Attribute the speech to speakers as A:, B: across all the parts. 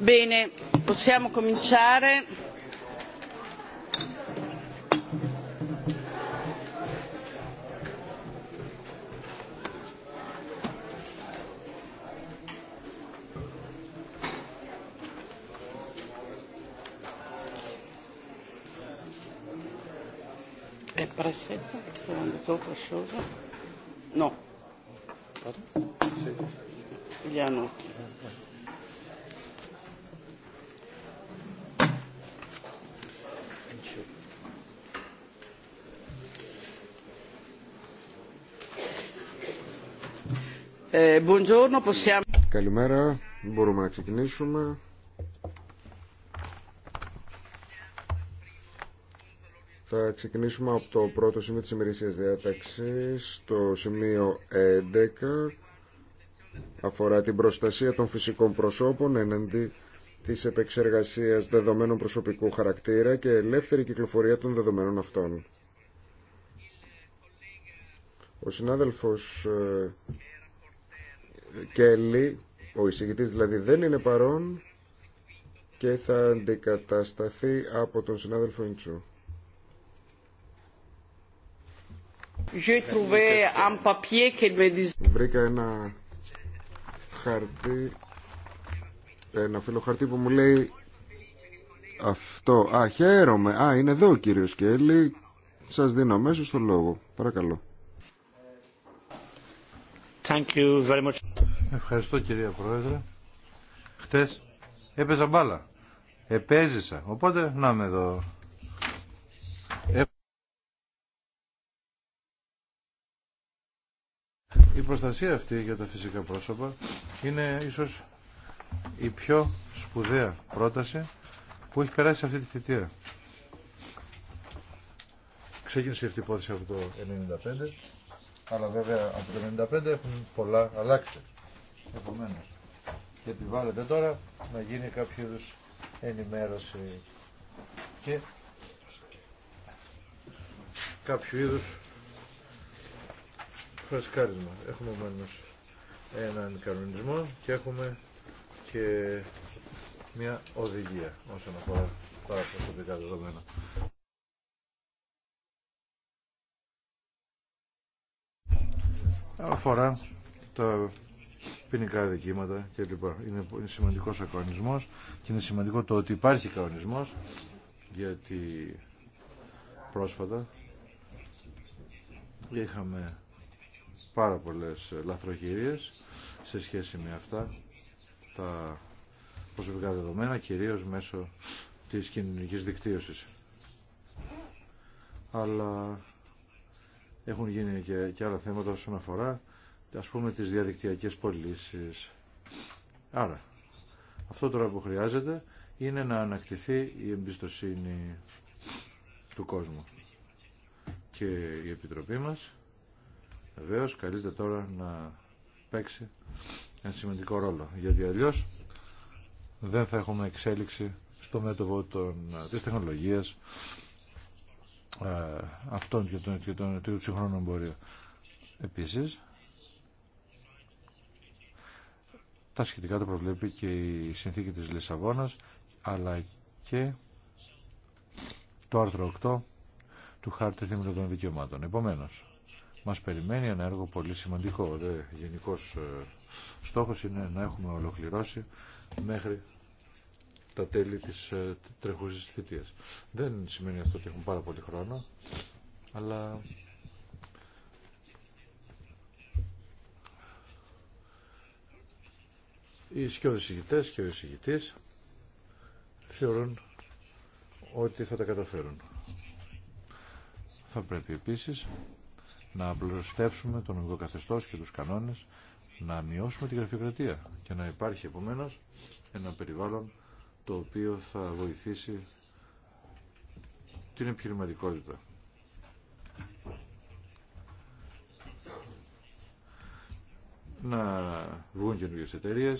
A: Bene, possiamo cominciare. È presente? Sopra, sopra. No. Giannotti.
B: Καλημέρα, μπορούμε να ξεκινήσουμε. Θα ξεκινήσουμε από το πρώτο σημείο της ημερήσιας διάταξης, το σημείο 11, αφορά την προστασία των φυσικών προσώπων εναντί της επεξεργασίας δεδομένων προσωπικού χαρακτήρα και ελεύθερη κυκλοφορία των δεδομένων αυτών. Ο συνάδελφος ε, Κέλλη, ο εισηγητής δηλαδή δεν είναι παρόν και θα αντικατασταθεί από τον συνάδελφο Ιντσού. Βρήκα ένα χαρτί, ένα φίλο χαρτί που μου λέει αυτό. Α, χαίρομαι. Α, είναι εδώ ο κύριος Κέλλη. Σας δίνω αμέσω το λόγο. Παρακαλώ.
C: Ευχαριστώ κυρία Πρόεδρε. Χτες έπαιζα μπάλα. Επέζησα. Οπότε να είμαι εδώ. Ε- η προστασία αυτή για τα φυσικά πρόσωπα είναι ίσως η πιο σπουδαία πρόταση που έχει περάσει αυτή τη θητεία. Ξεκίνησε αυτή η υπόθεση από το 1995 αλλά βέβαια από το 1995 έχουν πολλά αλλάξει. Επομένω. Και επιβάλλεται τώρα να γίνει κάποιο είδου ενημέρωση και κάποιο είδου φρεσκάρισμα. Έχουμε όμω έναν κανονισμό και έχουμε και μια οδηγία όσον αφορά τα προσωπικά δεδομένα. αφορά τα ποινικά δικήματα κλπ. Είναι, είναι σημαντικός ο και είναι σημαντικό το ότι υπάρχει κανονισμός γιατί πρόσφατα είχαμε πάρα πολλές λαθροχειρίες σε σχέση με αυτά τα προσωπικά δεδομένα κυρίως μέσω της κοινωνικής δικτύωσης. Αλλά έχουν γίνει και, και άλλα θέματα όσον αφορά ας πούμε τις διαδικτυακές πωλήσει. Άρα, αυτό τώρα που χρειάζεται είναι να ανακτηθεί η εμπιστοσύνη του κόσμου. Και η Επιτροπή μας βεβαίω καλείται τώρα να παίξει ένα σημαντικό ρόλο. Γιατί αλλιώ δεν θα έχουμε εξέλιξη στο μέτωπο των, της τεχνολογίας, ε, αυτών και των, και των, του Επίση, Επίσης, τα σχετικά το προβλέπει και η συνθήκη της Λισαβόνας, αλλά και το άρθρο 8 του Χάρτη των Δικαιωμάτων. Επομένως, μας περιμένει ένα έργο πολύ σημαντικό. Δε, γενικός ε, στόχος είναι να έχουμε ολοκληρώσει μέχρι τα τέλη της ε, τρεχούσης θητείας. Δεν σημαίνει αυτό ότι έχουν πάρα πολύ χρόνο, αλλά οι σκιώδεις και ο εισηγητής θεωρούν ότι θα τα καταφέρουν. Θα πρέπει επίσης να απλουστεύσουμε τον νομικό και τους κανόνες, να μειώσουμε την γραφειοκρατία και να υπάρχει επομένως ένα περιβάλλον το οποίο θα βοηθήσει την επιχειρηματικότητα. Να βγουν καινούργιες εταιρείε,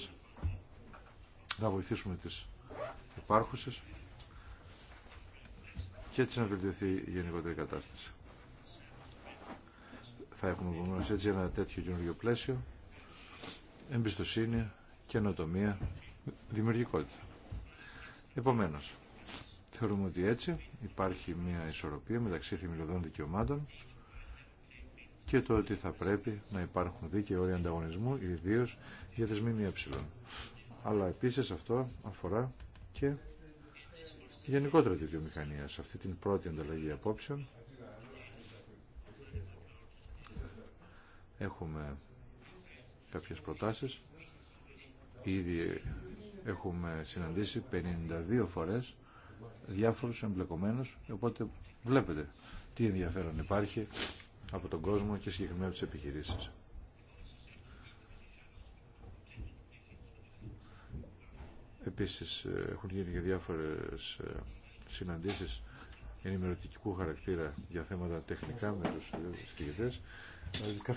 C: να βοηθήσουμε τις υπάρχουσες και έτσι να βελτιωθεί η γενικότερη κατάσταση. Θα έχουμε επομένω έτσι ένα τέτοιο καινούργιο πλαίσιο, εμπιστοσύνη, καινοτομία, δημιουργικότητα. Επομένως, θεωρούμε ότι έτσι υπάρχει μια ισορροπία μεταξύ θεμελιωδών δικαιωμάτων και το ότι θα πρέπει να υπάρχουν δίκαιοι όροι ανταγωνισμού, ιδίω για τι ΜΜΕ. Αλλά επίση αυτό αφορά και γενικότερα τη βιομηχανία σε αυτή την πρώτη ανταλλαγή απόψεων. Έχουμε κάποιες προτάσεις Ήδη έχουμε συναντήσει 52 φορές διάφορους εμπλεκομένους, οπότε βλέπετε τι ενδιαφέρον υπάρχει από τον κόσμο και συγκεκριμένα τις επιχειρήσεις. Επίσης ε, έχουν γίνει και διάφορες ε, συναντήσεις ενημερωτικού χαρακτήρα για θέματα τεχνικά με τους συγκεκριτές. Ε,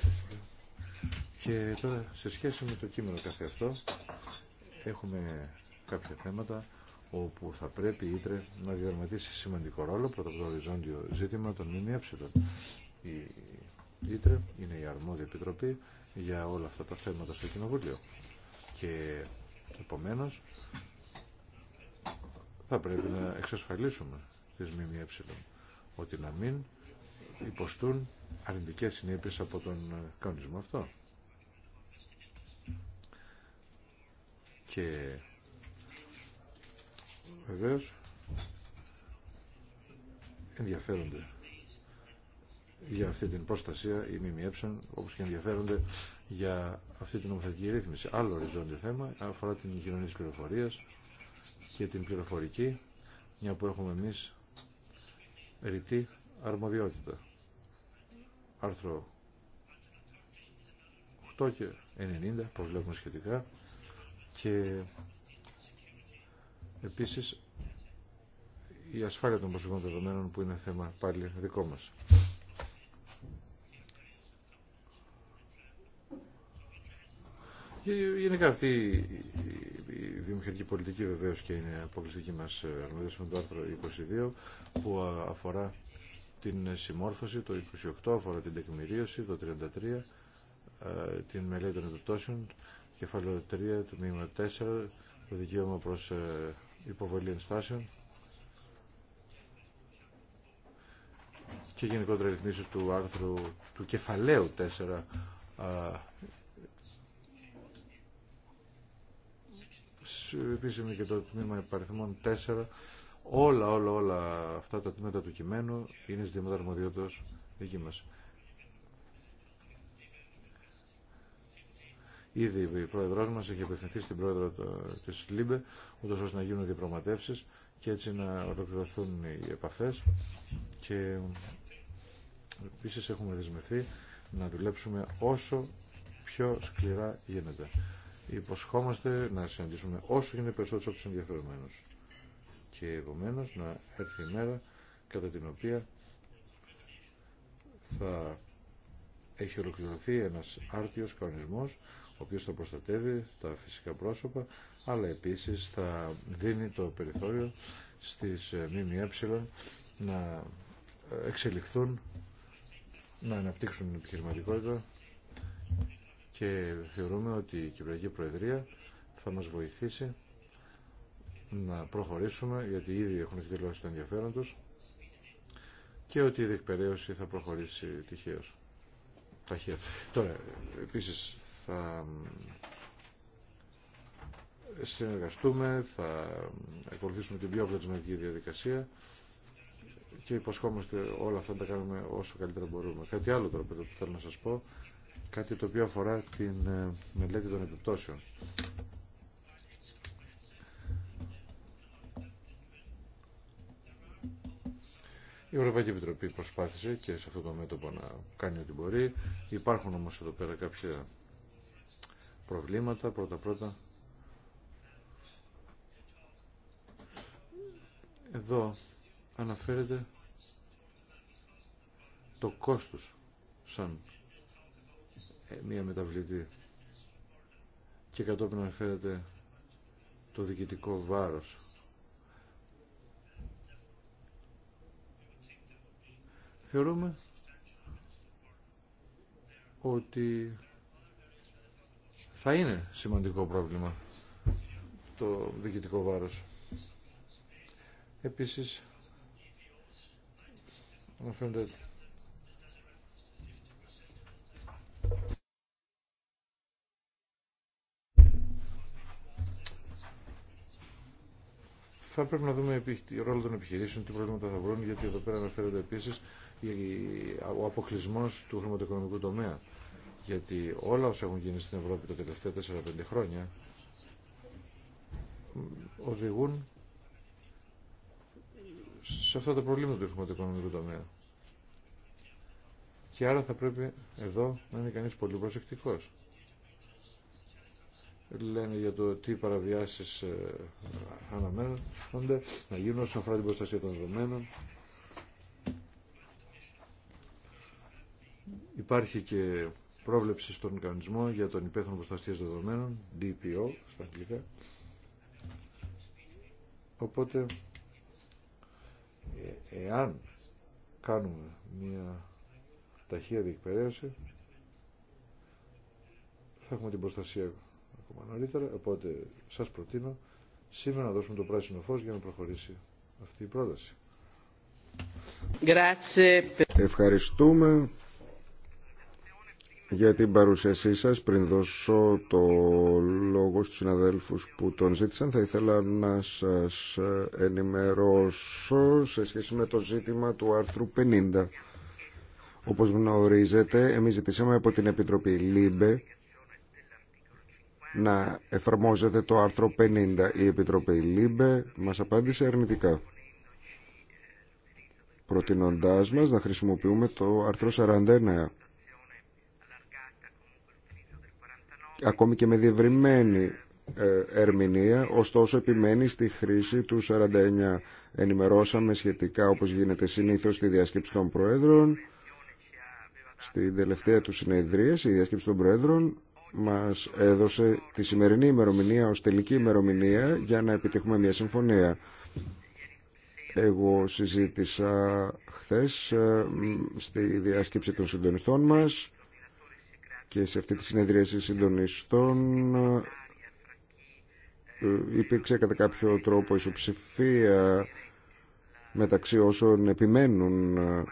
C: και τώρα σε σχέση με το κείμενο καθε αυτό έχουμε κάποια θέματα όπου θα πρέπει η Ήτρε να διαρματίσει σημαντικό ρόλο πρώτα από το οριζόντιο ζήτημα των ΜΜΕ. Η Ήτρε είναι η αρμόδια επιτροπή για όλα αυτά τα θέματα στο Κοινοβούλιο. Και επομένως θα πρέπει να εξασφαλίσουμε τις ΜΜΕ ότι να μην υποστούν αρνητικές συνέπειες από τον ε, κανονισμό αυτό. Και βεβαίω ενδιαφέρονται για αυτή την προστασία οι ΜΜΕ όπως και ενδιαφέρονται για αυτή την νομοθετική ρύθμιση. Άλλο οριζόντιο θέμα αφορά την κοινωνία πληροφορία και την πληροφορική μια που έχουμε εμείς ρητή αρμοδιότητα άρθρο 8 και 90 βλέπουμε σχετικά και επίσης η ασφάλεια των προσωπικών δεδομένων που είναι θέμα πάλι δικό μας. Γενικά αυτή η δημοκρατική πολιτική βεβαίως και είναι αποκλειστική μας αρμοδίωση με το άρθρο 22 που αφορά την συμμόρφωση, το 28 αφορά την τεκμηρίωση, το 33 ε, την μελέτη των επιπτώσεων, κεφάλαιο 3, το μήμα 4, το δικαίωμα προς ε, υποβολή ενστάσεων και γενικότερα ρυθμίσεις του άρθρου του κεφαλαίου 4 ε, επίσημη και το τμήμα υπαριθμών 4 Όλα, όλα, όλα αυτά τα τμήματα του κειμένου είναι ζητήματα αρμοδιότητα δική μα. Ήδη η πρόεδρο μα έχει απευθυνθεί στην πρόεδρο τη ΛΥΜΠΕ, ούτω ώστε να γίνουν διαπραγματεύσει και έτσι να ολοκληρωθούν οι επαφές και επίσης έχουμε δεσμευθεί να δουλέψουμε όσο πιο σκληρά γίνεται. Υποσχόμαστε να συναντήσουμε όσο γίνεται περισσότερο από του και επομένως να έρθει η μέρα κατά την οποία θα έχει ολοκληρωθεί ένας άρτιος κανονισμός ο οποίος θα προστατεύει τα φυσικά πρόσωπα αλλά επίσης θα δίνει το περιθώριο στις ε, ΜΜΕ να εξελιχθούν να αναπτύξουν την επιχειρηματικότητα και θεωρούμε ότι η Κυπριακή Προεδρία θα μας βοηθήσει να προχωρήσουμε, γιατί ήδη έχουν εκδηλώσει το ενδιαφέρον τους και ότι η διεκπαιρέωση θα προχωρήσει τυχαίως. Ταχεία. Τώρα, επίσης, θα συνεργαστούμε, θα ακολουθήσουμε την πιο αποτελεσματική διαδικασία και υποσχόμαστε όλα αυτά να τα κάνουμε όσο καλύτερα μπορούμε. Κάτι άλλο τώρα που θέλω να σας πω, κάτι το οποίο αφορά την ε, μελέτη των επιπτώσεων. Η Ευρωπαϊκή Επιτροπή προσπάθησε και σε αυτό το μέτωπο να κάνει ό,τι μπορεί. Υπάρχουν όμως εδώ πέρα κάποια προβλήματα. Πρώτα-πρώτα εδώ αναφέρεται το κόστος σαν ε, μία μεταβλητή και κατόπιν αναφέρεται το διοικητικό βάρος θεωρούμε ότι θα είναι σημαντικό πρόβλημα το διοικητικό βάρος. Επίσης, αναφέρονται θα πρέπει να δούμε το ρόλο των επιχειρήσεων, τι προβλήματα θα βρουν, γιατί εδώ πέρα αναφέρονται επίσης ο αποκλεισμό του χρηματοοικονομικού τομέα. Γιατί όλα όσα έχουν γίνει στην Ευρώπη τα τελευταία 4-5 χρόνια οδηγούν σε αυτά τα προβλήματα του χρηματοοικονομικού τομέα. Και άρα θα πρέπει εδώ να είναι κανείς πολύ προσεκτικός λένε για το τι παραβιάσεις ε, αναμένονται να γίνουν όσον αφορά την προστασία των δεδομένων. Υπάρχει και πρόβλεψη στον κανονισμό για τον υπεύθυνο προστασία δεδομένων, DPO στα αγγλικά. Οπότε, ε, εάν κάνουμε μια ταχεία διεκπαιρέωση, θα έχουμε την προστασία ακόμα νωρίτερα, οπότε σας προτείνω σήμερα να δώσουμε το πράσινο φως για να προχωρήσει αυτή η πρόταση.
B: Ευχαριστούμε για την παρουσίασή σας. Πριν δώσω το λόγο στους συναδέλφους που τον ζήτησαν, θα ήθελα να σας ενημερώσω σε σχέση με το ζήτημα του άρθρου 50. Όπως γνωρίζετε, εμείς ζητήσαμε από την Επιτροπή ΛΥΜΠΕ να εφαρμόζεται το άρθρο 50. Η Επιτροπή ΛΥΜΠΕ μας απάντησε αρνητικά, προτείνοντάς μας να χρησιμοποιούμε το άρθρο 49. Ακόμη και με διευρυμένη ε, ερμηνεία, ωστόσο επιμένει στη χρήση του 49. Ενημερώσαμε σχετικά, όπως γίνεται συνήθως, στη διάσκεψη των Προέδρων. Στην τελευταία του συνεδρίαση, η διάσκεψη των Προέδρων μας έδωσε τη σημερινή ημερομηνία ως τελική ημερομηνία για να επιτυχούμε μια συμφωνία. Εγώ συζήτησα χθες ε, στη διάσκεψη των συντονιστών μας και σε αυτή τη συνεδρίαση συντονιστών ε, υπήρξε κατά κάποιο τρόπο ισοψηφία μεταξύ όσων επιμένουν ε,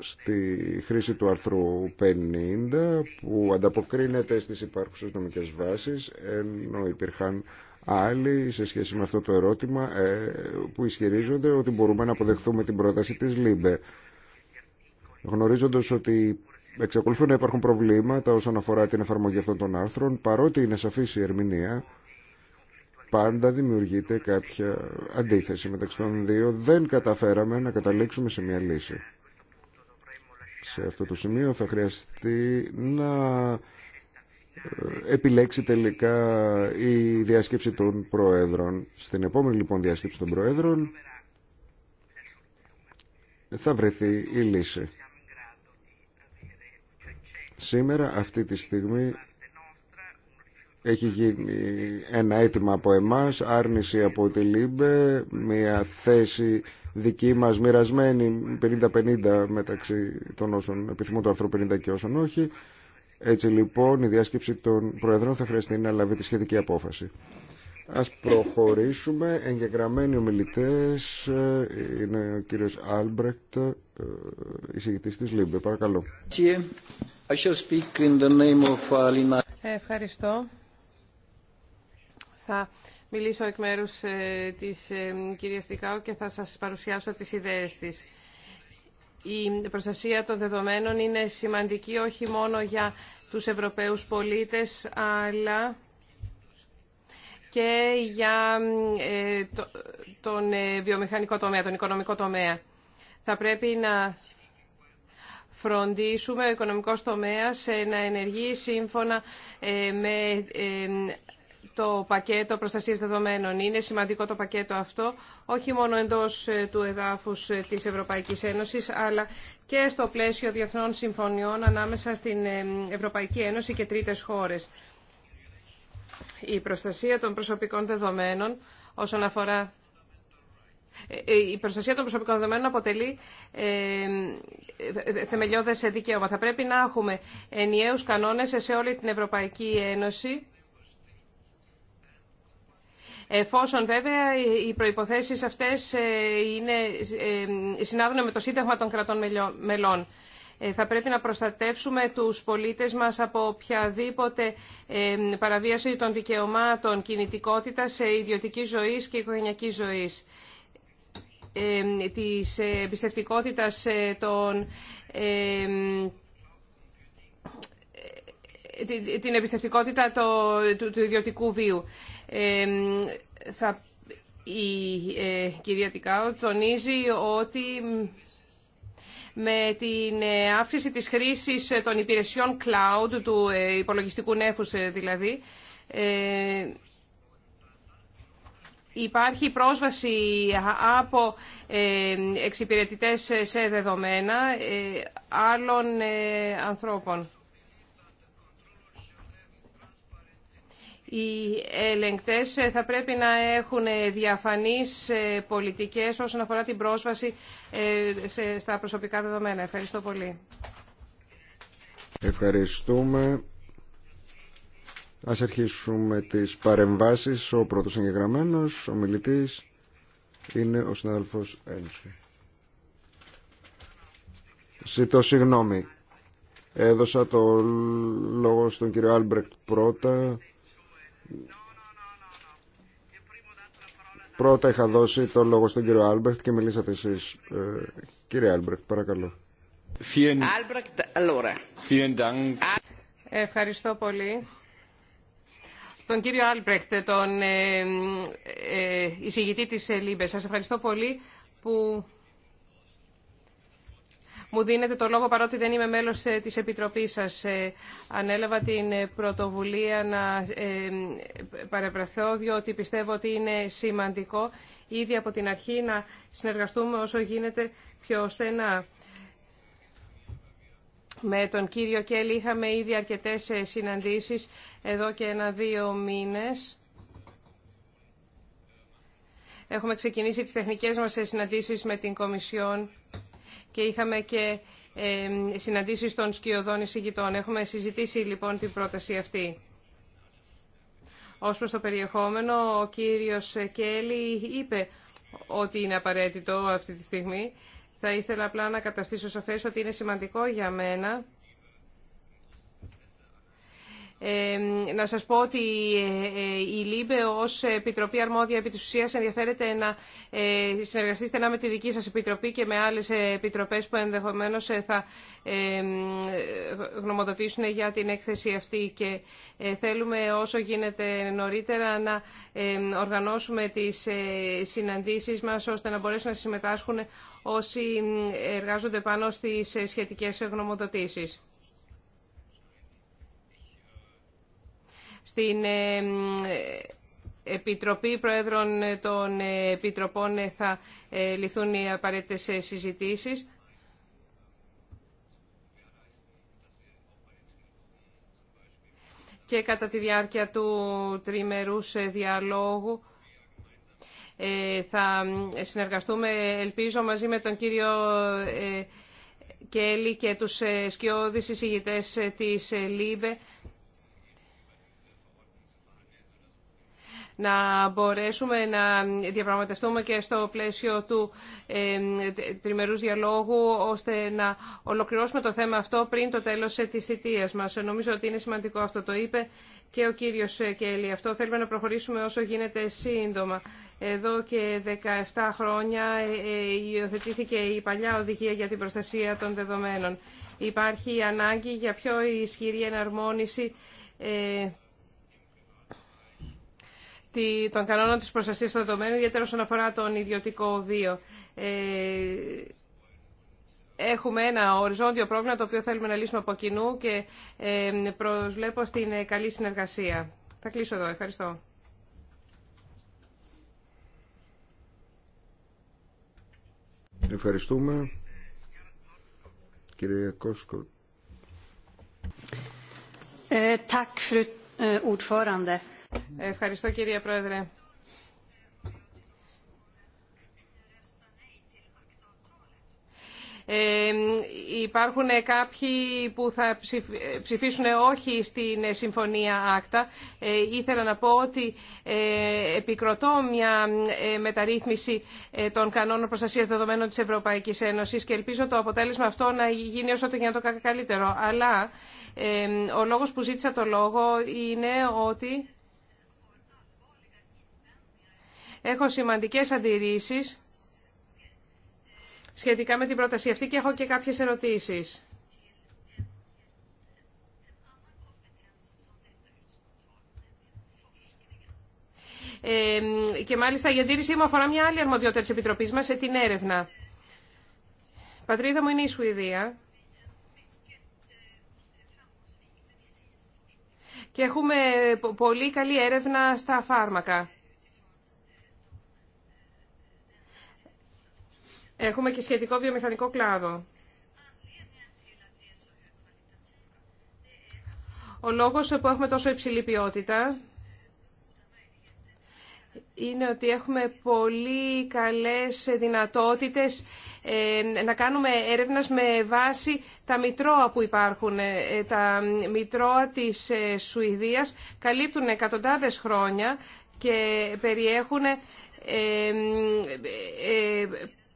B: στη χρήση του άρθρου 50 που ανταποκρίνεται στις υπάρχουσες νομικές βάσεις ενώ υπήρχαν άλλοι σε σχέση με αυτό το ερώτημα ε, που ισχυρίζονται ότι μπορούμε να αποδεχθούμε την πρόταση της ΛΥΜΠΕ γνωρίζοντας ότι εξακολουθούν να υπάρχουν προβλήματα όσον αφορά την εφαρμογή αυτών των άρθρων παρότι είναι σαφής η ερμηνεία πάντα δημιουργείται κάποια αντίθεση μεταξύ των δύο δεν καταφέραμε να καταλήξουμε σε μια λύση σε αυτό το σημείο θα χρειαστεί να ε, επιλέξει τελικά η διάσκεψη των Προέδρων. Στην επόμενη λοιπόν διάσκεψη των Προέδρων θα βρεθεί η λύση. Σήμερα αυτή τη στιγμή έχει γίνει ένα αίτημα από εμάς, άρνηση από τη ΛΥΜΠΕ, μια θέση δική μας μοιρασμένη 50-50 μεταξύ των όσων επιθυμούν το άρθρο 50 και όσων όχι. Έτσι λοιπόν η διάσκεψη των Προεδρών θα χρειαστεί να λάβει τη σχετική απόφαση. Ας προχωρήσουμε. Εγγεγραμμένοι ομιλητές ε, είναι ο κύριος Άλμπρεκτ, ε, εισηγητής της ΛΥΜΠΕ. Παρακαλώ.
A: Ευχαριστώ. Θα μιλήσω εκ μέρους ε, της ε, κυρίας Τικάου και θα σας παρουσιάσω τις ιδέες της. Η προστασία των δεδομένων είναι σημαντική όχι μόνο για τους Ευρωπαίους πολίτες, αλλά και για ε, τον βιομηχανικό τομέα, τον οικονομικό τομέα. Θα πρέπει να φροντίσουμε ο οικονομικός τομέας να ενεργεί σύμφωνα με το πακέτο προστασίας δεδομένων. Είναι σημαντικό το πακέτο αυτό, όχι μόνο εντός ε, του εδάφους ε, της Ευρωπαϊκής Ένωσης, αλλά και στο πλαίσιο διεθνών συμφωνιών ανάμεσα στην ε, Ευρωπαϊκή Ένωση και τρίτες χώρες. Η προστασία των προσωπικών δεδομένων όσον αφορά η προστασία των προσωπικών δεδομένων αποτελεί ε, θεμελιώδες δικαίωμα. Θα πρέπει να έχουμε ενιαίους κανόνες σε όλη την Ευρωπαϊκή Ένωση εφόσον βέβαια οι προϋποθέσεις αυτές ε, είναι, ε, συνάδουν με το Σύνταγμα των κρατών μελών. Ε, θα πρέπει να προστατεύσουμε τους πολίτες μας από οποιαδήποτε παραβίαση των δικαιωμάτων κινητικότητας ιδιωτική ζωή και οικογενειακής ζωής της ε, των την εμπιστευτικότητα του ιδιωτικού βίου θα, η ε, κυρία Τικάου τονίζει ότι με την ε, αύξηση της χρήσης ε, των υπηρεσιών cloud, του υπολογιστικού νέφους δηλαδή, Υπάρχει πρόσβαση από εξυπηρετητές σε δεδομένα άλλων ανθρώπων. οι ελεγκτές ε, θα πρέπει να έχουν διαφανείς ε, πολιτικές όσον αφορά την πρόσβαση ε, στα προσωπικά δεδομένα. Ευχαριστώ πολύ.
B: Ευχαριστούμε. Ας αρχίσουμε τις παρεμβάσεις. Ο πρώτος εγγεγραμμένος, ο μιλητής, είναι ο συνάδελφος Ένσου. Ζητώ συγγνώμη. Έδωσα το λόγο στον κύριο Άλμπρεκτ πρώτα Πρώτα είχα δώσει το λόγο στον κύριο Άλμπρεχτ και μιλήσατε εσεί. Ε, κύριε Άλμπρεχτ, παρακαλώ.
A: Ευχαριστώ πολύ. Τον κύριο Άλμπρεχτ, τον ε, ε, ε εισηγητή της ε, ΛΥΜΠΕ. Σας ευχαριστώ πολύ που μου δίνετε το λόγο παρότι δεν είμαι μέλος ε, της Επιτροπής σας. Ε, ανέλαβα την ε, πρωτοβουλία να παρευρεθώ διότι πιστεύω ότι είναι σημαντικό ήδη από την αρχή να συνεργαστούμε όσο γίνεται πιο στενά. Με τον κύριο Κέλλη είχαμε ήδη αρκετές συναντήσεις εδώ και ένα-δύο μήνες. Έχουμε ξεκινήσει τις τεχνικές μας συναντήσεις με την Κομισιόν και είχαμε και συναντήσεις των σκιωδών εισηγητών. Έχουμε συζητήσει λοιπόν την πρόταση αυτή. Ως προς το περιεχόμενο, ο κύριος Κέλλη είπε ότι είναι απαραίτητο αυτή τη στιγμή. Θα ήθελα απλά να καταστήσω σαφές ότι είναι σημαντικό για μένα να σας πω ότι ε, ε, η ΛΥΜΠΕ ως Επιτροπή Αρμόδια επί της ουσίας ενδιαφέρεται να ε, συνεργαστεί στενά με τη δική σας Επιτροπή και με άλλες επιτροπές που ενδεχομένως θα γνωμοδοτήσουν για την έκθεση αυτή και θέλουμε όσο γίνεται νωρίτερα να οργανώσουμε τις συναντήσεις μας ώστε να μπορέσουν να συμμετάσχουν όσοι εργάζονται πάνω στις σχετικές γνωμοδοτήσεις. Στην ε, Επιτροπή Προέδρων των Επιτροπών θα ε, ληφθούν οι απαραίτητες ε, συζητήσεις. Και κατά τη διάρκεια του τριμερούς διαλόγου θα συνεργαστούμε, ελπίζω, μαζί με τον κύριο Κέλλη και τους σκιώδεις εισηγητές της ΛΥΜΠΕ να μπορέσουμε να διαπραγματευτούμε και στο πλαίσιο του τριμερούς διαλόγου ώστε να ολοκληρώσουμε το θέμα αυτό πριν το τέλος ε, της θητείας μας. Νομίζω ότι είναι σημαντικό αυτό το είπε και ο κύριος ε, Κέλλη. Αυτό θέλουμε να προχωρήσουμε όσο γίνεται σύντομα. Εδώ και 17 χρόνια ε, υιοθετήθηκε η παλιά οδηγία για την προστασία των δεδομένων. Υπάρχει ανάγκη για πιο ισχυρή εναρμόνιση τον κανόνα της προστασίας των δεδομένων, ιδιαίτερα όσον αφορά τον ιδιωτικό βίο. Ε, έχουμε ένα οριζόντιο πρόβλημα το οποίο θέλουμε να λύσουμε από κοινού και ε, προσβλέπω στην ε, καλή συνεργασία. Θα κλείσω εδώ. Ευχαριστώ.
B: Ευχαριστούμε. Κύριε Κόσκο.
A: Ευχαριστώ, κύριε ε, ευχαριστώ κυρία Πρόεδρε. Ε, υπάρχουν κάποιοι που θα ψηφίσουν όχι στην συμφωνία άκτα. Ε, ήθελα να πω ότι ε, επικροτώ μια ε, μεταρρύθμιση ε, των κανόνων προστασίας δεδομένων της Ευρωπαϊκής Ένωσης και ελπίζω το αποτέλεσμα αυτό να γίνει όσο το γίνεται καλύτερο. Αλλά ο λόγος που ζήτησα το λόγο είναι ότι Έχω σημαντικές αντιρρήσεις σχετικά με την πρόταση αυτή και έχω και κάποιες ερωτήσεις. Ε, και μάλιστα η αντίρρησή μου αφορά μια άλλη αρμοδιότητα της Επιτροπής μας, την έρευνα. Πατρίδα μου είναι η Σουηδία. Και έχουμε πολύ καλή έρευνα στα φάρμακα. Έχουμε και σχετικό βιομηχανικό κλάδο. Ο λόγος που έχουμε τόσο υψηλή ποιότητα είναι ότι έχουμε πολύ καλές δυνατότητες ε, να κάνουμε έρευνας με βάση τα μητρώα που υπάρχουν. Ε, τα μητρώα της ε, Σουηδίας καλύπτουν εκατοντάδες χρόνια και περιέχουν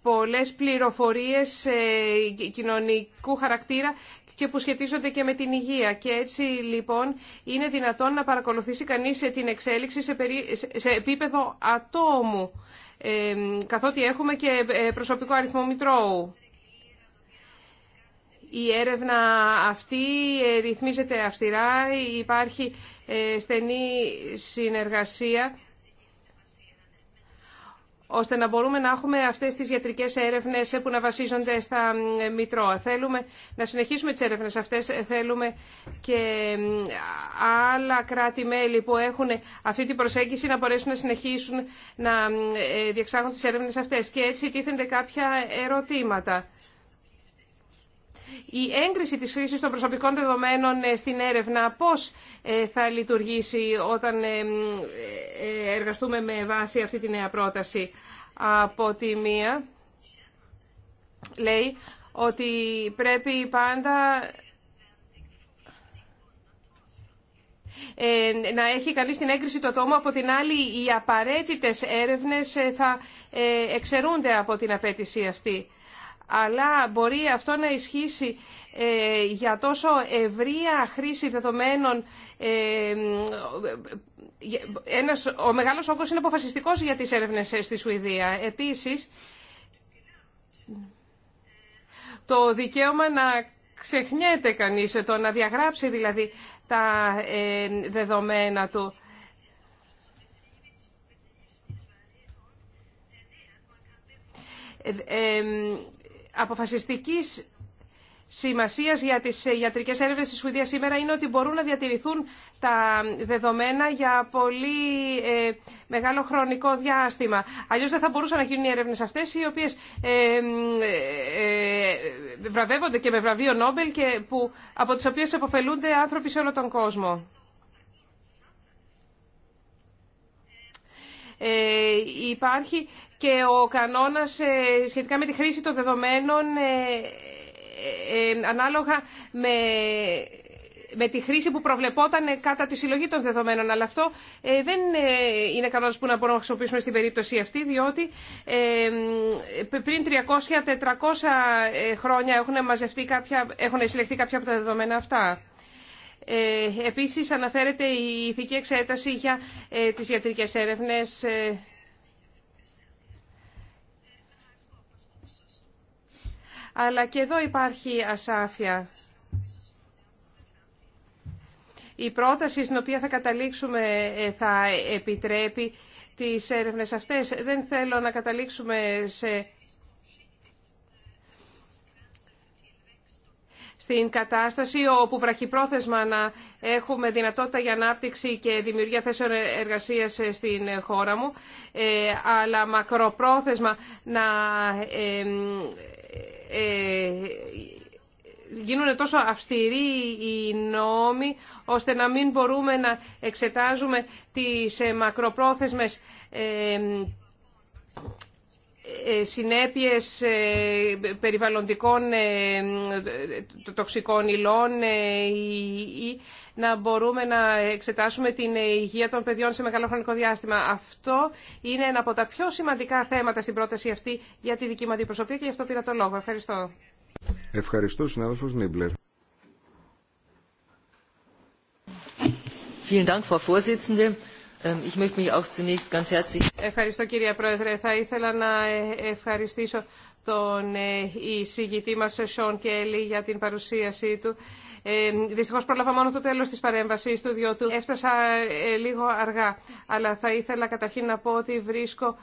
A: πολλές πληροφορίες ε, κοινωνικού χαρακτήρα και που σχετίζονται και με την υγεία. Και έτσι λοιπόν είναι δυνατόν να παρακολουθήσει κανείς ε, την εξέλιξη σε επίπεδο ατόμου, καθότι έχουμε και ε, προσωπικό αριθμό μητρώου. Η έρευνα αυτή ρυθμίζεται αυστηρά, υπάρχει στενή συνεργασία ώστε να μπορούμε να έχουμε αυτές τις ιατρικέ έρευνε που να βασίζονται στα μητρώα. Θέλουμε να συνεχίσουμε τις έρευνε αυτές, θέλουμε και άλλα κράτη-μέλη που έχουν αυτή την προσέγγιση να μπορέσουν να συνεχίσουν να ε, διεξάγουν τις έρευνε αυτές. Και έτσι τίθενται κάποια ερωτήματα η έγκριση της χρήσης των προσωπικών δεδομένων ε, στην έρευνα πώς ε, θα λειτουργήσει όταν ε, εργαστούμε με βάση αυτή τη νέα πρόταση. Από τη μία λέει ότι πρέπει πάντα να έχει κανεί την έγκριση το τόμο. Από την άλλη, οι απαραίτητες έρευνες θα εξαιρούνται από την απέτηση αυτή αλλά μπορεί αυτό να ισχύσει ε, για τόσο ευρεία χρήση δεδομένων ε, ε, ένας, ο μεγάλος όγκος είναι αποφασιστικός για τις έρευνες στη Σουηδία. Επίσης, το δικαίωμα να ξεχνιέται κανείς, το να διαγράψει δηλαδή τα δεδομένα του αποφασιστικής σημασίας για τις ε, ιατρικές έρευνες στη Σουηδία σήμερα είναι ότι μπορούν να διατηρηθούν τα δεδομένα για πολύ ε, μεγάλο χρονικό διάστημα. Αλλιώς δεν θα μπορούσαν να γίνουν οι έρευνες αυτές οι οποίες ε, ε βραβεύονται και με βραβείο Νόμπελ και που, από τις οποίες αποφελούνται άνθρωποι σε όλο τον κόσμο. Υπάρχει και ο κανόνας ε, σχετικά με τη χρήση των δεδομένων ε, ε, ανάλογα με με τη χρήση που προβλεπόταν κατά τη συλλογή των δεδομένων. Αλλά αυτό δεν είναι κανόνας που να μπορούμε να χρησιμοποιήσουμε στην περίπτωση αυτή, διότι πριν 300-400 χρόνια έχουν, μαζευτεί κάποια, έχουν συλλεχθεί κάποια από τα δεδομένα αυτά. Ε, επίσης αναφέρεται η ηθική εξέταση για τις ιατρικές έρευνες αλλά και εδώ υπάρχει ασάφεια. Η πρόταση στην οποία θα καταλήξουμε ε, θα επιτρέπει τις έρευνες αυτές. Δεν θέλω να καταλήξουμε σε... στην κατάσταση όπου βραχυπρόθεσμα να έχουμε δυνατότητα για ανάπτυξη και δημιουργία θέσεων εργασίας ε, στην χώρα μου, ε, αλλά μακροπρόθεσμα να ε, γίνουν τόσο αυστηροί οι νόμοι, ώστε να μην μπορούμε να εξετάζουμε τις ε, μακροπρόθεσμες ε, ε, συνέπειες ε, περιβαλλοντικών ε, τοξικών υλών ή να μπορούμε να εξετάσουμε την υγεία των παιδιών σε μεγάλο χρονικό διάστημα. Αυτό είναι ένα από τα πιο σημαντικά θέματα στην πρόταση αυτή για τη δική μου αντιπροσωπεία και γι' αυτό πήρα το λόγο. Ευχαριστώ.
B: Ευχαριστώ, συνάδελφος Νίμπλερ.
C: Vielen Dank, Frau Vorsitzende. Ähm,
A: Ευχαριστώ κύριε Πρόεδρε. Θα ήθελα να ε, ευχαριστήσω τον ε, εισηγητή μας ε, Σον Κέλλη για την παρουσίασή του. Ε, δυστυχώς πρόλαβα μόνο το τέλος της παρέμβαση του, διότι έφτασα λίγο αργά. Αλλά θα ήθελα καταρχήν να πω ότι βρίσκω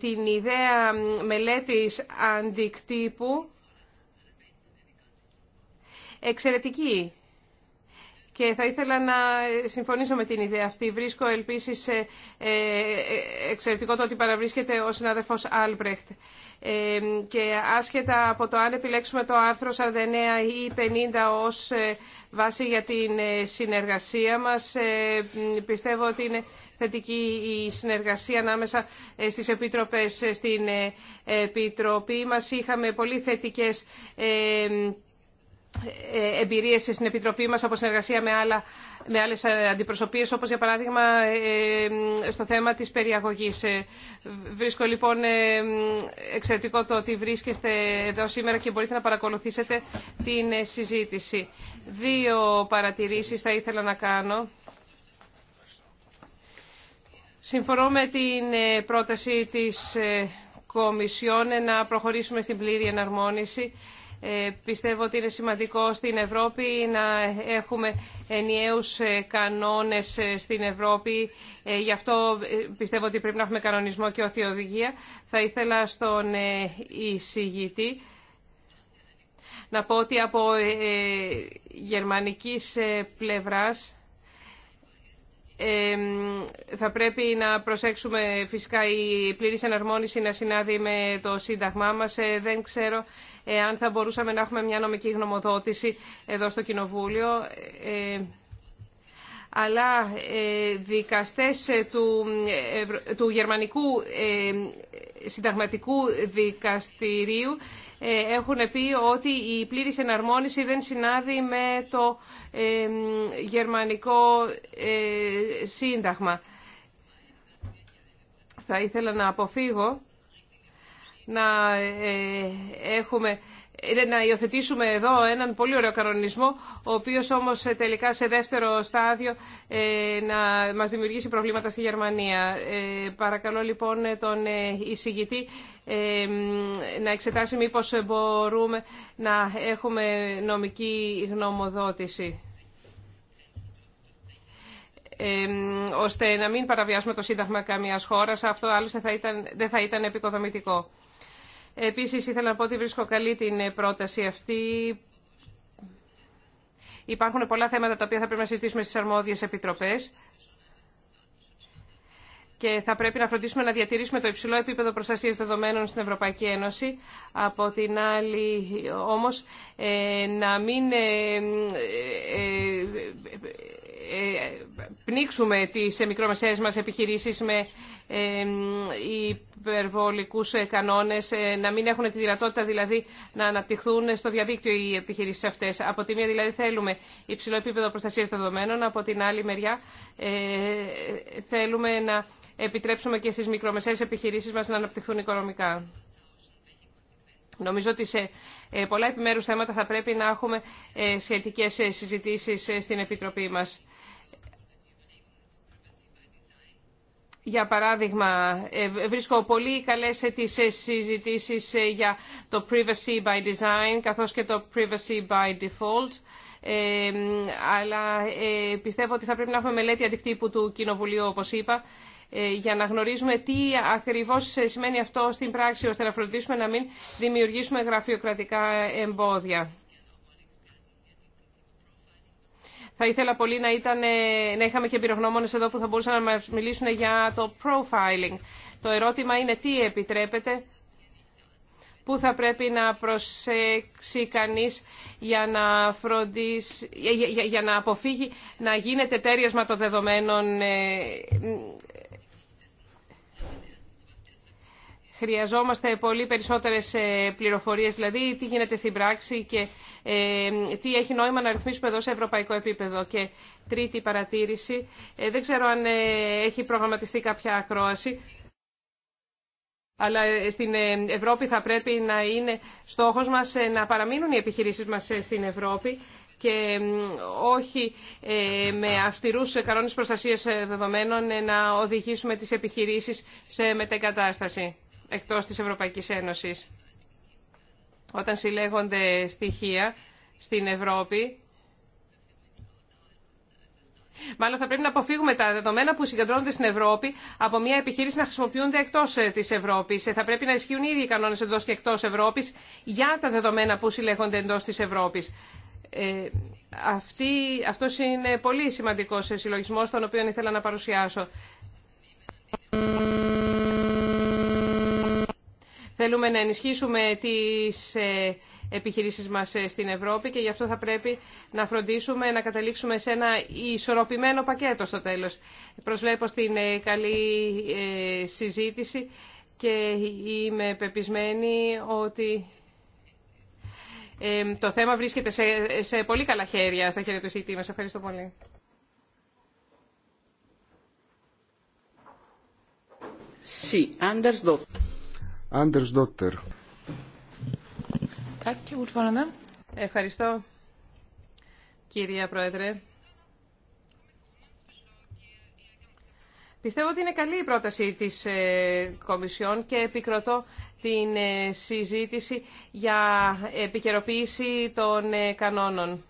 A: την ιδέα μελέτης αντικτύπου εξαιρετική και θα ήθελα να συμφωνήσω με την ιδέα αυτή. Βρίσκω ελπίσεις ε, ε, εξαιρετικό το ότι παραβρίσκεται ο συνάδελφος Άλμπρεχτ. Ε, και άσχετα από το αν επιλέξουμε το άρθρο 49 ή 50 ως βάση για την συνεργασία μας, πιστεύω ότι είναι θετική η συνεργασία ανάμεσα στις Επίτροπες στην Επιτροπή μας. Είχαμε πολύ θετικές ε, εμπειρίες στην Επιτροπή μας από συνεργασία με, άλλα, με άλλες αντιπροσωπείες, όπως για παράδειγμα ε, ε, στο θέμα της περιαγωγής. Βρίσκω λοιπόν εξαιρετικό το ότι βρίσκεστε εδώ σήμερα και μπορείτε να παρακολουθήσετε την συζήτηση. Δύο παρατηρήσεις θα ήθελα να κάνω. Συμφωνώ με την πρόταση της Κομισιόν να προχωρήσουμε στην πλήρη εναρμόνιση ε, πιστεύω ότι είναι σημαντικό στην Ευρώπη να έχουμε ενιαίους ε, κανόνες ε, στην Ευρώπη. Γι' αυτό πιστεύω ότι πρέπει να έχουμε κανονισμό και όχι Θα ήθελα στον εισηγητή να πω ότι από γερμανικής πλευράς θα πρέπει να προσέξουμε φυσικά η πλήρης εναρμόνιση να συνάδει με το Σύνταγμά μας. Δεν ξέρω αν θα μπορούσαμε να έχουμε μια νομική γνωμοδότηση εδώ στο Κοινοβούλιο. Ε, αλλά ε, δικαστές ε, του, του Γερμανικού Συνταγματικού Δικαστηρίου έχουν πει ότι η πλήρης εναρμόνιση δεν συνάδει με το Γερμανικό Σύνταγμα. Θα ήθελα να αποφύγω να ε, έχουμε να υιοθετήσουμε εδώ έναν πολύ ωραίο κανονισμό, ο οποίος όμως ε, τελικά σε δεύτερο στάδιο ε, να μας δημιουργήσει προβλήματα στη Γερμανία. Παρακαλώ λοιπόν τον εισηγητή να εξετάσει μήπως μπορούμε να έχουμε νομική γνωμοδότηση ώστε να μην παραβιάσουμε το Σύνταγμα καμιάς χώρας. Αυτό άλλωστε ήταν, δεν θα ήταν επικοδομητικό. Επίσης ήθελα να πω ότι βρίσκω καλή την πρόταση αυτή. Υπάρχουν πολλά θέματα τα οποία θα πρέπει να συζητήσουμε στις αρμόδιες επιτροπές και θα πρέπει να φροντίσουμε να διατηρήσουμε το υψηλό επίπεδο προστασία δεδομένων στην Ευρωπαϊκή Ένωση. Από την άλλη, όμω, ε, να μην ε, ε, ε, πνίξουμε τις ε, μικρομεσαίες μας επιχειρήσεις με ε, υπερβολικούς κανόνες, να μην έχουν τη δυνατότητα δηλαδή να αναπτυχθούν στο διαδίκτυο οι επιχειρήσεις αυτές. Από τη μία δηλαδή θέλουμε υψηλό επίπεδο προστασίας δεδομένων, από την άλλη μεριά θέλουμε να επιτρέψουμε και στις μικρομεσαίες επιχειρήσεις μας να αναπτυχθούν οικονομικά. Νομίζω ότι σε πολλά επιμέρους θέματα θα πρέπει να έχουμε σχετικές συζητήσεις στην Επιτροπή μας. Για παράδειγμα, ε, βρίσκω πολύ καλές ε, τις ε, συζητήσεις για το Privacy by Design καθώς και το Privacy by Default. αλλά πιστεύω ότι θα πρέπει να έχουμε μελέτη αντικτύπου του Κοινοβουλίου, όπως είπα, για να γνωρίζουμε τι ακριβώς σημαίνει αυτό στην πράξη, ώστε να φροντίσουμε να μην δημιουργήσουμε γραφειοκρατικά εμπόδια. Θα ήθελα πολύ να, ήταν, να είχαμε και πυρογνώμονες εδώ που θα μπορούσαν να μας μιλήσουν για το profiling. Το ερώτημα είναι τι επιτρέπεται, πού θα πρέπει να προσέξει κανείς για να, φροντίσει, για, για να αποφύγει να γίνεται τέριασμα των δεδομένων ε, Χρειαζόμαστε πολύ περισσότερες ε, πληροφορίες, δηλαδή τι γίνεται στην πράξη και ε, τι έχει νόημα να ρυθμίσουμε εδώ σε ευρωπαϊκό επίπεδο. Και τρίτη παρατήρηση, ε, δεν ξέρω αν έχει προγραμματιστεί κάποια ακρόαση, αλλά στην Ευρώπη θα πρέπει να είναι στόχος μας να παραμείνουν οι επιχειρήσεις μας στην Ευρώπη και όχι με αυστηρούς κανόνες προστασίας δεδομένων να οδηγήσουμε τις επιχειρήσεις σε μετεγκατάσταση εκτός της Ευρωπαϊκής Ένωσης. Όταν συλλέγονται στοιχεία στην Ευρώπη, Μάλλον θα πρέπει να αποφύγουμε τα δεδομένα που συγκεντρώνονται στην Ευρώπη από μια επιχείρηση να χρησιμοποιούνται εκτό ε, τη Ευρώπη. Ε, θα πρέπει να ισχύουν οι ίδιοι κανόνε εντό και εκτό Ευρώπη για τα δεδομένα που συλλέγονται εντό τη Ευρώπη. Ε, είναι πολύ σημαντικό ε, συλλογισμό τον οποίο ήθελα να παρουσιάσω. Θέλουμε να ενισχύσουμε τις ε, επιχειρήσεις μας ε, στην Ευρώπη και γι' αυτό θα πρέπει να φροντίσουμε να καταλήξουμε σε ένα ισορροπημένο πακέτο στο τέλος. Προσβλέπω στην ε, καλή συζήτηση και είμαι πεπισμένη ότι το θέμα βρίσκεται σε, πολύ καλά χέρια στα χέρια του εισηγητή μας. Ευχαριστώ πολύ. Sí, Ευχαριστώ, κυρία Πρόεδρε. Πιστεύω ότι είναι καλή η πρόταση της ε, Κομισιόν και επικροτώ την ε, συζήτηση για επικαιροποίηση των ε, κανόνων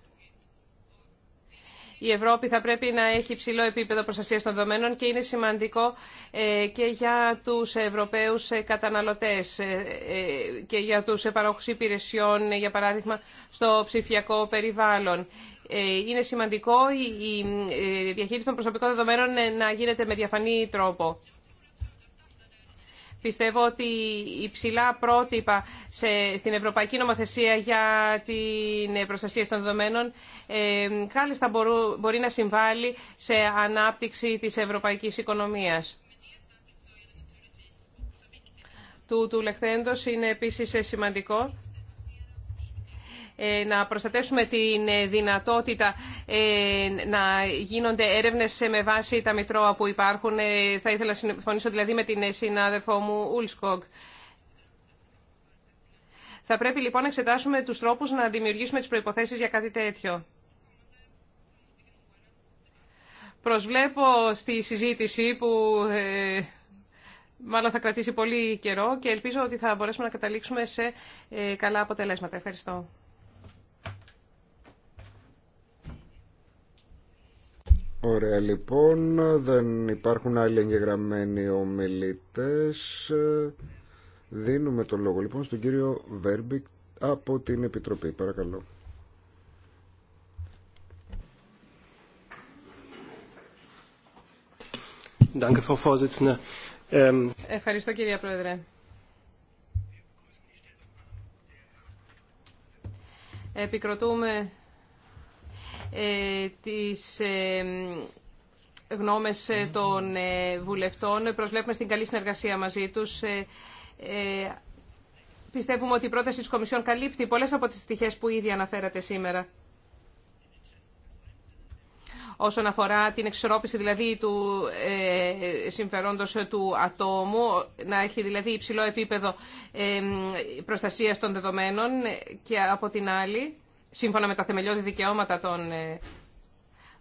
A: η Ευρώπη θα πρέπει να έχει υψηλό επίπεδο προστασίας των δεδομένων και είναι σημαντικό ε, και για τους Ευρωπαίους ε, καταναλωτές ε, και για τους παρόχους υπηρεσιών, για παράδειγμα, στο ψηφιακό περιβάλλον. Είναι σημαντικό η διαχείριση των προσωπικών δεδομένων να γίνεται με διαφανή τρόπο. Πιστεύω ότι υψηλά πρότυπα σε, στην Ευρωπαϊκή Νομοθεσία για την προστασία των δεδομένων ε, κάλλιστα μπορεί να συμβάλλει σε ανάπτυξη της ευρωπαϊκής οικονομίας. Του, του λεχθέντος είναι επίσης σημαντικό ε, να προστατεύσουμε την ε, δυνατότητα ε, να γίνονται έρευνες με βάση τα μητρώα που υπάρχουν. Θα ήθελα να συμφωνήσω δηλαδή με την συνάδελφό μου Ουλσκογ. Θα πρέπει λοιπόν να εξετάσουμε τους τρόπους να δημιουργήσουμε τις προϋποθέσεις για κάτι τέτοιο. Προσβλέπω στη συζήτηση που μάλλον θα κρατήσει πολύ καιρό και ελπίζω ότι θα μπορέσουμε να καταλήξουμε σε καλά αποτελέσματα. Ευχαριστώ.
B: Ωραία λοιπόν, δεν υπάρχουν άλλοι εγγεγραμμένοι ομιλητές. Δίνουμε τον λόγο λοιπόν στον κύριο Βέρμπικ από την Επιτροπή. Παρακαλώ. Ähm,
A: Ευχαριστώ κυρία Πρόεδρε. Επικροτούμε ε, τις ε, γνώμες ε, των βουλευτών. Προσβλέπουμε στην καλή συνεργασία μαζί τους. Πιστεύουμε ότι η πρόταση της Κομισιόν καλύπτει πολλές από τις στοιχές που ήδη αναφέρατε σήμερα. Όσον αφορά την εξισορρόπηση δηλαδή του ε, συμφερόντος του ατόμου, να έχει δηλαδή υψηλό επίπεδο ε, προστασίας των δεδομένων και από την άλλη σύμφωνα με τα θεμελιώδη δικαιώματα ε,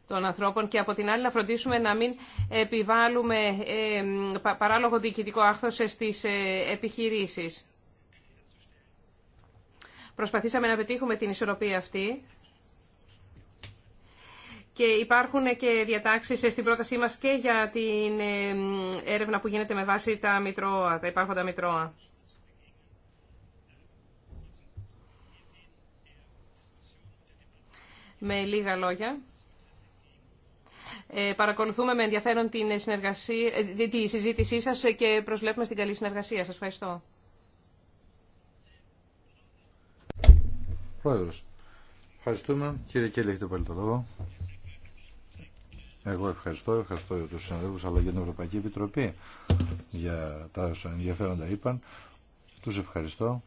A: των, ανθρώπων και από την άλλη να φροντίσουμε να μην επιβάλλουμε ε, παράλογο διοικητικό άχθος στις ε, επιχειρήσεις. Προσπαθήσαμε να πετύχουμε την ισορροπία αυτή και υπάρχουν και διατάξεις στην πρότασή μας και για την έρευνα που γίνεται με βάση τα, μητρώα, τα υπάρχοντα μητρώα. Με λίγα λόγια, ε, παρακολουθούμε με ενδιαφέρον την συνεργασία, ε, τη συζήτησή σας και προσβλέπουμε στην καλή συνεργασία. Σας ευχαριστώ.
C: Πρόεδρος, ευχαριστούμε. Κύριε Κέλλη, έχετε πάλι το λόγο. Εγώ ευχαριστώ, ευχαριστώ τους συναδέλφους αλλά και την Ευρωπαϊκή Επιτροπή για τα ενδιαφέροντα είπαν. Τους ευχαριστώ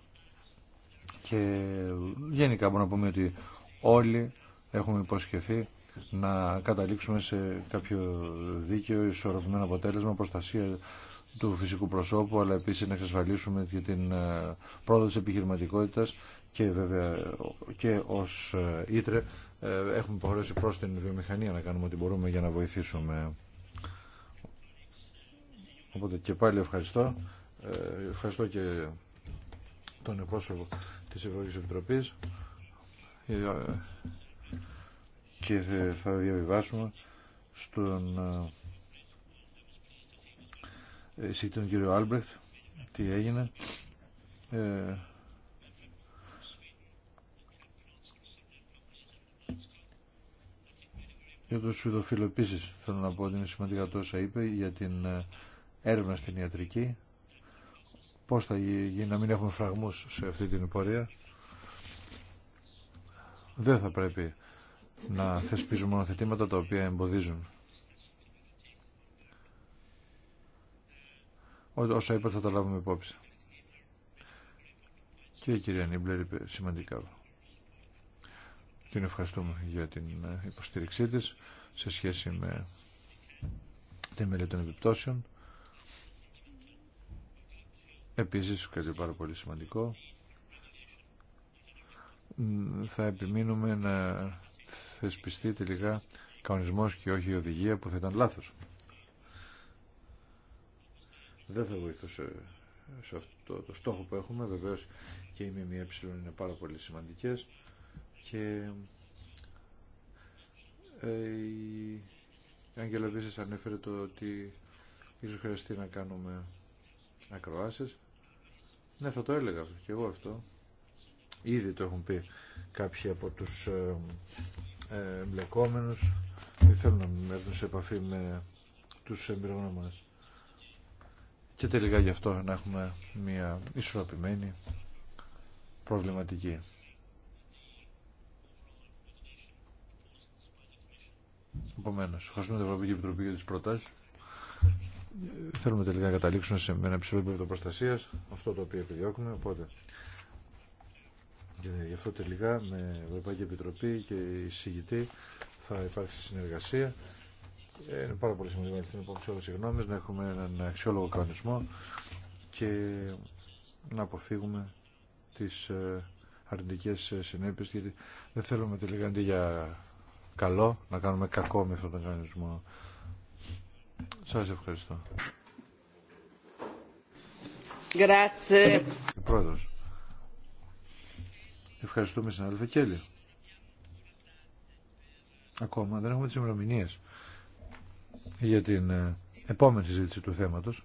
C: και γενικά μπορώ να πούμε ότι όλοι έχουμε υποσχεθεί να καταλήξουμε σε κάποιο δίκαιο, ισορροπημένο αποτέλεσμα, προστασία του φυσικού προσώπου, αλλά επίσης να εξασφαλίσουμε και την ε, πρόοδο της επιχειρηματικότητας και βέβαια και ως ε, Ήτρε ε, έχουμε υποχρέωση προς την βιομηχανία να κάνουμε ό,τι μπορούμε για να βοηθήσουμε. Οπότε και πάλι ευχαριστώ. Ευχαριστώ και τον εκπρόσωπο της Ευρωπαϊκής Επιτροπής και θα διαβιβάσουμε στον ε, εσύ τον κύριο Άλμπρεχτ τι έγινε ε, για τον Σουηδοφίλο επίση θέλω να πω ότι είναι σημαντικά τόσα είπε για την ε, έρευνα στην ιατρική πώς θα γίνει να μην έχουμε φραγμούς σε αυτή την πορεία δεν θα πρέπει να θεσπίζουμε μονοθετήματα τα οποία εμποδίζουν. Ό, όσα είπα θα τα λάβουμε υπόψη. Και η κυρία Νίμπλερ είπε σημαντικά. Την ευχαριστούμε για την υποστήριξή της σε σχέση με τη μελέτη των επιπτώσεων. Επίσης, κάτι πάρα πολύ σημαντικό, θα επιμείνουμε να θεσπιστεί τελικά κανονισμός και όχι η οδηγία που θα ήταν λάθος. Δεν θα βοηθούσε σε αυτό το στόχο που έχουμε. Βεβαίως και οι ΜΜΕ είναι πάρα πολύ σημαντικές και ε, η Άγγελα ανέφερε το ότι ίσως χρειαστεί να κάνουμε ακροάσεις. Ναι, θα το έλεγα και εγώ αυτό. Ήδη το έχουν πει κάποιοι από τους ε, εμπλεκόμενους ή θέλουν να έρθουν σε επαφή με τους εμπειρογνώμονες. Και τελικά γι' αυτό να έχουμε μια ισορροπημένη προβληματική. Επομένως, ευχαριστούμε την Ευρωπαϊκή Επιτροπή για τις προτάσεις. Θέλουμε τελικά να καταλήξουμε σε ένα υψηλό επίπεδο αυτό το οποίο επιδιώκουμε. Οπότε Γι' αυτό τελικά με Ευρωπαϊκή Επιτροπή και εισηγητή θα υπάρξει συνεργασία. Είναι πάρα πολύ σημαντικό να ληφθούν υπόψη όλε γνώμε, να έχουμε έναν αξιόλογο κανονισμό και να αποφύγουμε τι ε, αρνητικέ ε, συνέπειε. Γιατί δεν θέλουμε τελικά αντί για καλό να κάνουμε κακό με αυτόν τον κανονισμό. Σα ευχαριστώ.
B: Grazie. Ε,
C: Ευχαριστούμε στην Κέλλη. Ακόμα δεν έχουμε τις ημερομηνίε για την ε, επόμενη συζήτηση του θέματος.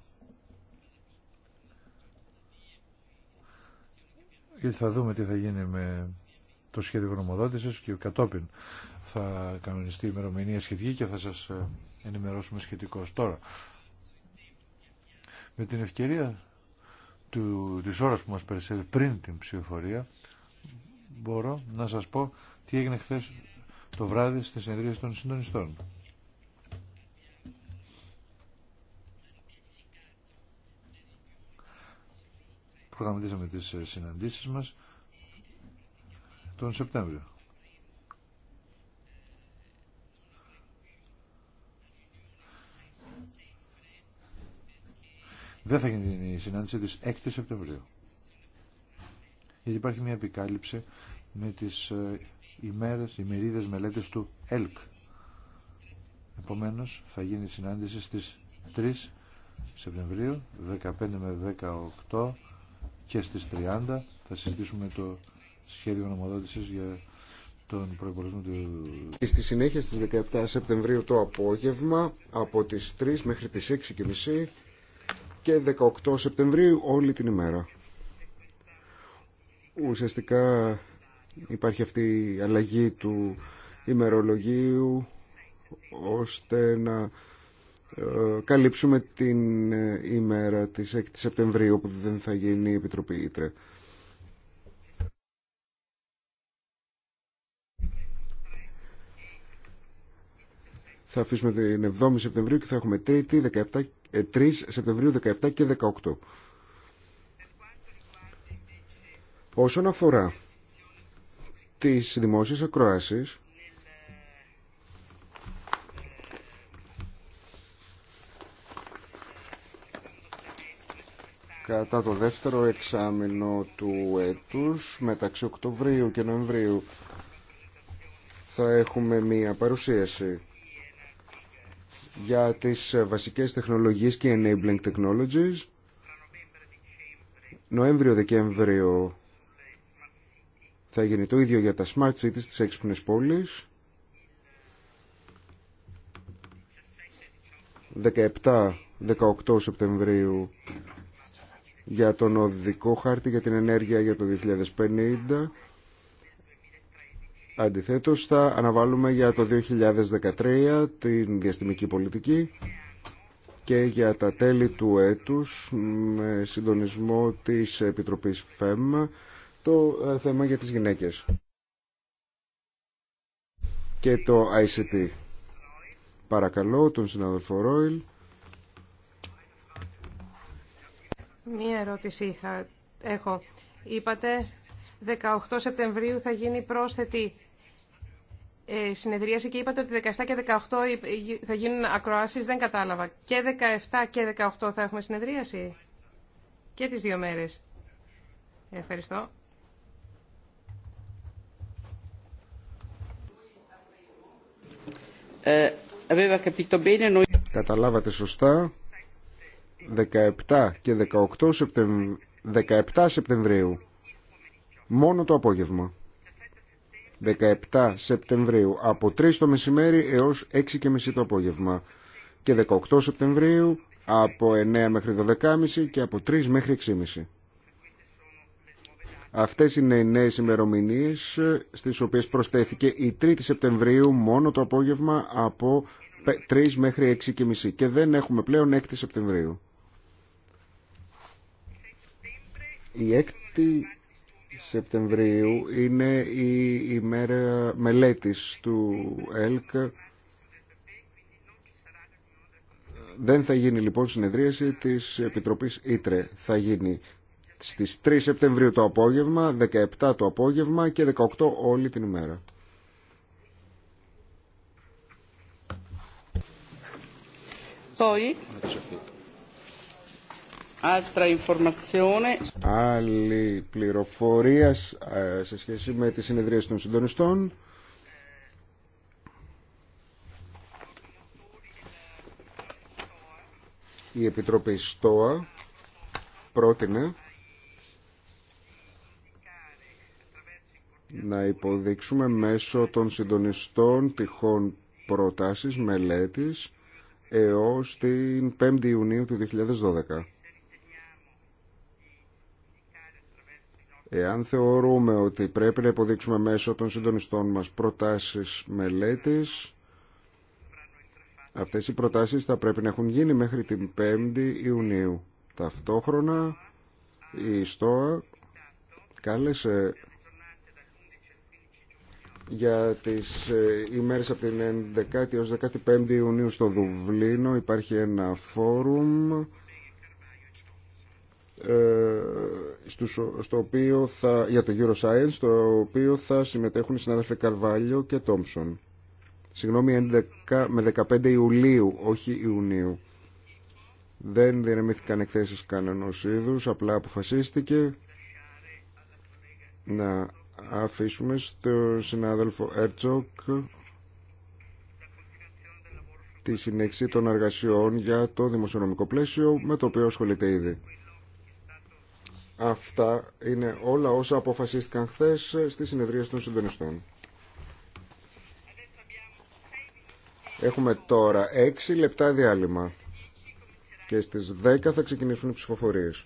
C: θα δούμε τι θα γίνει με το σχέδιο γνωμοδότησης και κατόπιν θα κανονιστεί η ημερομηνία σχετική και θα σας ε, ενημερώσουμε σχετικώς τώρα. Με την ευκαιρία του, της ώρας που μας περισσεύει πριν την ψηφοφορία μπορώ να σας πω τι έγινε χθε το βράδυ στις συνεδρία των συντονιστών. Προγραμματίσαμε τις ε, συναντήσεις μας τον Σεπτέμβριο. Δεν θα γίνει η συνάντηση της 6 Σεπτεμβρίου γιατί υπάρχει μια επικάλυψη με τις ε, ημέρες, ημερίδες μελέτες του ΕΛΚ. Επομένως θα γίνει συνάντηση στις 3 Σεπτεμβρίου, 15 με 18 και στις 30 θα συζητήσουμε το σχέδιο νομοδότησης για
B: τον προϋπολογισμό του... Στη συνέχεια στις 17 Σεπτεμβρίου το απόγευμα από τις 3 μέχρι τις 6.30 και 18 Σεπτεμβρίου όλη την ημέρα. Ουσιαστικά υπάρχει αυτή η αλλαγή του ημερολογίου ώστε να ε, καλύψουμε την ε, ημέρα της 6 Σεπτεμβρίου που δεν θα γίνει η Επιτροπή Ήτρε. Θα αφήσουμε την 7η Σεπτεμβρίου και θα έχουμε 3η, 17, 3 Σεπτεμβρίου 17 και 18. Όσον αφορά τις δημόσιες ακροάσεις, κατά το δεύτερο εξάμεινο του έτους μεταξύ Οκτωβρίου και Νοεμβρίου θα έχουμε μία παρουσίαση για τις βασικές τεχνολογίες και enabling technologies Νοέμβριο-Δεκέμβριο θα γίνει το ίδιο για τα smart cities, της εξυπνες πολης πόλεις. 17-18 Σεπτεμβρίου για τον οδικό χάρτη για την ενέργεια για το 2050. Αντιθέτως θα αναβάλουμε για το 2013 την διαστημική πολιτική και για τα τέλη του έτους με συντονισμό της Επιτροπής ΦΕΜ το ε, θέμα για τις γυναίκες και το ICT. Παρακαλώ τον συνάδελφο Ρόιλ.
A: Μία ερώτηση είχα. Έχω. Είπατε 18 Σεπτεμβρίου θα γίνει πρόσθετη ε, συνεδρίαση και είπατε ότι 17 και 18 θα γίνουν ακροάσεις. Δεν κατάλαβα. Και 17 και 18 θα έχουμε συνεδρίαση. Και τις δύο μέρες. Ευχαριστώ. Ε,
B: Καταλάβατε σωστά. 17 και 18 Σεπτεμβρίου. 17 Σεπτεμβρίου. Μόνο το απόγευμα. 17 Σεπτεμβρίου από 3 το μεσημέρι έως 6 και μισή το απόγευμα. Και 18 Σεπτεμβρίου από 9 μέχρι 12.30 και από 3 μέχρι 6.30. Αυτές είναι οι νέες ημερομηνίε ε, στις οποίες προσθέθηκε η 3η Σεπτεμβρίου μόνο το απόγευμα από 3 μέχρι 6.30 και δεν έχουμε πλέον 6η Σεπτεμβρίου. Η 6η Σεπτεμβρίου είναι η ημέρα μελέτης του ΕΛΚ. Δεν θα γίνει λοιπόν συνεδρίαση της Επιτροπής Ήτρε. Θα γίνει στις 3 Σεπτεμβρίου το απόγευμα, 17 το απόγευμα και 18 όλη την ημέρα. Άλλη πληροφορία ε, σε σχέση με τις συνεδρίες των συντονιστών. Η Επιτροπή ΣΤΟΑ πρότεινε να υποδείξουμε μέσω των συντονιστών τυχόν προτάσεις μελέτης έως την 5η Ιουνίου του 2012. Εάν θεωρούμε ότι πρέπει να υποδείξουμε μέσω των συντονιστών μας προτάσεις μελέτης, αυτές οι προτάσεις θα πρέπει να έχουν γίνει μέχρι την 5η Ιουνίου. Ταυτόχρονα η ΣΤΟΑ κάλεσε για τις ε, ημέρες από την 11η έως 15η Ιουνίου στο Δουβλίνο υπάρχει ένα φόρουμ ε, στο οποίο θα, για το Euroscience στο οποίο θα συμμετέχουν οι συνάδελφοι Καρβάλιο και Τόμψον συγγνώμη 11 με 15 Ιουλίου όχι Ιουνίου δεν διερεμήθηκαν εκθέσεις κανένας είδους απλά αποφασίστηκε να αφήσουμε στο συνάδελφο Έρτσοκ τη συνέχιση των εργασιών για το δημοσιονομικό πλαίσιο με το οποίο ασχολείται ήδη. Αυτά είναι όλα όσα αποφασίστηκαν χθε στη συνεδρία των συντονιστών. Έχουμε τώρα 6 λεπτά διάλειμμα και στις 10 θα ξεκινήσουν οι ψηφοφορίες.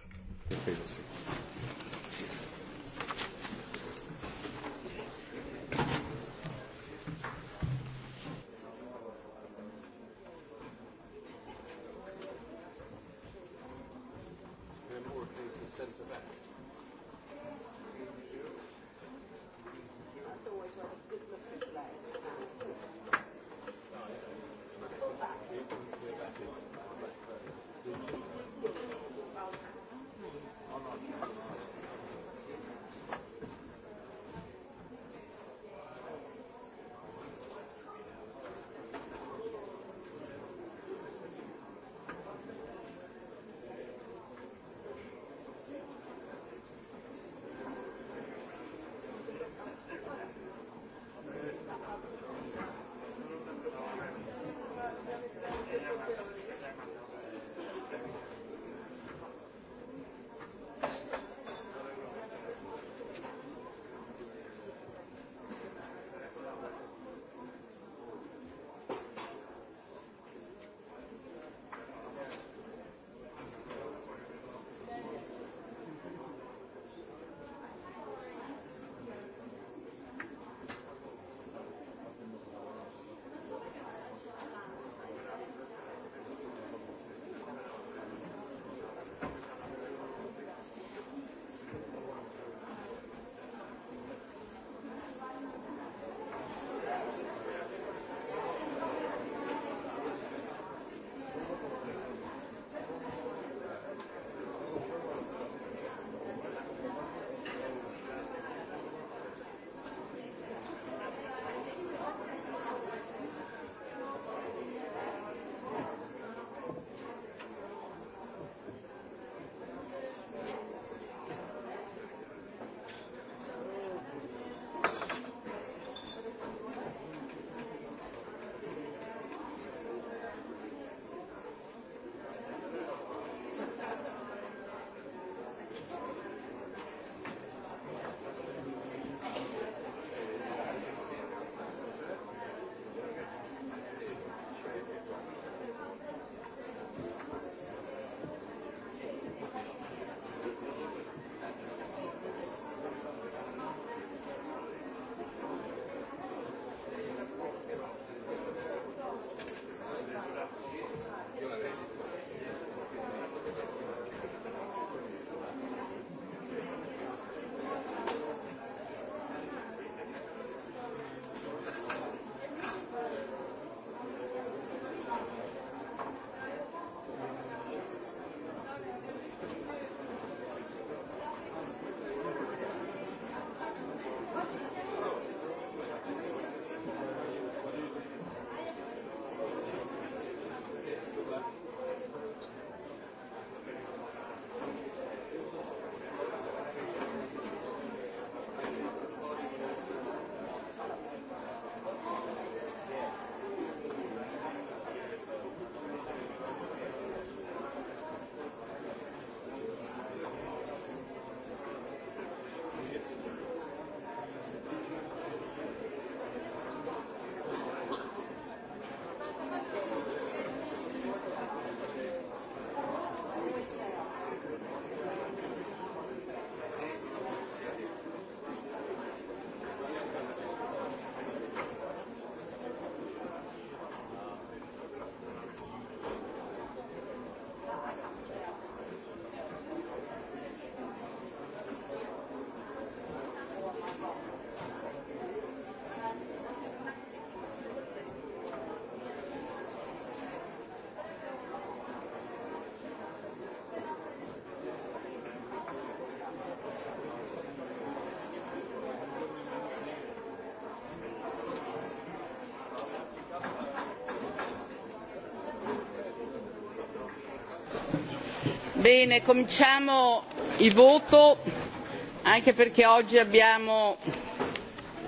A: Bene, cominciamo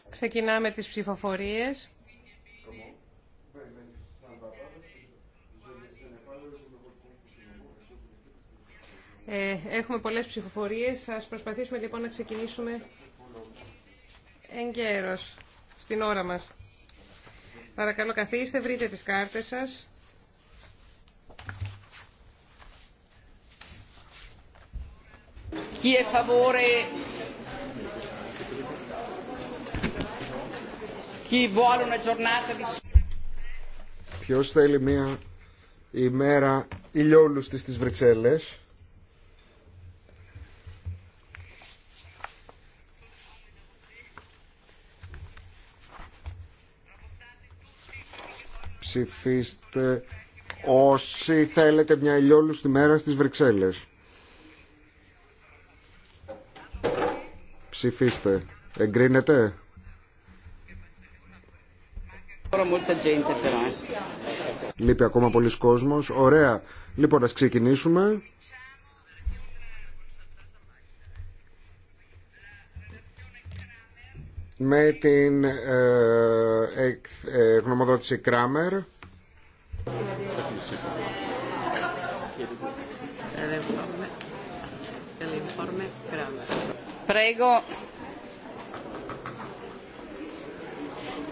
A: Ξεκινάμε τις ψηφοφορίες. Ε, έχουμε πολλές ψηφοφορίες. Σας προσπαθήσουμε λοιπόν να ξεκινήσουμε εγκαίρως, στην ώρα μας. Παρακαλώ καθίστε, βρείτε τις κάρτες σας.
B: Ποιος θέλει μια ημέρα ηλιόλουστη στις Βρυξέλλες. Ψηφίστε όσοι θέλετε μια ηλιόλουστη μέρα στις Βρυξέλλες. Ψηφίστε. Εγκρίνεται. Λείπει ακόμα πολλοί κόσμος. Ωραία. Λοιπόν, ας ξεκινήσουμε. Με την ε, ε, γνωμοδότηση Κράμερ.
A: Prego.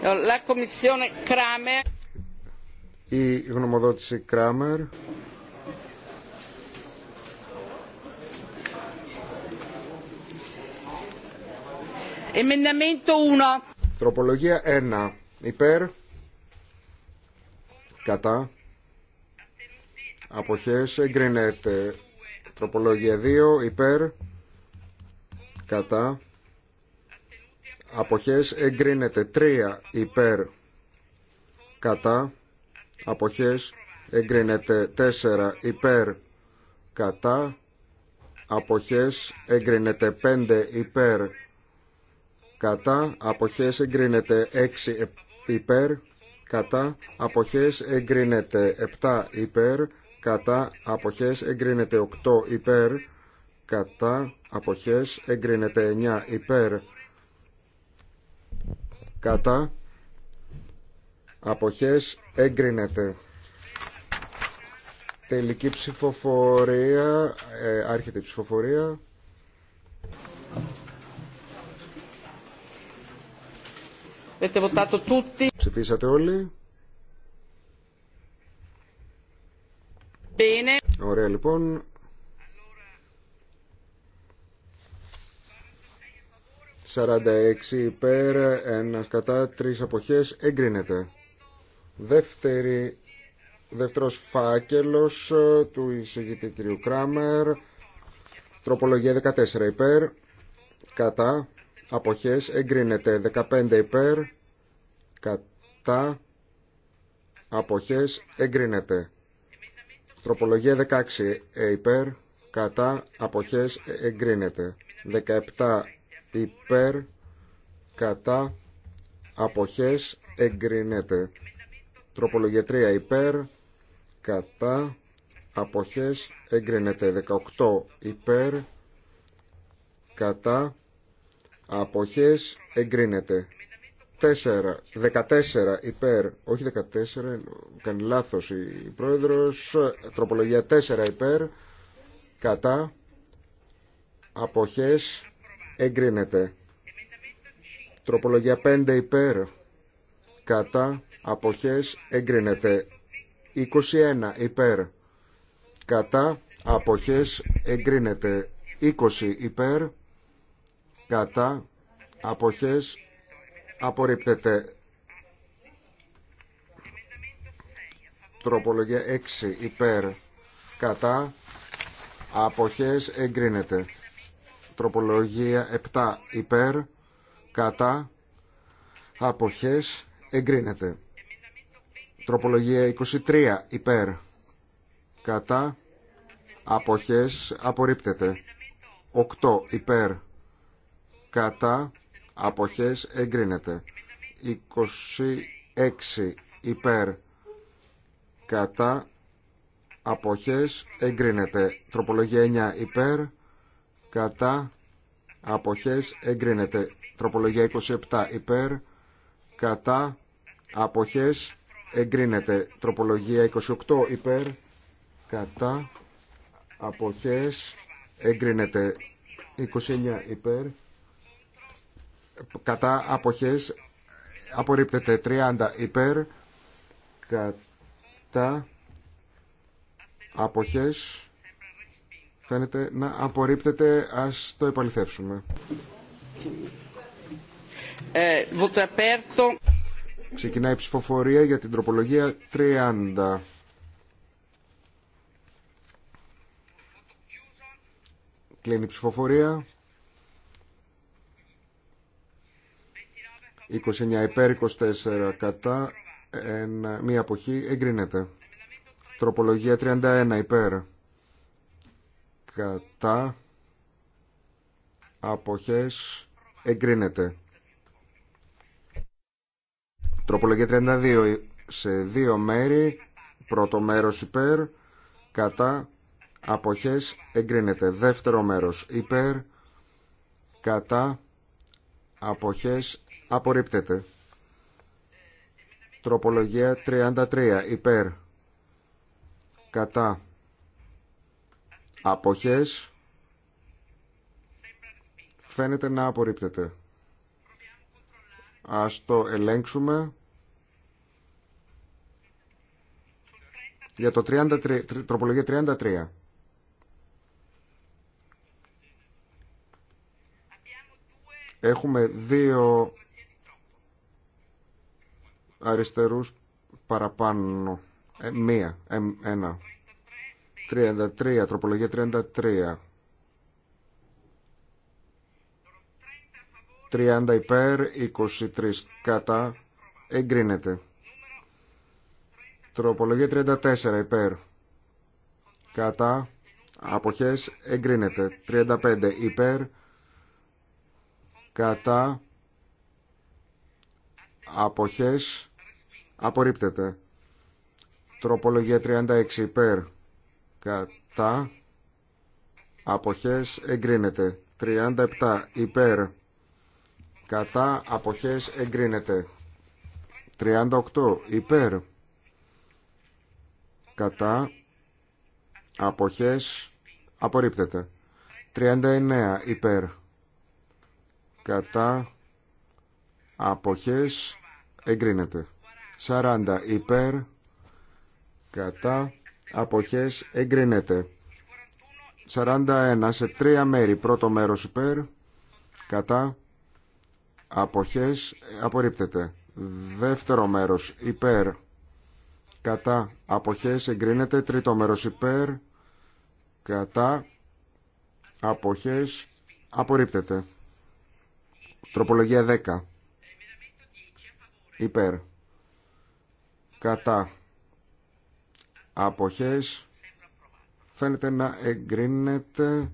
A: La Commissione Kramer.
B: Η γνωμοδότηση Κράμερ. 1. Τροπολογία 1. Υπέρ. Κατά. Αποχές εγκρινέται. Τροπολογία 2. Υπέρ κατά αποχές εγκρίνεται 3 υπέρ κατά αποχές εγκρίνεται 4 υπέρ κατά αποχές εγκρίνεται 5 υπέρ κατά αποχές εγκρίνεται 6 ε, υπέρ κατά αποχές εγκρίνεται 7 υπέρ κατά αποχές εγκρίνεται 8 υπέρ κατά αποχές εγκρίνεται 9 υπέρ κατά αποχές εγκρίνεται τελική ψηφοφορία ε, άρχεται η ψηφοφορία Ψηφίσατε όλοι. Bene. Ωραία λοιπόν. 46 υπέρ, 1 κατά, 3 αποχές, εγκρίνεται. Δεύτερη, δεύτερος φάκελος ε, του εισηγητή κ. Κράμερ, τροπολογία 14 υπέρ, κατά, αποχές, εγκρίνεται. 15 υπέρ, κατά, αποχές, εγκρίνεται. Τροπολογία 16 ε, υπέρ, κατά, αποχές, εγκρίνεται. 17 υπέρ κατά αποχές εγκρινέται τροπολογία 3 υπέρ κατά αποχές εγκρινέται 18 υπέρ κατά αποχές εγκρίνεται 4, 14 υπέρ, όχι 14, κάνει λάθος η πρόεδρος, τροπολογία 4 υπέρ, κατά, αποχές, εγκρίνεται. Τροπολογία 5 υπέρ κατά αποχές εγκρίνεται. 21 υπέρ κατά αποχές εγκρίνεται. 20 υπέρ κατά αποχές απορρίπτεται. Τροπολογία 6 υπέρ κατά αποχές εγκρίνεται. Τροπολογία 7 υπέρ, κατά, αποχές, εγκρίνεται. Τροπολογία 23 υπέρ, κατά, αποχές, απορρίπτεται. 8 υπέρ, κατά, αποχές, εγκρίνεται. 26 υπέρ, κατά, αποχές εγκρίνεται. Τροπολογία 9 υπέρ, κατά αποχές εγκρίνεται. Τροπολογία 27 υπέρ κατά αποχές εγκρίνεται. Τροπολογία 28 υπέρ κατά αποχές εγκρίνεται. 29 υπέρ κατά αποχές απορρίπτεται 30 υπέρ κατά αποχές Φαίνεται να απορρίπτεται. Ας το επαληθεύσουμε. Ε, Ξεκινάει η ψηφοφορία για την τροπολογία 30. Κλείνει η ψηφοφορία. 29 υπέρ, 24 κατά, μία αποχή εγκρίνεται. Τροπολογία 31 υπέρ κατά αποχές εγκρίνεται. Τροπολογία 32 σε δύο μέρη, πρώτο μέρος υπέρ, κατά αποχές εγκρίνεται. Δεύτερο μέρος υπέρ, κατά αποχές απορρίπτεται. Τροπολογία 33 υπέρ, κατά Αποχές. Φαίνεται να απορρίπτεται. Ας το ελέγξουμε. Για το 33, τροπολογία 33. Έχουμε δύο αριστερούς παραπάνω. Ε, μία, ε, ένα. 33, τροπολογία 33. 30 υπέρ, 23 κατά, εγκρίνεται. Τροπολογία 34 υπέρ, κατά, αποχές, εγκρίνεται. 35 υπέρ, κατά, αποχές, απορρίπτεται. Τροπολογία 36 υπέρ, κατά αποχές εγκρίνεται 37 υπέρ κατά αποχές εγκρίνεται 38 υπέρ κατά αποχές απορρίπτεται 39 υπέρ κατά αποχές εγκρίνεται 40 υπέρ κατά αποχές εγκρίνεται 41 σε τρία μέρη πρώτο μέρος υπέρ κατά αποχές απορρίπτεται δεύτερο μέρος υπέρ κατά αποχές εγκρίνεται τρίτο μέρος υπέρ κατά αποχές απορρίπτεται τροπολογία 10 υπέρ κατά αποχές φαίνεται να εγκρίνεται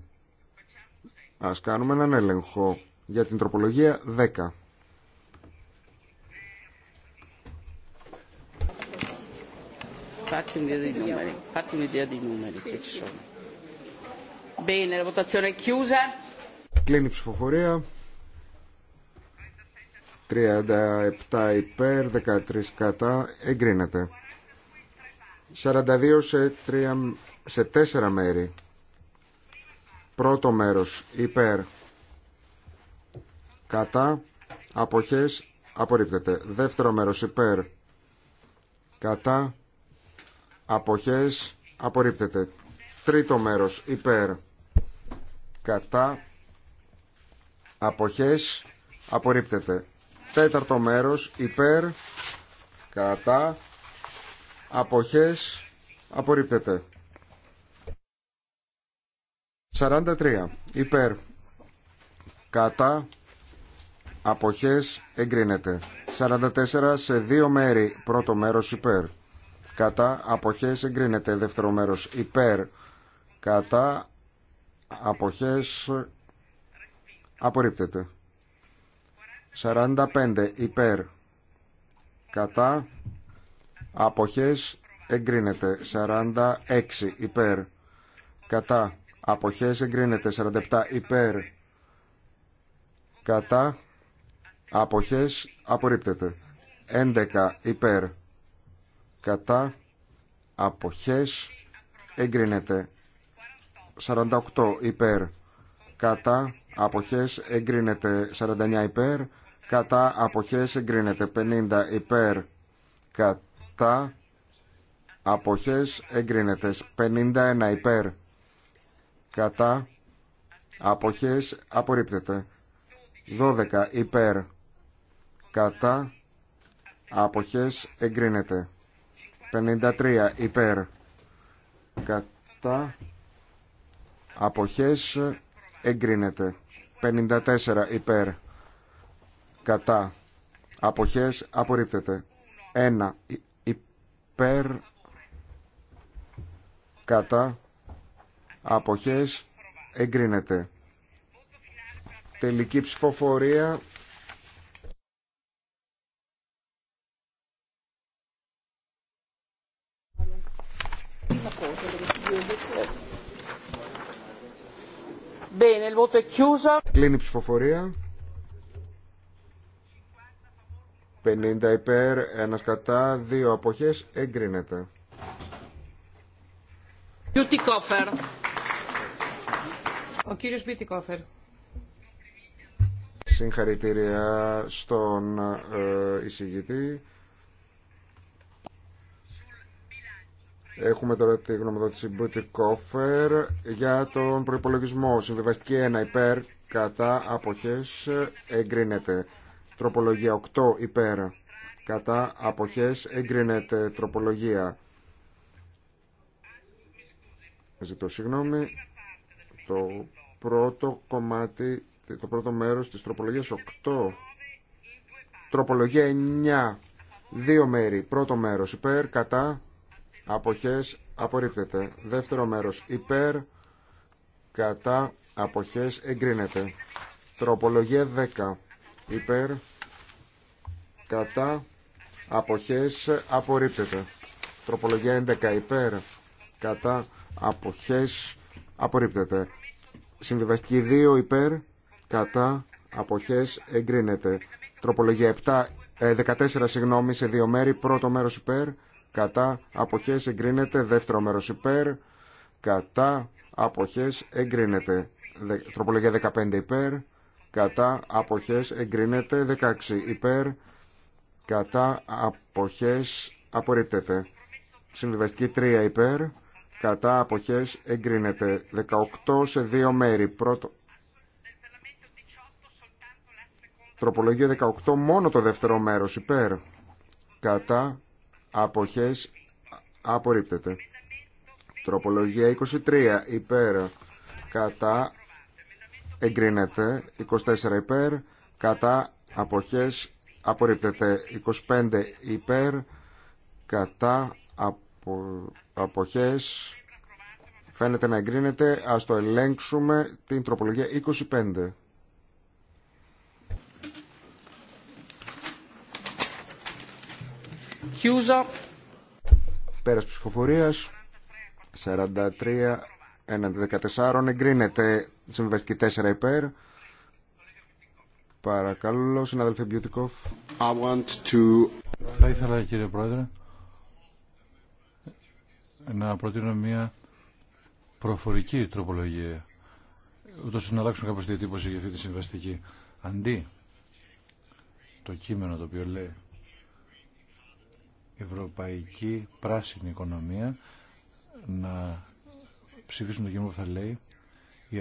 B: ας κάνουμε έναν έλεγχο για την τροπολογία 10 Κλείνει η ψηφοφορία. 37 υπέρ, 13 κατά, εγκρίνεται. 42 σε, 3, σε 4 μέρη. Πρώτο μέρος υπέρ κατά αποχές απορρίπτεται. Δεύτερο μέρος υπέρ κατά αποχές απορρίπτεται. Τρίτο μέρος υπέρ κατά αποχές απορρίπτεται. Τέταρτο μέρος υπέρ κατά αποχές απορρίπτεται 43 υπέρ κατά αποχές εγκρίνεται 44 σε δύο μέρη πρώτο μέρος υπέρ κατά αποχές εγκρίνεται δεύτερο μέρος υπέρ κατά αποχές απορρίπτεται 45 υπέρ κατά αποχές εγκρίνεται 46 υπέρ κατά αποχές εγκρίνεται 47 υπέρ κατά αποχές απορρίπτεται 11 υπέρ κατά αποχές εγκρίνεται 48 υπέρ κατά αποχές εγκρίνεται 49 υπέρ κατά αποχές εγκρίνεται 50 υπέρ κατά κατά αποχές εγκρίνεται 51 υπέρ κατά αποχές απορρίπτεται 12 υπέρ κατά αποχές εγκρίνεται 53 υπέρ κατά αποχές εγκρίνεται 54 υπέρ κατά αποχές απορρίπτεται 1 περ κατά αποχές εγκρίνεται τελική ψηφοφορία Κλείνει η ψηφοφορία. 50 υπέρ, ένας κατά, δύο αποχές, εγκρίνεται.
A: Ο κύριος Μπιουτικόφερ.
B: Συγχαρητήρια στον ε, εισηγητή. Έχουμε τώρα τη γνωμοδότηση Μπουτικόφερ για τον προπολογισμό. Συμβιβαστική 1 υπέρ κατά αποχές εγκρίνεται. Τροπολογία 8 υπέρ κατά αποχές εγκρίνεται τροπολογία. Ζητώ συγγνώμη. Το πρώτο κομμάτι, το πρώτο μέρος της τροπολογίας 8. Τροπολογία 9. Δύο μέρη. Πρώτο μέρος υπέρ, κατά, αποχές, απορρίπτεται. Δεύτερο μέρος υπέρ, κατά, αποχές, εγκρίνεται. Τροπολογία 10 υπέρ κατά αποχές απορρίπτεται τροπολογία 11 υπέρ κατά αποχές απορρίπτεται συμβιβαστική 2 υπέρ κατά αποχές εγκρίνεται τροπολογία 7 14 ε, συγγνώμη σε δύο μέρη πρώτο μέρος υπέρ κατά αποχές εγκρίνεται δεύτερο μέρος υπέρ κατά αποχές εγκρίνεται τροπολογία 15 υπέρ κατά αποχές εγκρίνεται 16 υπέρ κατά αποχές απορρίπτεται συμβιβαστική 3 υπέρ κατά αποχές εγκρίνεται 18 σε δύο μέρη πρώτο τροπολογία 18 μόνο το δεύτερο μέρος υπέρ κατά αποχές απορρίπτεται τροπολογία 23 υπέρ κατά εγκρίνεται 24 υπέρ κατά αποχές απορρίπτεται 25 υπέρ κατά απο, αποχές φαίνεται να εγκρίνεται ας το ελέγξουμε την τροπολογία 25 Χιούζα. Πέρας ψηφοφορίας 43 43-114 14 εγκρίνεται Συμβιβαστική 4 υπέρ. Παρακαλώ, συναδελφέ Μπιούτικοφ.
C: To... Θα ήθελα, κύριε Πρόεδρε, να προτείνω μια προφορική τροπολογία, ούτω να αλλάξουν κάπως τη διατύπωση για αυτή τη συμβαστική. Αντί το κείμενο το οποίο λέει Ευρωπαϊκή Πράσινη Οικονομία, να ψηφίσουν το κείμενο που θα λέει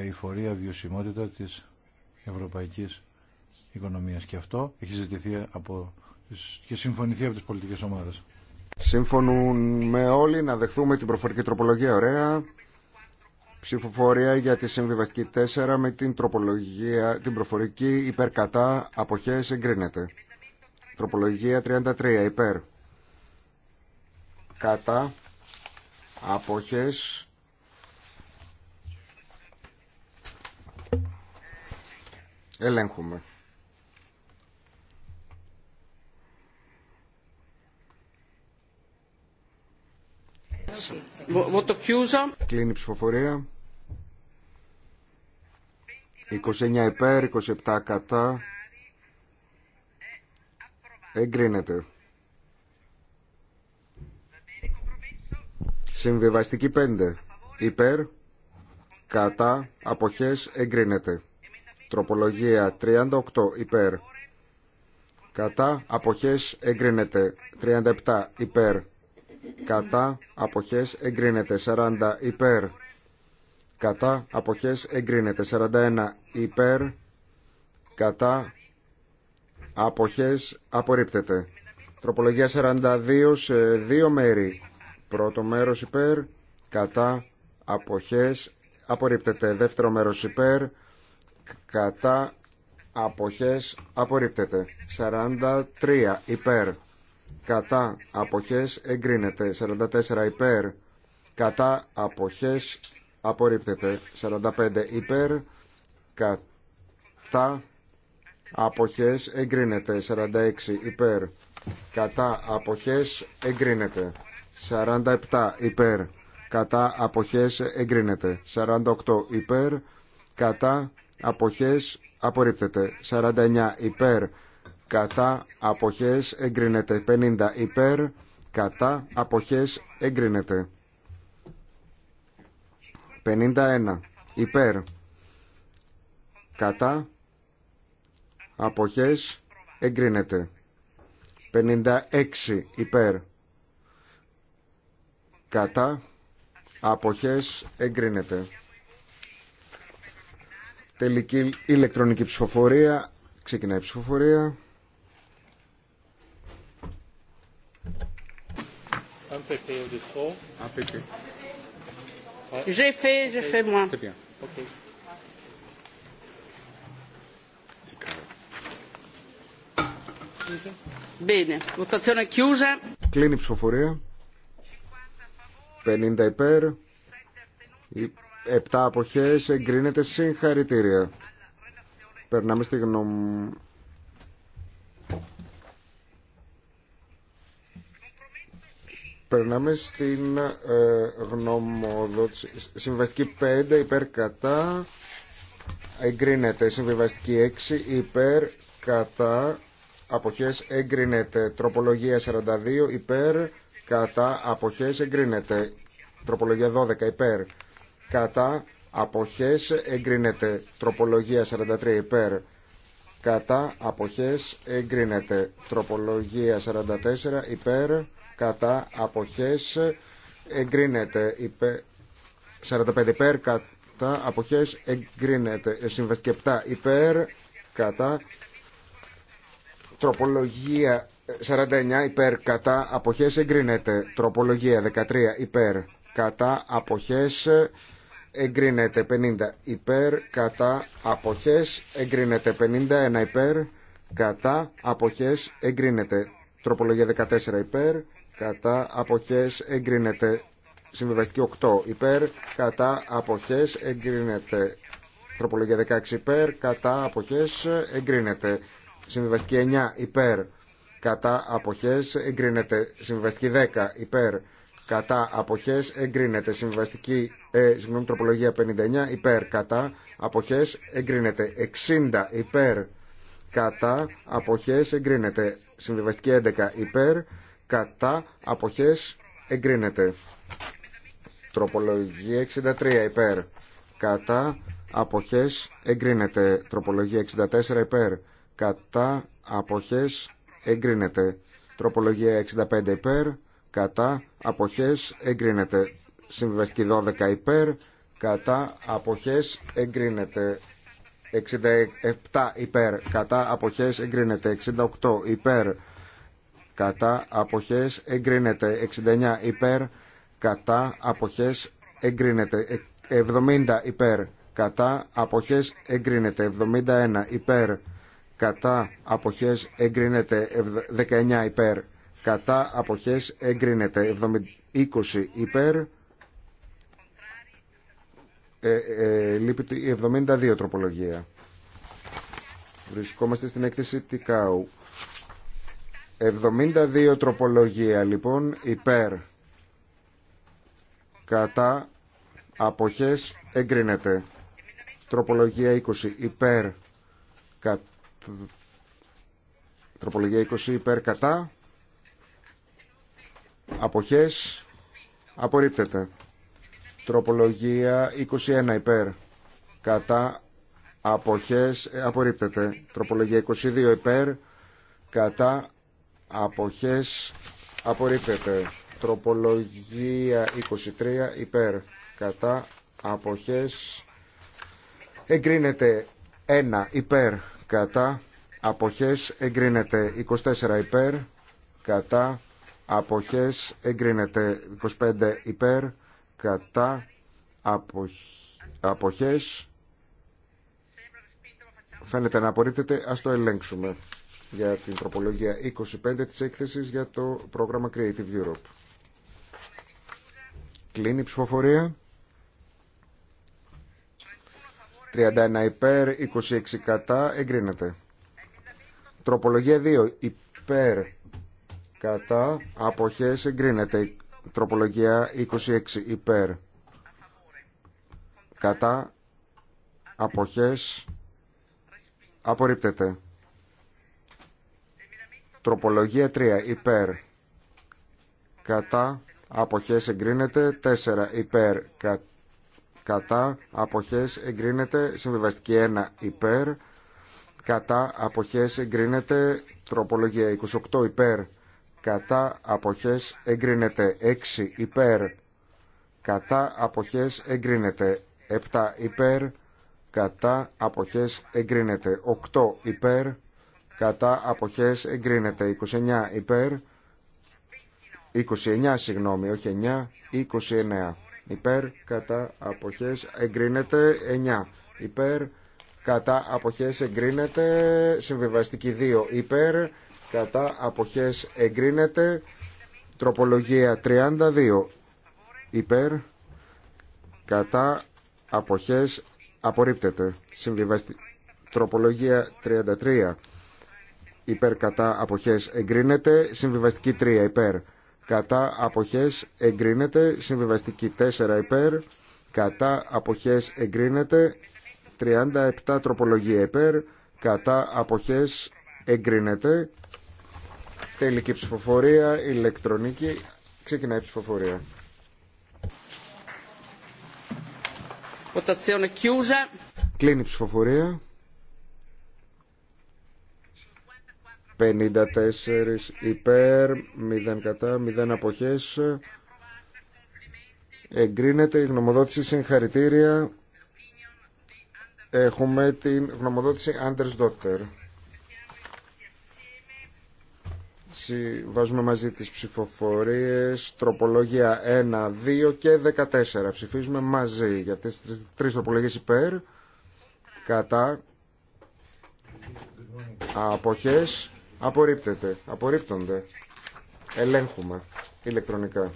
C: η φορεία βιωσιμότητα της ευρωπαϊκής οικονομίας. Και αυτό έχει ζητηθεί από και συμφωνηθεί από τις πολιτικές ομάδες.
B: Σύμφωνουν με όλοι να δεχθούμε την προφορική τροπολογία. Ωραία. Ψηφοφορία για τη συμβιβαστική 4 με την, τροπολογία, την προφορική υπερκατά αποχές εγκρίνεται. Τροπολογία 33 υπέρ. Κατά αποχές Ελέγχουμε. Κλείνει η ψηφοφορία. 29 υπέρ, 27 κατά. Εγκρίνεται. Συμβιβαστική 5. Υπέρ, κατά, αποχές, εγκρίνεται. Τροπολογία 38 υπέρ. Κατά αποχές εγκρίνεται 37 υπέρ. Κατά αποχές εγκρίνεται 40 υπέρ. Κατά αποχές εγκρίνεται 41 υπέρ. Κατά αποχές απορρίπτεται. Τροπολογία 42 σε δύο μέρη. Πρώτο μέρος υπέρ. Κατά αποχές απορρίπτεται. Δεύτερο μέρος υπέρ κατά αποχές απορρίπτεται 43 υπέρ κατά αποχές εγκρίνεται 44 υπέρ κατά αποχές απορρίπτεται 45 υπέρ κατά αποχές εγκρίνεται 46 υπέρ κατά αποχές εγκρίνεται 47 υπέρ κατά αποχές εγκρίνεται 48 υπέρ κατά αποχές απορρίπτεται 49 υπέρ κατά αποχές εγκρίνεται 50 υπέρ κατά αποχές εγκρίνεται 51 υπέρ κατά αποχές εγκρίνεται 56 υπέρ κατά αποχές εγκρίνεται Τελική ηλεκτρονική ψηφοφορία. Ξεκινάει η ψηφοφορία. Κλείνει η ψηφοφορία. 50 υπέρ. Επτά αποχές εγκρίνεται συγχαρητήρια. Περνάμε στη γνώμη... Περνάμε στην ε, γνωμοδότηση. Συμβαστική 5 υπέρ κατά εγκρίνεται. Συμβιβαστική 6 υπέρ κατά αποχές εγκρίνεται. Τροπολογία 42 υπέρ κατά αποχές εγκρίνεται. Τροπολογία 12 υπέρ κατά αποχές εγκρίνεται τροπολογία 43 υπέρ κατά αποχές εγκρίνεται τροπολογία 44 υπέρ κατά αποχές εγκρίνεται υπέρ, 45 υπέρ κατά αποχές εγκρίνεται ε, συμβαστική υπέρ κατά τροπολογία 49 υπέρ κατά αποχές εγκρίνεται τροπολογία 13 υπέρ κατά αποχές εγκρίνεται 50 υπέρ κατά αποχές εγκρίνεται 51 υπέρ κατά αποχές εγκρίνεται τροπολογία 14 υπέρ κατά αποχές εγκρίνεται συμβιβαστική 8 υπέρ κατά αποχές εγκρίνεται τροπολογία 16 υπέρ κατά αποχές εγκρίνεται συμβιβαστική 9 υπέρ κατά αποχές εγκρίνεται συμβιβαστική 10 υπέρ κατά αποχές εγκρίνεται. Συμβαστική ε, τροπολογία 59 υπέρ κατά αποχές εγκρίνεται. 60 υπέρ κατά αποχές εγκρίνεται. Συμβιβαστική 11 υπέρ κατά αποχές εγκρίνεται. Τροπολογία 63 υπέρ κατά αποχές εγκρίνεται. Τροπολογία 64 υπέρ κατά αποχές εγκρίνεται. Τροπολογία 65 υπέρ κατά αποχές εγκρίνεται συμβιβαστική 12 υπέρ κατά αποχές εγκρίνεται 67 υπέρ κατά αποχές εγκρίνεται 68 υπέρ κατά αποχές εγκρίνεται 69 υπέρ κατά αποχές εγκρίνεται 70 υπέρ κατά αποχές εγκρίνεται 71 υπέρ κατά αποχές εγκρίνεται 19 υπέρ κατά αποχές εγκρίνεται 20 υπέρ ε, ε, λείπει 72 τροπολογία βρισκόμαστε στην έκθεση Τικάου 72 τροπολογία λοιπόν υπέρ κατά αποχές εγκρίνεται τροπολογία 20 υπέρ τροπολογία 20 υπέρ κατά Αποχές. Απορρίπτεται. Τροπολογία 21 ε, υπέρ. Κατά. Αποχές. Απορρίπτεται. Τροπολογία 22 υπέρ. Κατά. Αποχές. Απορρίπτεται. Τροπολογία 23 υπέρ. Κατά. Αποχές. Εγκρίνεται 1 υπέρ. Κατά. Αποχές εγκρίνεται 24 υπέρ, κατά αποχές εγκρίνεται 25 υπέρ κατά αποχές φαίνεται να απορρίπτεται ας το ελέγξουμε για την τροπολογία 25 της έκθεσης για το πρόγραμμα Creative Europe κλείνει η ψηφοφορία 31 υπέρ 26 κατά εγκρίνεται τροπολογία 2 υπέρ κατά αποχές εγκρίνεται τροπολογία 26 υπέρ κατά αποχές απορρίπτεται τροπολογία 3 υπέρ κατά αποχές εγκρίνεται 4 υπέρ κα, κατά αποχές εγκρίνεται συμβιβαστική 1 υπέρ κατά αποχές εγκρίνεται τροπολογία 28 υπέρ κατά αποχές εγκρίνεται 6 υπέρ κατά αποχές εγκρίνεται 7 υπέρ κατά αποχές εγκρίνεται 8 υπέρ κατά αποχές εγκρίνεται 29 υπέρ 29 συγγνώμη όχι 9 29 υπέρ κατά αποχές εγκρίνεται 9 υπέρ κατά αποχές εγκρίνεται συμβιβαστική 2 υπέρ κατά αποχές εγκρίνεται τροπολογία 32 υπέρ κατά αποχές απορρίπτεται συμβιβαστη... τροπολογία 33 υπέρ κατά αποχές εγκρίνεται συμβιβαστική 3 υπέρ κατά αποχές εγκρίνεται συμβιβαστική 4 υπέρ κατά αποχές εγκρίνεται 37 τροπολογία υπέρ κατά αποχές εγκρίνεται Τελική ψηφοφορία, ηλεκτρονική. Ξεκινάει η ψηφοφορία. Κλείνει η ψηφοφορία. 54 υπέρ, 0 κατά, 0 αποχές. Εγκρίνεται η γνωμοδότηση συγχαρητήρια. Έχουμε την γνωμοδότηση Anders Dotter. Έτσι βάζουμε μαζί τις ψηφοφορίες τροπολογία 1, 2 και 14. Ψηφίζουμε μαζί για αυτές τις τρεις τροπολογίες υπέρ, κατά, αποχές, απορρίπτεται, απορρίπτονται. Ελέγχουμε ηλεκτρονικά.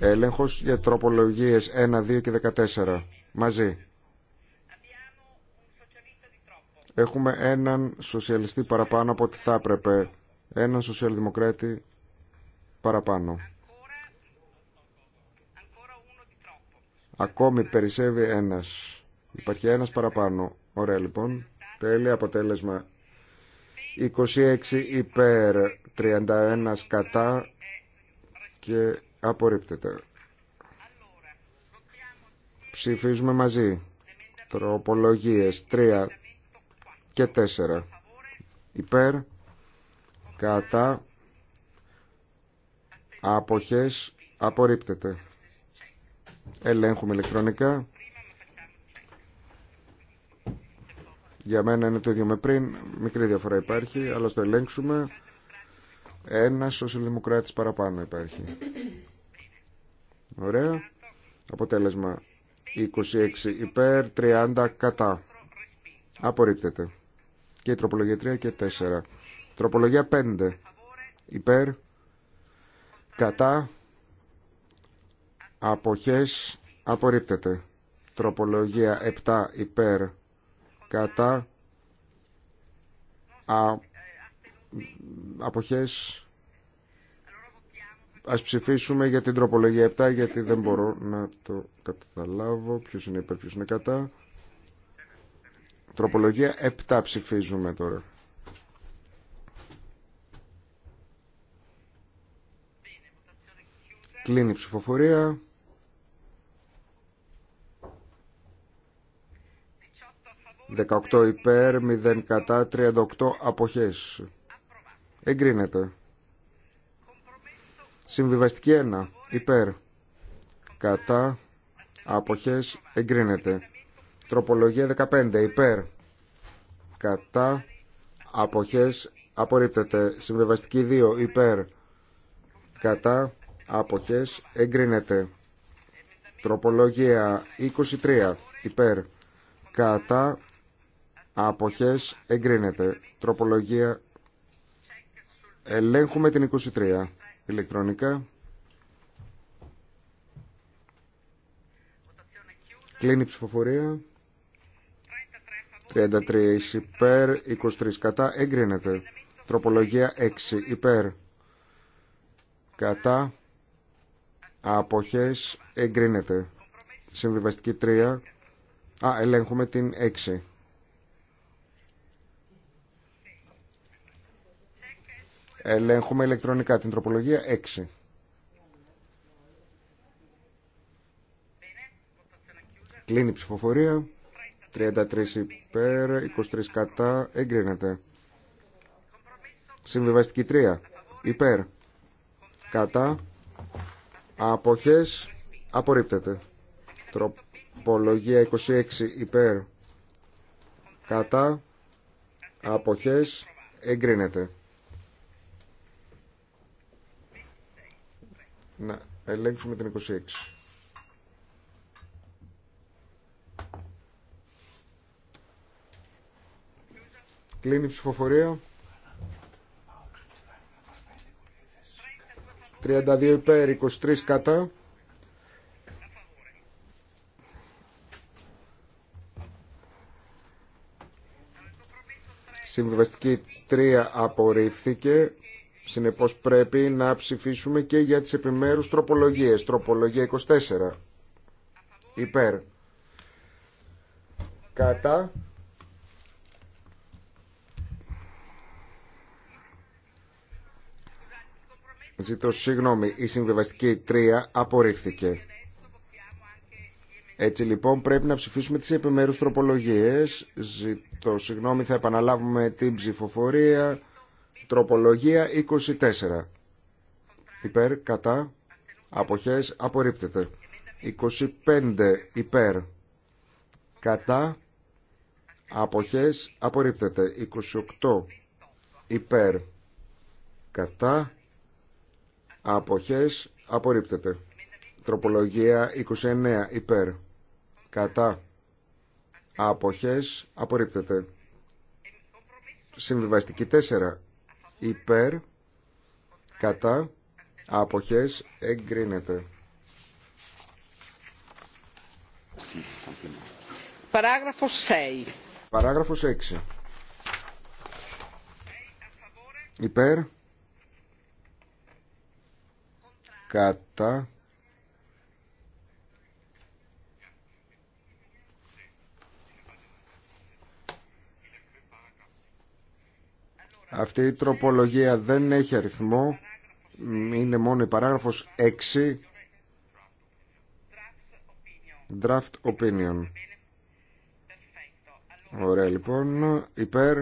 B: Έλεγχος για τροπολογίες 1, 2 και 14. Μαζί. έχουμε έναν σοσιαλιστή παραπάνω από ό,τι θα έπρεπε. Έναν σοσιαλδημοκράτη παραπάνω. Ακόμη περισσεύει ένας. Υπάρχει ένας παραπάνω. Ωραία λοιπόν. Τέλεια αποτέλεσμα. 26 υπέρ, 31 κατά και απορρίπτεται. Ψηφίζουμε μαζί. Τροπολογίες 3, και 4 υπέρ κατά άποχες απορρίπτεται ελέγχουμε ηλεκτρονικά για μένα είναι το ίδιο με πριν μικρή διαφορά υπάρχει αλλά στο ελέγξουμε ένα σοσιαλδημοκράτης παραπάνω υπάρχει ωραία αποτέλεσμα 26 υπέρ 30 κατά απορρίπτεται και η τροπολογία 3 και 4. Τροπολογία 5. Υπέρ. Κατά. Αποχές. Απορρίπτεται. Τροπολογία 7. Υπέρ. Κατά. Α, αποχές. Ας ψηφίσουμε για την τροπολογία 7 γιατί δεν μπορώ να το καταλάβω ποιος είναι υπέρ ποιος είναι κατά. Τροπολογία 7 ψηφίζουμε τώρα. Κλείνει η ψηφοφορία. 18 υπέρ, 0 κατά, 38 αποχές. Εγκρίνεται. Συμβιβαστική 1 υπέρ, κατά, αποχές, εγκρίνεται. Τροπολογία 15 υπέρ κατά αποχές απορρίπτεται. Συμβεβαστική 2 υπέρ κατά αποχές εγκρίνεται. Τροπολογία 23 υπέρ κατά αποχές εγκρίνεται. Τροπολογία ελέγχουμε την 23 ηλεκτρονικά. Κλείνει η ψηφοφορία. 33 υπέρ, 23 κατά, εγκρίνεται. Τροπολογία 6 υπέρ, κατά, αποχές, εγκρίνεται. Συμβιβαστική 3, α, ελέγχουμε την 6. Ελέγχουμε ηλεκτρονικά την τροπολογία 6. Κλείνει η ψηφοφορία. 33 υπέρ, 23 κατά, εγκρίνεται. Συμβιβαστική 3 υπέρ, κατά, αποχές, απορρίπτεται. Τροπολογία 26 υπέρ, κατά, αποχές, εγκρίνεται. Να ελέγξουμε την 26. Κλείνει ψηφοφορία. 32 υπέρ, 23 κατά. Συμβιβαστική 3 απορρίφθηκε. Συνεπώς πρέπει να ψηφίσουμε και για τις επιμέρους τροπολογίες. Τροπολογία 24. Υπέρ. Κατά. Ζητώ συγγνώμη, η συμβιβαστική 3 απορρίφθηκε. Έτσι λοιπόν πρέπει να ψηφίσουμε τις επιμέρους τροπολογίες. Ζητώ συγγνώμη, θα επαναλάβουμε την ψηφοφορία. Τροπολογία 24. Υπέρ, κατά, αποχές, απορρίπτεται. 25 υπέρ, κατά, αποχές, απορρίπτεται. 28 υπέρ, κατά, Αποχές απορρίπτεται. Τροπολογία 29 υπέρ. Κατά. Αποχές απορρίπτεται. Συμβιβαστική 4 υπέρ. Κατά. Αποχές εγκρίνεται.
A: Παράγραφος 6.
B: Παράγραφος 6. Υπέρ κατά Αυτή η τροπολογία δεν έχει αριθμό, είναι μόνο η παράγραφος 6, draft opinion. Ωραία λοιπόν, υπέρ,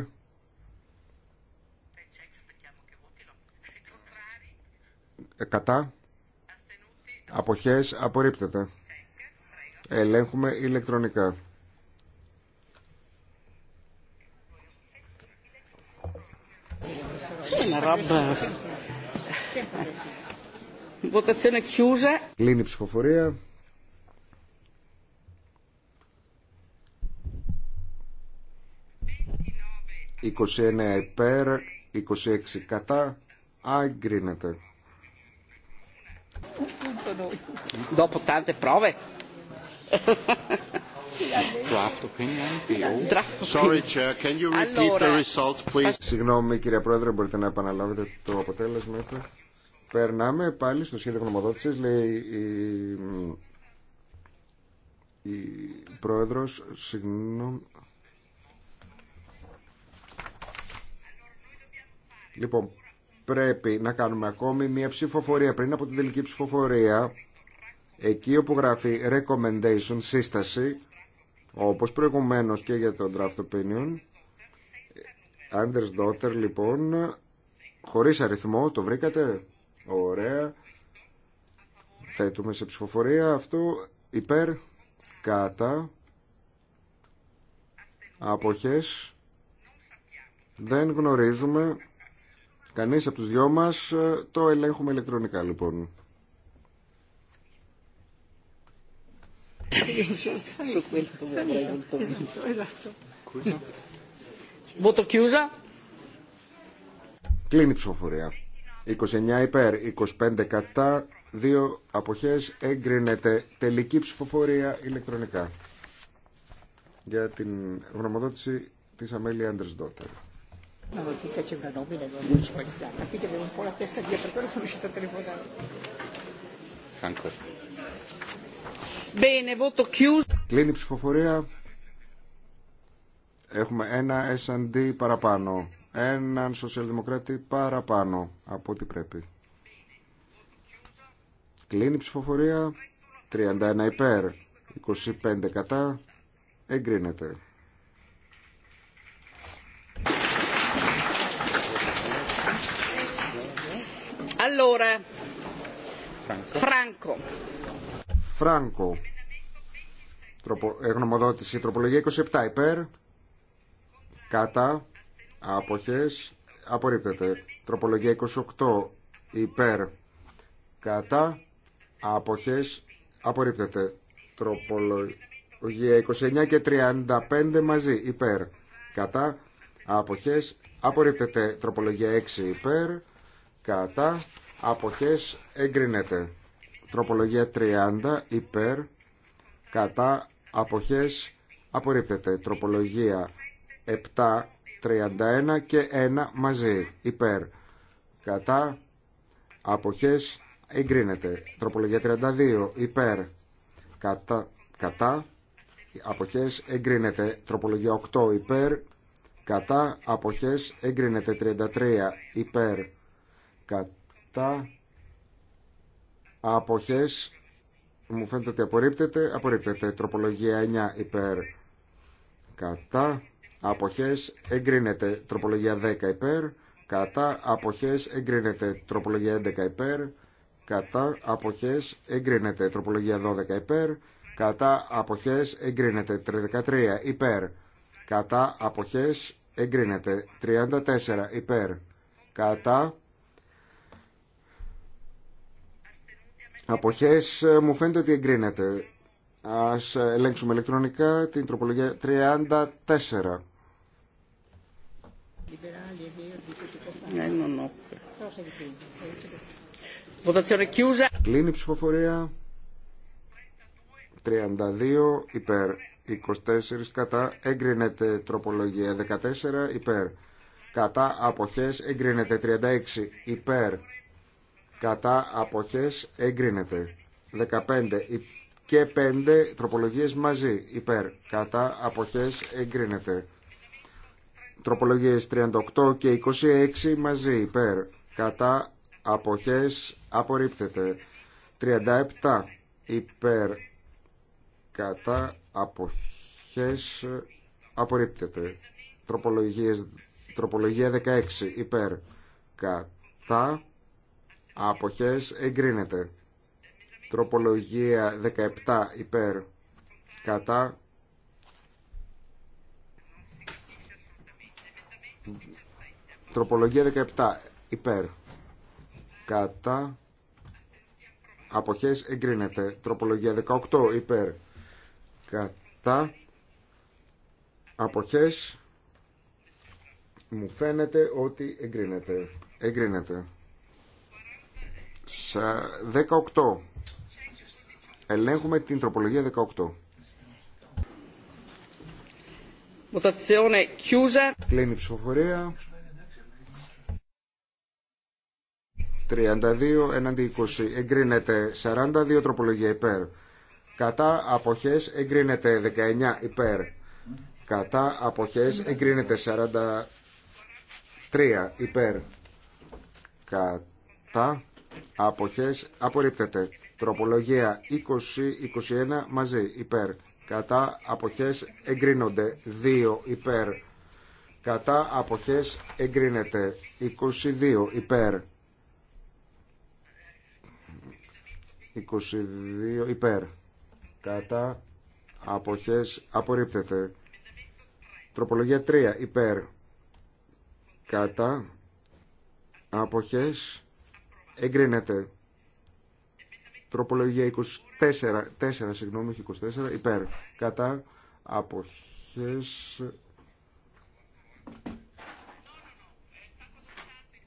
B: ε, κατά, Αποχές απορρίπτεται. Ελέγχουμε ηλεκτρονικά. Κλείνει η ψηφοφορία. «29 υπέρ, 26 κατά, άγκρινεται»
C: appunto noi.
B: Dopo tante prove. Sorry, Chair. Can you repeat the result, please? Συγγνώμη κύριε Πρόεδρε, μπορείτε να επαναλάβετε το αποτέλεσμα. Περνάμε πάλι στο σχέδιο γνωμοδότησης, λέει η, η Πρόεδρος, συγγνώμη. Λοιπόν, πρέπει να κάνουμε ακόμη μια ψηφοφορία πριν από την τελική ψηφοφορία εκεί όπου γράφει recommendation, σύσταση όπως προηγουμένως και για το draft opinion Anders λοιπόν χωρίς αριθμό το βρήκατε ωραία θέτουμε σε ψηφοφορία αυτό υπέρ κατά αποχές δεν γνωρίζουμε Κανείς από τους δυο μας ε, το ελέγχουμε ηλεκτρονικά λοιπόν. Κλείνει η ψηφοφορία. 29 υπέρ, 25 κατά, 2 αποχές, έγκρινεται τελική ψηφοφορία ηλεκτρονικά για την γνωμοδότηση της Αμέλη Άντρες Ντότερ.
C: Una notizia c'è una nomina di un municipalità. infatti che avevo un po' la
A: testa via, per quello sono riuscita a telefonare. Franco. Bene, voto chiuso.
B: Κλείνει η ψηφοφορία. Έχουμε ένα S&D παραπάνω. Έναν σοσιαλδημοκράτη παραπάνω από ό,τι πρέπει. Κλείνει η ψηφοφορία. 31 υπέρ, 25 κατά. Εγκρίνεται.
A: Allora, Franco.
B: Φράνκο. Τροπολογία 27 υπέρ. Κατά. Άποχες. Απορρίπτεται. Τροπολογία 28 υπέρ. Κατά. Άποχες. Απορρίπτεται. Τροπολογία 29 και 35 μαζί υπέρ. Κατά. Άποχες. Απορρίπτεται. Τροπολογία 6 υπέρ κατά αποχές εγκρίνεται τροπολογία 30 υπέρ κατά αποχές απορρίπτεται τροπολογία 7 31 και 1 μαζί υπέρ κατά αποχές εγκρίνεται τροπολογία 32 υπέρ κατά, κατά αποχές εγκρίνεται τροπολογία 8 υπέρ κατά αποχές εγκρίνεται 33 υπέρ κατά αποχές μου φαίνεται ότι απορρίπτεται απορρίπτεται τροπολογία 9 υπέρ κατά αποχές εγκρίνεται τροπολογία 10 υπέρ κατά αποχές εγκρίνεται τροπολογία 11 υπέρ κατά αποχές εγκρίνεται τροπολογία 12 υπέρ κατά αποχές εγκρίνεται 13 υπέρ κατά αποχές εγκρίνεται 34 υπέρ κατά Αποχές ε, μου φαίνεται ότι εγκρίνεται. Ας ε, ελέγξουμε ηλεκτρονικά την τροπολογία 34. Κλείνει η ψηφοφορία. 32 υπέρ. 24 κατά. Εγκρίνεται τροπολογία. 14 υπέρ. Κατά αποχές εγκρίνεται 36 υπέρ κατά αποχές εγκρίνεται 15 και 5 τροπολογίες μαζί υπέρ κατά αποχές εγκρίνεται τροπολογίες 38 και 26 μαζί υπέρ κατά αποχές απορρίπτεται 37 υπέρ κατά αποχές απορρίπτεται τροπολογίες τροπολογία 16 υπέρ κατά Αποχές εγκρίνεται. Τροπολογία 17 υπέρ κατά. Τροπολογία 17 υπέρ κατά. Αποχές εγκρίνεται. Τροπολογία 18 υπέρ κατά. Αποχές μου φαίνεται ότι εγκρίνεται. Εγκρίνεται. 18. Ελέγχουμε την τροπολογία 18.
A: Votazione
B: chiusa. Κλείνει η ψηφοφορία. 32 έναντι 20. Εγκρίνεται 42 τροπολογία υπέρ. Κατά αποχές εγκρίνεται 19 υπέρ. Κατά αποχές εγκρίνεται 43 υπέρ. Κατά αποχές απορρίπτεται. Τροπολογία 20-21 μαζί υπέρ. Κατά αποχές εγκρίνονται 2 υπέρ. Κατά αποχές εγκρίνεται 22 υπέρ. 22 υπέρ. Κατά αποχές απορρίπτεται. Τροπολογία 3 υπέρ. Κατά αποχές Εγκρίνεται. Τροπολογία 24, 4, συγγνώμη, 24, υπέρ. Κατά αποχές...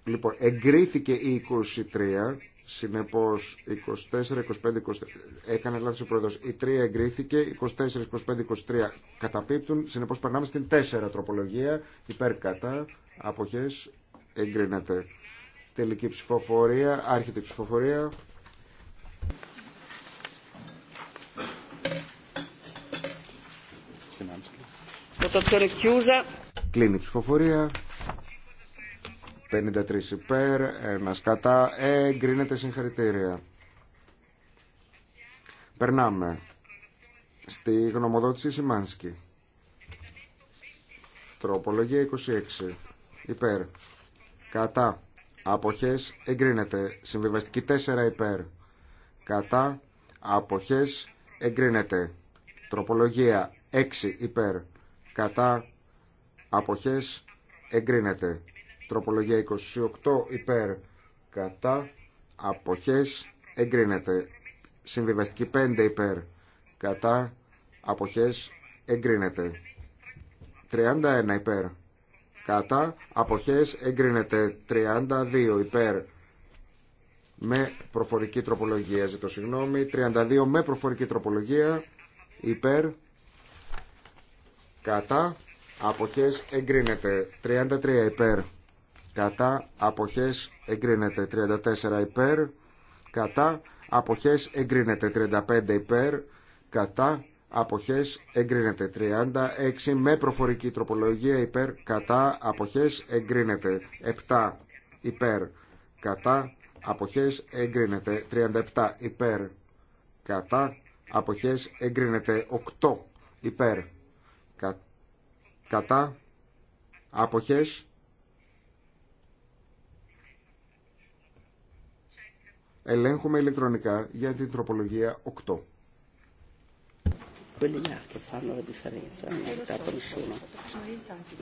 B: Λοιπόν, εγκρίθηκε η 23, συνεπώς 24, 25, 23. έκανε λάθος ο πρόεδρος. Η 3 εγκρίθηκε, 24, 25, 23 καταπίπτουν, συνεπώς περνάμε στην 4 τροπολογία, υπέρ κατά, αποχές, εγκρίνεται. Τελική ψηφοφορία, άρχεται η ψηφοφορία. Κλείνει η ψηφοφορία. 53 υπέρ, ένα κατά, ε, εγκρίνεται συγχαρητήρια. Περνάμε στη γνωμοδότηση Σιμάνσκι. Τροπολογία 26. Υπέρ. Κατά αποχές εγκρίνεται. Συμβιβαστική 4 υπέρ κατά αποχές εγκρίνεται. Τροπολογία 6 υπέρ κατά αποχές εγκρίνεται. Τροπολογία 28 υπέρ κατά αποχές εγκρίνεται. Συμβιβαστική 5 υπέρ κατά αποχές εγκρίνεται. 31 υπέρ κατά αποχές εγκρίνεται 32 υπέρ με προφορική τροπολογία ζητώ συγγνώμη 32 με προφορική τροπολογία υπέρ κατά αποχές εγκρίνεται 33 υπέρ κατά αποχές εγκρίνεται 34 υπέρ κατά αποχές εγκρίνεται 35 υπέρ κατά αποχές εγκρίνεται 36 με προφορική τροπολογία υπέρ κατά αποχές εγκρίνεται 7 υπέρ κατά αποχές εγκρίνεται 37 υπέρ κατά αποχές εγκρίνεται 8 υπέρ κα, κατά αποχές ελέγχουμε ηλεκτρονικά για την τροπολογία 8 quelli là che fanno la differenza, non è aiutato nessuno.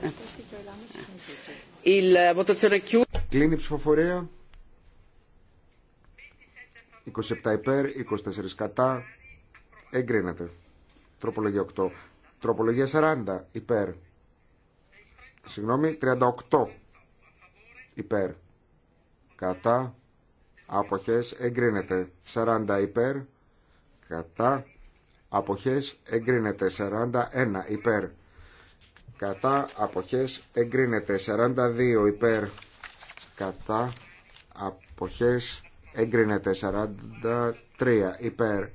C: Eh.
B: Il eh, votazione Κλείνει η ψηφοφορία. 27 υπέρ, 24 κατά. Εγκρίνεται. Τροπολογία 8. Τροπολογία 40 υπέρ. Συγγνώμη, 38 υπέρ. Κατά. Άποχες εγκρίνεται. 40 υπέρ. Κατά αποχές εγκρίνεται 41 υπέρ κατά αποχές εγκρίνεται 42 υπέρ κατά αποχές εγκρίνεται 43 υπέρ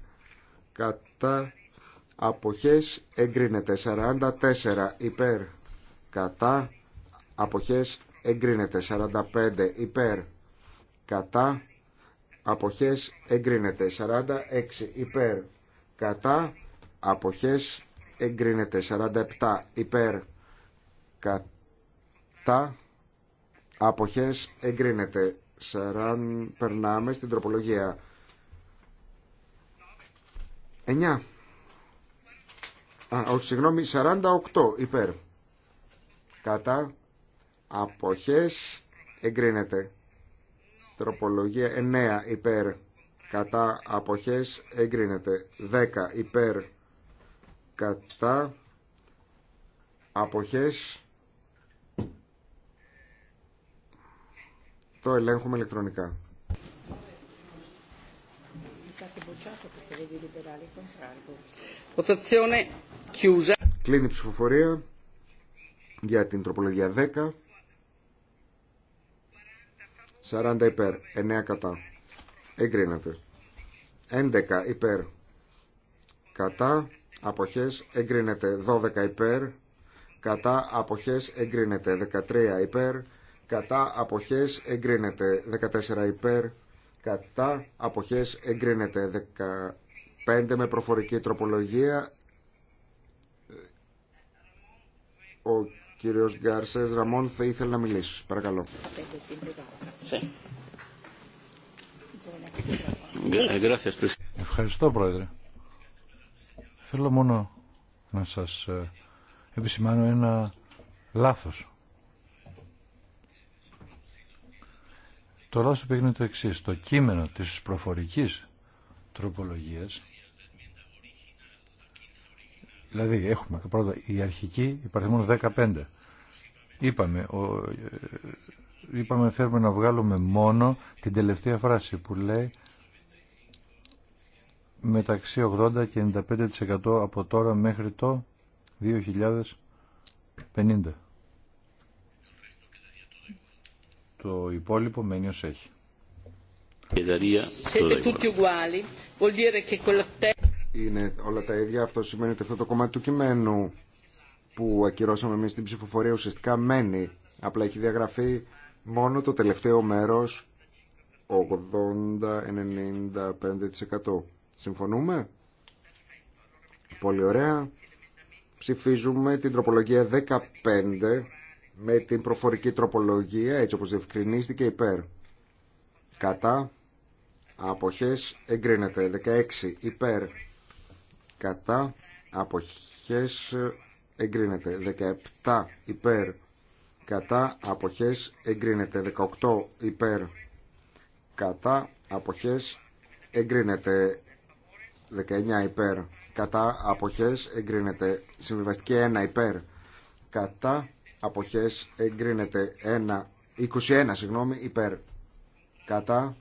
B: κατά αποχές εγκρίνεται 44 υπέρ κατά αποχές εγκρίνεται 45 υπέρ κατά αποχές εγκρίνεται 46 υπέρ κατά αποχές εγκρίνεται 47 υπέρ κατά αποχές εγκρίνεται 40, περνάμε στην τροπολογία 9 Α, συγγνώμη, 48 υπέρ κατά αποχές εγκρίνεται τροπολογία 9 υπέρ κατά αποχές εγκρίνεται 10 υπέρ κατά αποχές το ελέγχουμε ηλεκτρονικά Κλείνει η ψηφοφορία για την τροπολογία 10 40 υπέρ 9 κατά εγκρίνεται 11 υπέρ κατά αποχές εγκρίνεται 12 υπέρ κατά αποχές εγκρίνεται 13 υπέρ κατά αποχές εγκρίνεται 14 υπέρ κατά αποχές εγκρίνεται 15 με προφορική τροπολογία ο κύριος Γκάρσες Ραμόν θα ήθελε να μιλήσει παρακαλώ ε, Ευχαριστώ, Πρόεδρε.
C: Θέλω μόνο να σας ε, επισημάνω ένα λάθος. Το λάθος που έγινε το εξή Το κείμενο της προφορικής τροπολογίας Δηλαδή έχουμε πρώτα η αρχική υπάρχει 15. Είπαμε, ο, ε, είπαμε θέλουμε να βγάλουμε μόνο την τελευταία φράση που λέει μεταξύ 80 και 95% από τώρα μέχρι το 2050. Το υπόλοιπο μένει ως έχει.
B: Είναι όλα τα ίδια. Αυτό σημαίνει ότι αυτό το κομμάτι του κειμένου που ακυρώσαμε εμείς στην ψηφοφορία ουσιαστικά μένει. Απλά έχει διαγραφεί μόνο το τελευταίο μέρος 80-95%. Συμφωνούμε. Πολύ ωραία. Ψηφίζουμε την τροπολογία 15 με την προφορική τροπολογία έτσι όπως διευκρινίστηκε υπέρ. Κατά. Αποχές εγκρίνεται. 16 υπέρ. Κατά. Αποχές εγκρίνεται. 17 υπέρ. Κατά. Αποχές εγκρίνεται. 18 υπέρ. Κατά. Αποχές εγκρίνεται. 19 υπέρ κατά αποχές εγκρίνεται συμβιβαστική 1 υπέρ κατά αποχές εγκρίνεται 1, 21 συγγνώμη υπέρ κατά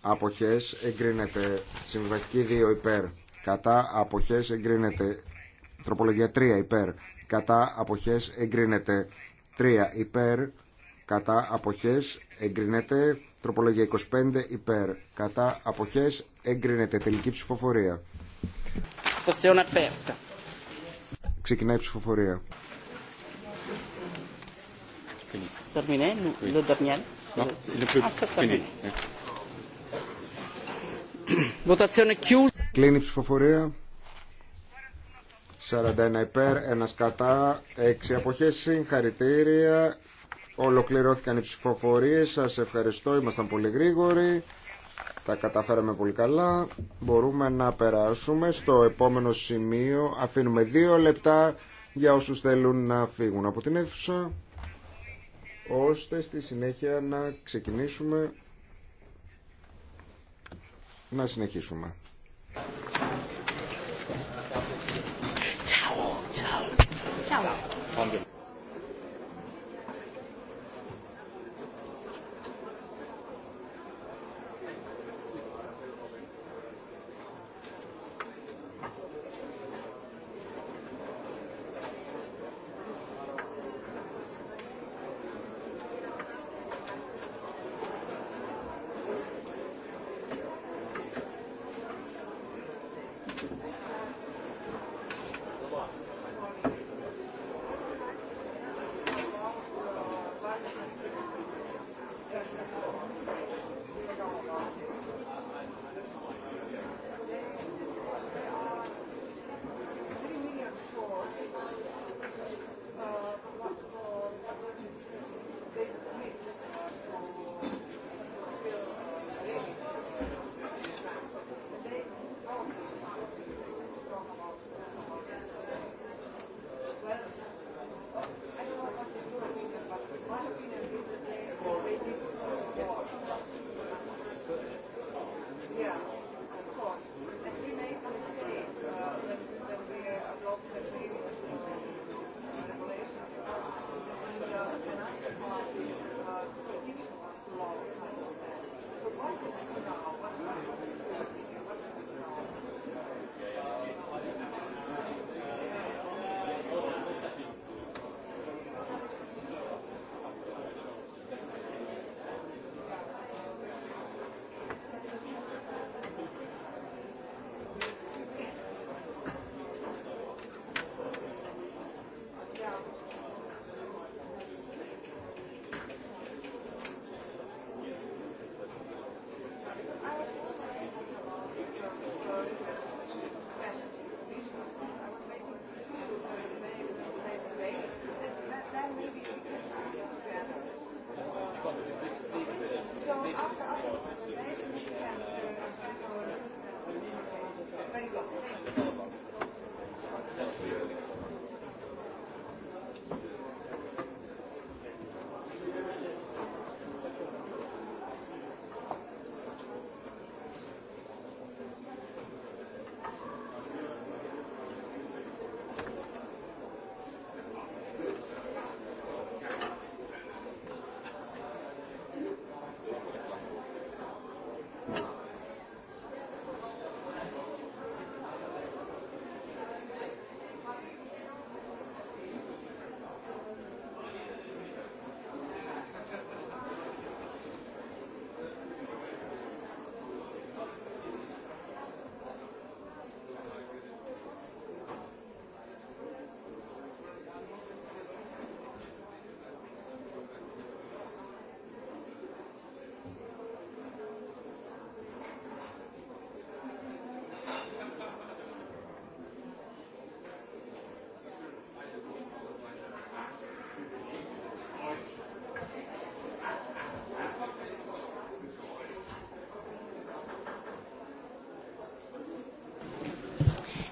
B: αποχές εγκρίνεται συμβιβαστική 2 υπέρ κατά αποχές εγκρίνεται τροπολογία 3 υπέρ κατά αποχές εγκρίνεται 3 υπέρ κατά αποχές εγκρίνεται Τροπολογία 25 υπέρ. Κατά αποχές εγκρίνεται. Τελική ψηφοφορία. Ξεκινάει η ψηφοφορία. Ah, Κλείνει η ψηφοφορία. 41 υπέρ, 1 κατά, 6 αποχές, συγχαρητήρια. Ολοκληρώθηκαν οι ψηφοφορίες. Σας ευχαριστώ. Ήμασταν πολύ γρήγοροι. Τα καταφέραμε πολύ καλά. Μπορούμε να περάσουμε στο επόμενο σημείο. Αφήνουμε δύο λεπτά για όσους θέλουν να φύγουν από την αίθουσα ώστε στη συνέχεια να ξεκινήσουμε να συνεχίσουμε.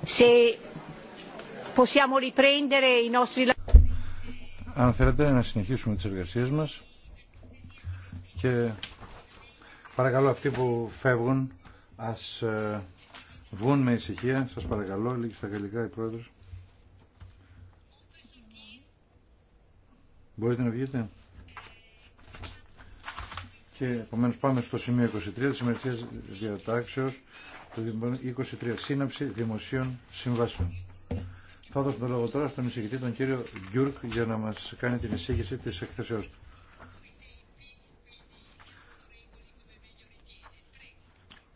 B: Se
A: possiamo riprendere i nostri
C: Αν θέλετε να συνεχίσουμε τις εργασίες μας και παρακαλώ αυτοί που φεύγουν ας ε, βγουν με ησυχία. Σας παρακαλώ, λίγη στα γαλλικά η πρόεδρος. Μπορείτε να βγείτε. Και επομένως πάμε στο σημείο 23 της ημερησίας διατάξεως το 23. Σύναψη δημοσίων συμβάσεων. Θα δώσω το λόγο τώρα στον εισηγητή, τον κύριο Γκιούρκ, για να μας κάνει την εισήγηση της εκθεσεώς του.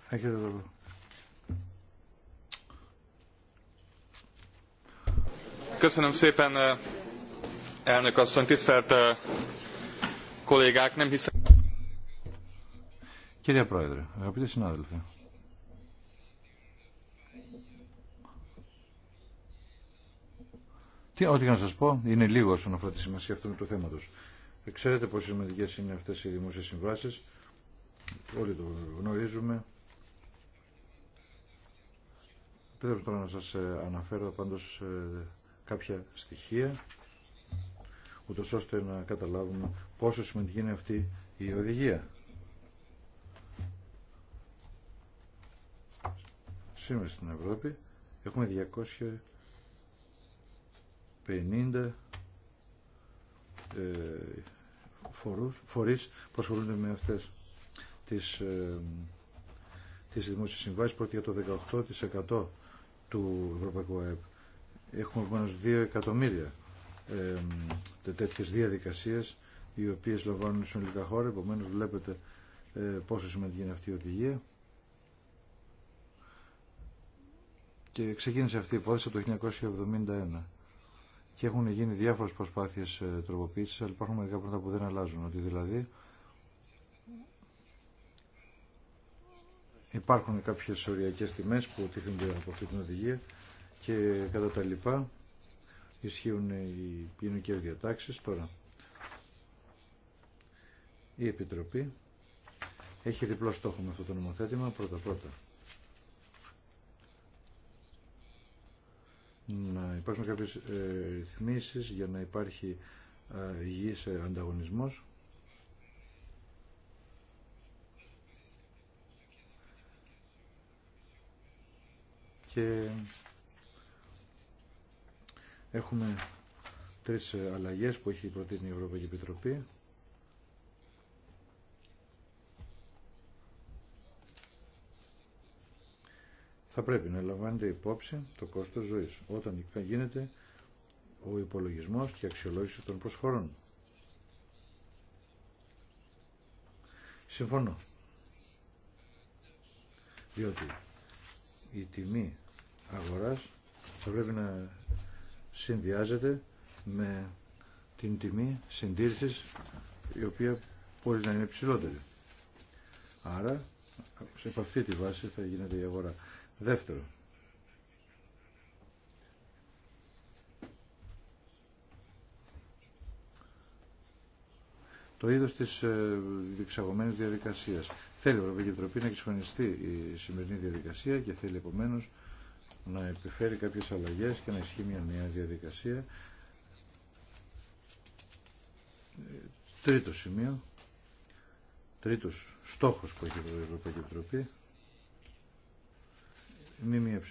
C: Έχετε το λόγο. Köszönöm szépen, eh, elnök asszony, tisztelt eh, kollégák, nem hiszem. Κύριε Πρόεδρε, αγαπητοί συνάδελφοι, Τι, ό,τι να σας πω είναι λίγο όσον αφορά τη σημασία αυτού του θέματο. Ξέρετε πόσο σημαντικέ είναι αυτές οι δημόσιες συμβάσει. Όλοι το γνωρίζουμε. Πρέπει τώρα να σας ε, αναφέρω πάντω ε, κάποια στοιχεία ούτω ώστε να καταλάβουμε πόσο σημαντική είναι αυτή η οδηγία. Σήμερα στην Ευρώπη έχουμε 50 ε, φορούς, φορείς που ασχολούνται με αυτές τις, ε, τις δημόσιες συμβάσεις πρώτη για το 18% του Ευρωπαϊκού ΑΕΠ. Έχουμε μόνος 2 εκατομμύρια ε, τέτοιες διαδικασίες οι οποίες λαμβάνουν συνολικά χώρα, επομένω βλέπετε ε, πόσο σημαντική είναι αυτή η οδηγία. Και ξεκίνησε αυτή η υπόθεση το 1971 και έχουν γίνει διάφορες προσπάθειες ε, τροποποίησης, αλλά υπάρχουν μερικά πράγματα που δεν αλλάζουν. Ότι δηλαδή υπάρχουν κάποιες οριακές τιμές που τίθενται από αυτή την οδηγία και κατά τα λοιπά ισχύουν οι ποινικές διατάξεις. Τώρα η Επιτροπή έχει διπλό στόχο με αυτό το νομοθέτημα πρώτα-πρώτα να υπάρξουν κάποιες ε, ρυθμίσεις για να υπάρχει ε, υγιής ε, ανταγωνισμός. Και έχουμε τρεις αλλαγές που έχει προτείνει η Ευρωπαϊκή Επιτροπή. θα πρέπει να λαμβάνεται υπόψη το κόστος ζωής όταν γίνεται ο υπολογισμός και αξιολόγηση των προσφορών. Συμφωνώ. Διότι η τιμή αγοράς θα πρέπει να συνδυάζεται με την τιμή συντήρησης η οποία μπορεί να είναι ψηλότερη. Άρα, σε αυτή τη βάση θα γίνεται η αγορά. Δεύτερο. Το είδος της ε, διεξαγωμένης διαδικασίας. Θέλει η Ευρωπαϊκή Επιτροπή να εξυγχρονιστεί η σημερινή διαδικασία και θέλει επομένω να επιφέρει κάποιες αλλαγές και να ισχύει μια νέα διαδικασία. Ε, τρίτο σημείο, τρίτος στόχος που έχει η Ευρωπαϊκή Επιτροπή ΜΜΕ.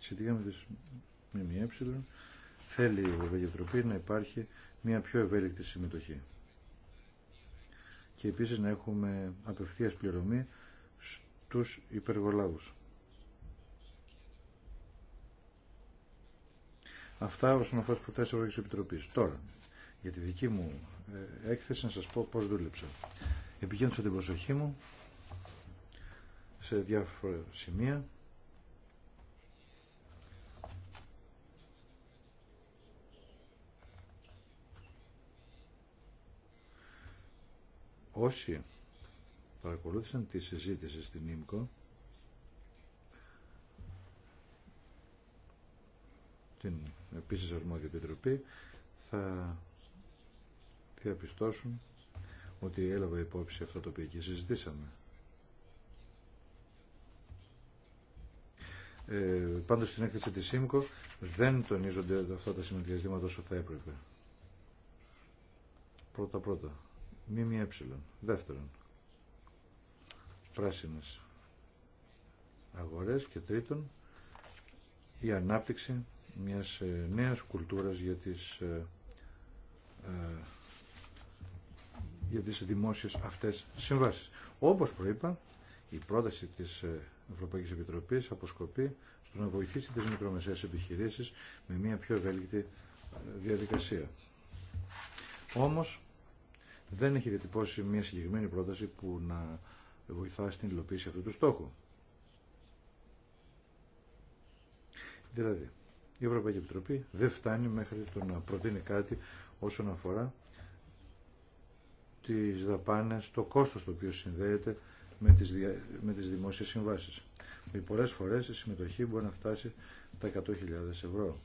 C: Σχετικά με τις ΜΜΕ θέλει η Ευρωπαϊκή Επιτροπή να υπάρχει μια πιο ευέλικτη συμμετοχή. Και επίσης να έχουμε απευθείας πληρωμή στους υπεργολάβους. Αυτά όσον αφορά τις προτάσεις τη Ευρωπαϊκή Επιτροπή. Τώρα, για τη δική μου ε, έκθεση να σας πω πώς δούλεψα. Επικέντρωσα την προσοχή μου σε διάφορα σημεία. Όσοι παρακολούθησαν τη συζήτηση στην ΙΜΚΟ την επίσης αρμόδια επιτροπή θα διαπιστώσουν ότι έλαβε υπόψη αυτό το οποίο και συζητήσαμε. Πάντω ε, πάντως στην έκθεση της ΣΥΜΚΟ δεν τονίζονται αυτά τα σημαντικά ζητήματα όσο θα έπρεπε. Πρώτα πρώτα. μη ε. Δεύτερον. Πράσινες αγορές και τρίτον η ανάπτυξη μιας ε, νέας κουλτούρας για τις, ε, για τις δημόσιες αυτές συμβάσεις. Όπως προείπα, η πρόταση της Ευρωπαϊκής Επιτροπής αποσκοπεί στο να βοηθήσει τις μικρομεσαίες επιχειρήσεις με μια πιο ευέλικτη ε, διαδικασία. Όμως δεν έχει διατυπώσει μια συγκεκριμένη πρόταση που να βοηθά στην υλοποίηση αυτού του στόχου. Δηλαδή, η Ευρωπαϊκή Επιτροπή δεν φτάνει μέχρι το να προτείνει κάτι όσον αφορά τις δαπάνες, το κόστος το οποίο συνδέεται με τις, με τις δημόσιες συμβάσεις. Με πολλές φορές η συμμετοχή μπορεί να φτάσει τα 100.000 ευρώ.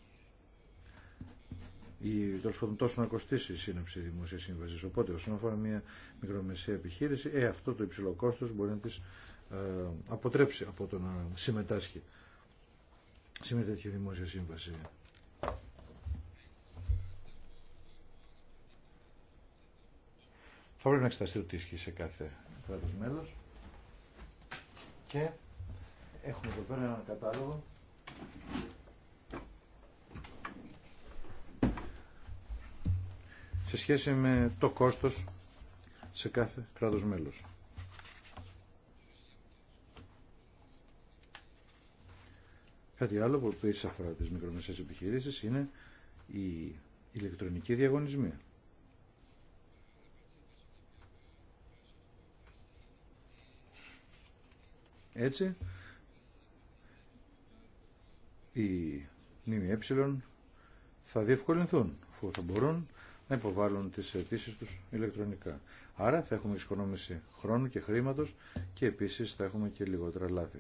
C: Ή τέλο πάντων τόσο να κοστίσει η τελο δημόσια σύμβαση. δημοσια όσον αφορά μια μικρομεσαία επιχείρηση, ε, αυτό το υψηλό κόστο μπορεί να τη ε, αποτρέψει από το να συμμετάσχει σε μια τέτοια δημόσια σύμβαση. Θα πρέπει να εξεταστεί ότι ισχύει σε κάθε κράτο μέλο. Και έχουμε εδώ πέρα ένα κατάλογο σε σχέση με το κόστος σε κάθε κράτος μέλος. Κάτι άλλο που επίσης αφορά τις μικρομεσαίες επιχειρήσεις είναι η ηλεκτρονική διαγωνισμία. Έτσι, οι έψιλων θα διευκολυνθούν αφού θα μπορούν να υποβάλουν τις αιτήσει τους ηλεκτρονικά. Άρα θα έχουμε εξοικονόμηση χρόνου και χρήματος και επίσης θα έχουμε και λιγότερα λάθη.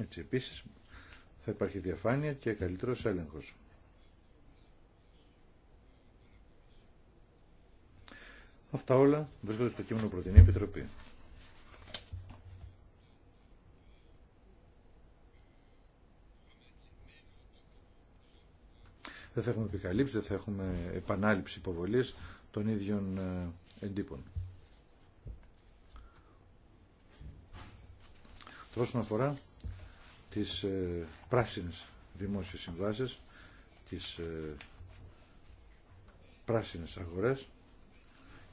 C: Έτσι επίσης θα υπάρχει διαφάνεια και καλύτερος έλεγχος. Αυτά όλα βρίσκονται στο κείμενο προ την Επιτροπή. Δεν θα έχουμε επικαλύψει, δεν θα έχουμε επανάληψη υποβολής των ίδιων ε, εντύπων. Όσον αφορά τις ε, πράσινες δημόσιες συμβάσεις, τις ε, πράσινες αγορές,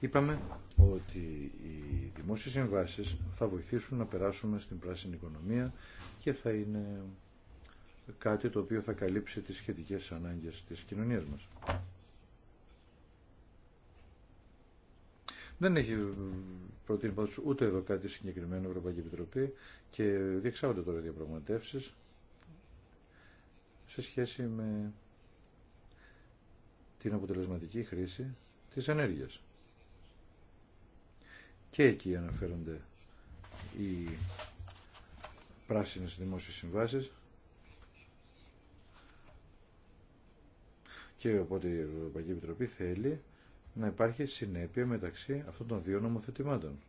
C: Είπαμε ότι οι δημόσιες συμβάσεις θα βοηθήσουν να περάσουμε στην πράσινη οικονομία και θα είναι κάτι το οποίο θα καλύψει τις σχετικές ανάγκες της κοινωνίας μας. Δεν έχει προτείνει ούτε εδώ κάτι συγκεκριμένο Ευρωπαϊκή Επιτροπή και διεξάγονται τώρα διαπραγματεύσεις σε σχέση με την αποτελεσματική χρήση της ενέργειας. Και εκεί αναφέρονται οι πράσινες δημόσιες συμβάσεις. Και οπότε η Ευρωπαϊκή Επιτροπή θέλει να υπάρχει συνέπεια μεταξύ αυτών των δύο νομοθετημάτων.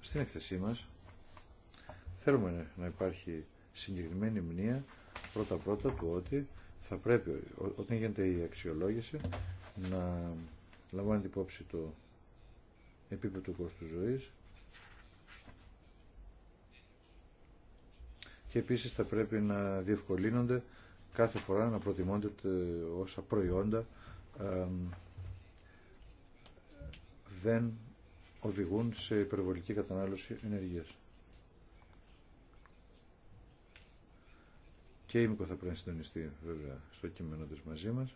C: Στην έκθεσή μας θέλουμε να υπάρχει συγκεκριμένη μνήμα πρώτα-πρώτα του ότι θα πρέπει όταν γίνεται η αξιολόγηση να την υπόψη το επίπεδο του κόστου ζωής και επίσης θα πρέπει να διευκολύνονται κάθε φορά να προτιμώνται όσα προϊόντα δεν οδηγούν σε υπερβολική κατανάλωση ενεργείας. Και η ΜΚΟ θα πρέπει να συντονιστεί βέβαια στο κείμενο της μαζί μας.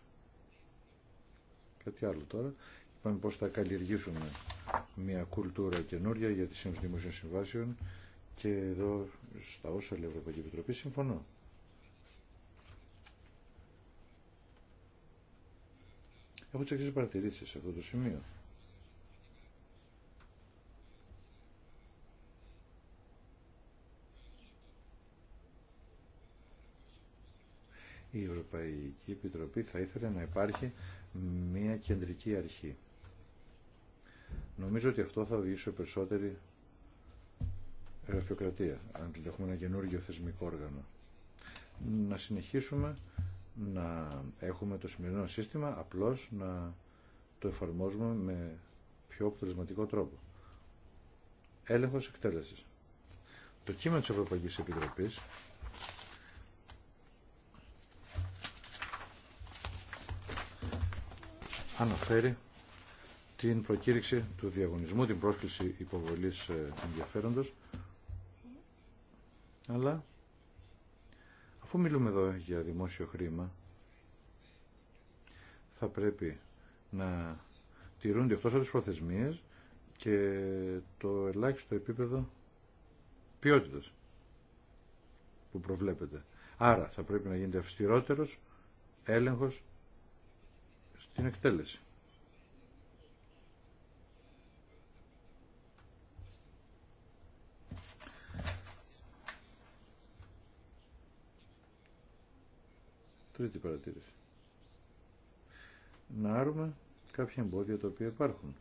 C: Κάτι άλλο τώρα. Είπαμε πώς θα καλλιεργήσουμε μια κουλτούρα καινούρια για τη σύμβαση δημοσίων συμβάσεων και εδώ στα όσα λέει η Ευρωπαϊκή Επιτροπή συμφωνώ. Έχω τι παρατηρήσεις παρατηρήσει σε αυτό το σημείο. η Ευρωπαϊκή Επιτροπή θα ήθελε να υπάρχει μια κεντρική αρχή. Νομίζω ότι αυτό θα οδηγήσει σε περισσότερη γραφειοκρατία, αν έχουμε ένα καινούργιο θεσμικό όργανο. Να συνεχίσουμε να έχουμε το σημερινό σύστημα, απλώς να το εφαρμόζουμε με πιο αποτελεσματικό τρόπο. Έλεγχος εκτέλεσης. Το κείμενο της Ευρωπαϊκής Επιτροπής αναφέρει την προκήρυξη του διαγωνισμού, την πρόσκληση υποβολής ε, ενδιαφέροντος. Αλλά αφού μιλούμε εδώ για δημόσιο χρήμα, θα πρέπει να τηρούνται εκτός από τις προθεσμίες και το ελάχιστο επίπεδο ποιότητας που προβλέπεται. Άρα θα πρέπει να γίνεται αυστηρότερος έλεγχος στην εκτέλεση. Τρίτη παρατήρηση. Να άρουμε κάποια εμπόδια τα οποία υπάρχουν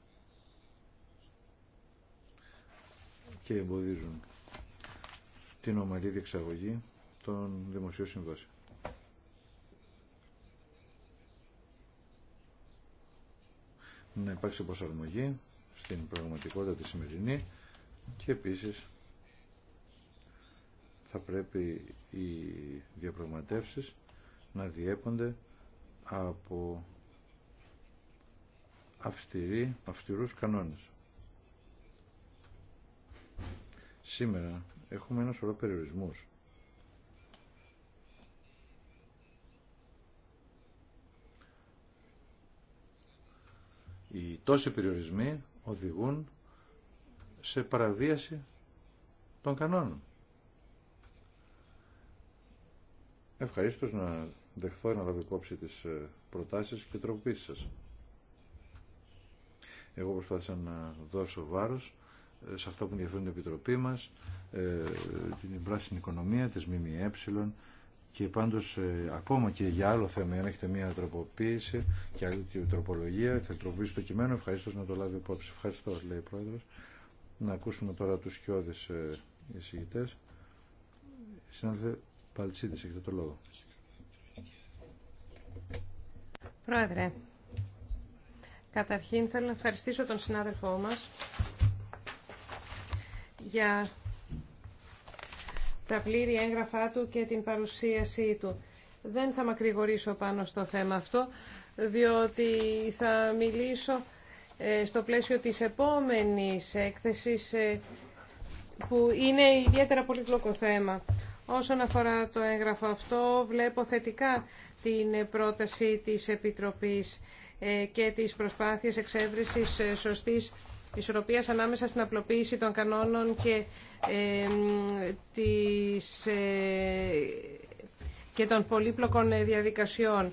C: και εμποδίζουν την ομαλή διεξαγωγή των δημοσίων συμβάσεων. να υπάρξει προσαρμογή στην πραγματικότητα τη σημερινή και επίσης θα πρέπει οι διαπραγματεύσεις να διέπονται από αυστηροί, αυστηρούς κανόνες. Σήμερα έχουμε ένα σωρό περιορισμούς Οι τόσοι περιορισμοί οδηγούν σε παραδίαση των κανόνων. Ευχαριστώ να δεχθώ να λάβω υπόψη τις ε, προτάσεις και τροποποίησεις σας. Εγώ προσπάθησα να δώσω βάρος ε, σε αυτό που ενδιαφέρουν την Επιτροπή μας, ε, την πράσινη οικονομία, τις ΜΜΕ, και πάντως ε, ακόμα και για άλλο θέμα, αν έχετε μια τροποποίηση και άλλη τροπολογία, θα τροποποιήσω το κειμένο, ευχαριστώ να το λάβει υπόψη. Ευχαριστώ, λέει ο Πρόεδρος. Να ακούσουμε τώρα τους σκιώδες ε, εισηγητές. Συνάδελφε Παλτσίδης, έχετε το λόγο.
A: Πρόεδρε, καταρχήν θέλω να ευχαριστήσω τον συνάδελφό μας για τα πλήρη έγγραφά του και την παρουσίασή του. Δεν θα μακρηγορήσω πάνω στο θέμα αυτό, διότι θα μιλήσω ε, στο πλαίσιο της επόμενης έκθεσης ε, που είναι ιδιαίτερα πολύπλοκο θέμα. Όσον αφορά το έγγραφο αυτό, βλέπω θετικά την πρόταση της Επιτροπής ε, και τις προσπάθειες εξέβρισης σωστής ισορροπίας ανάμεσα στην απλοποίηση των κανόνων και, ε, και των πολύπλοκων ε, διαδικασιών.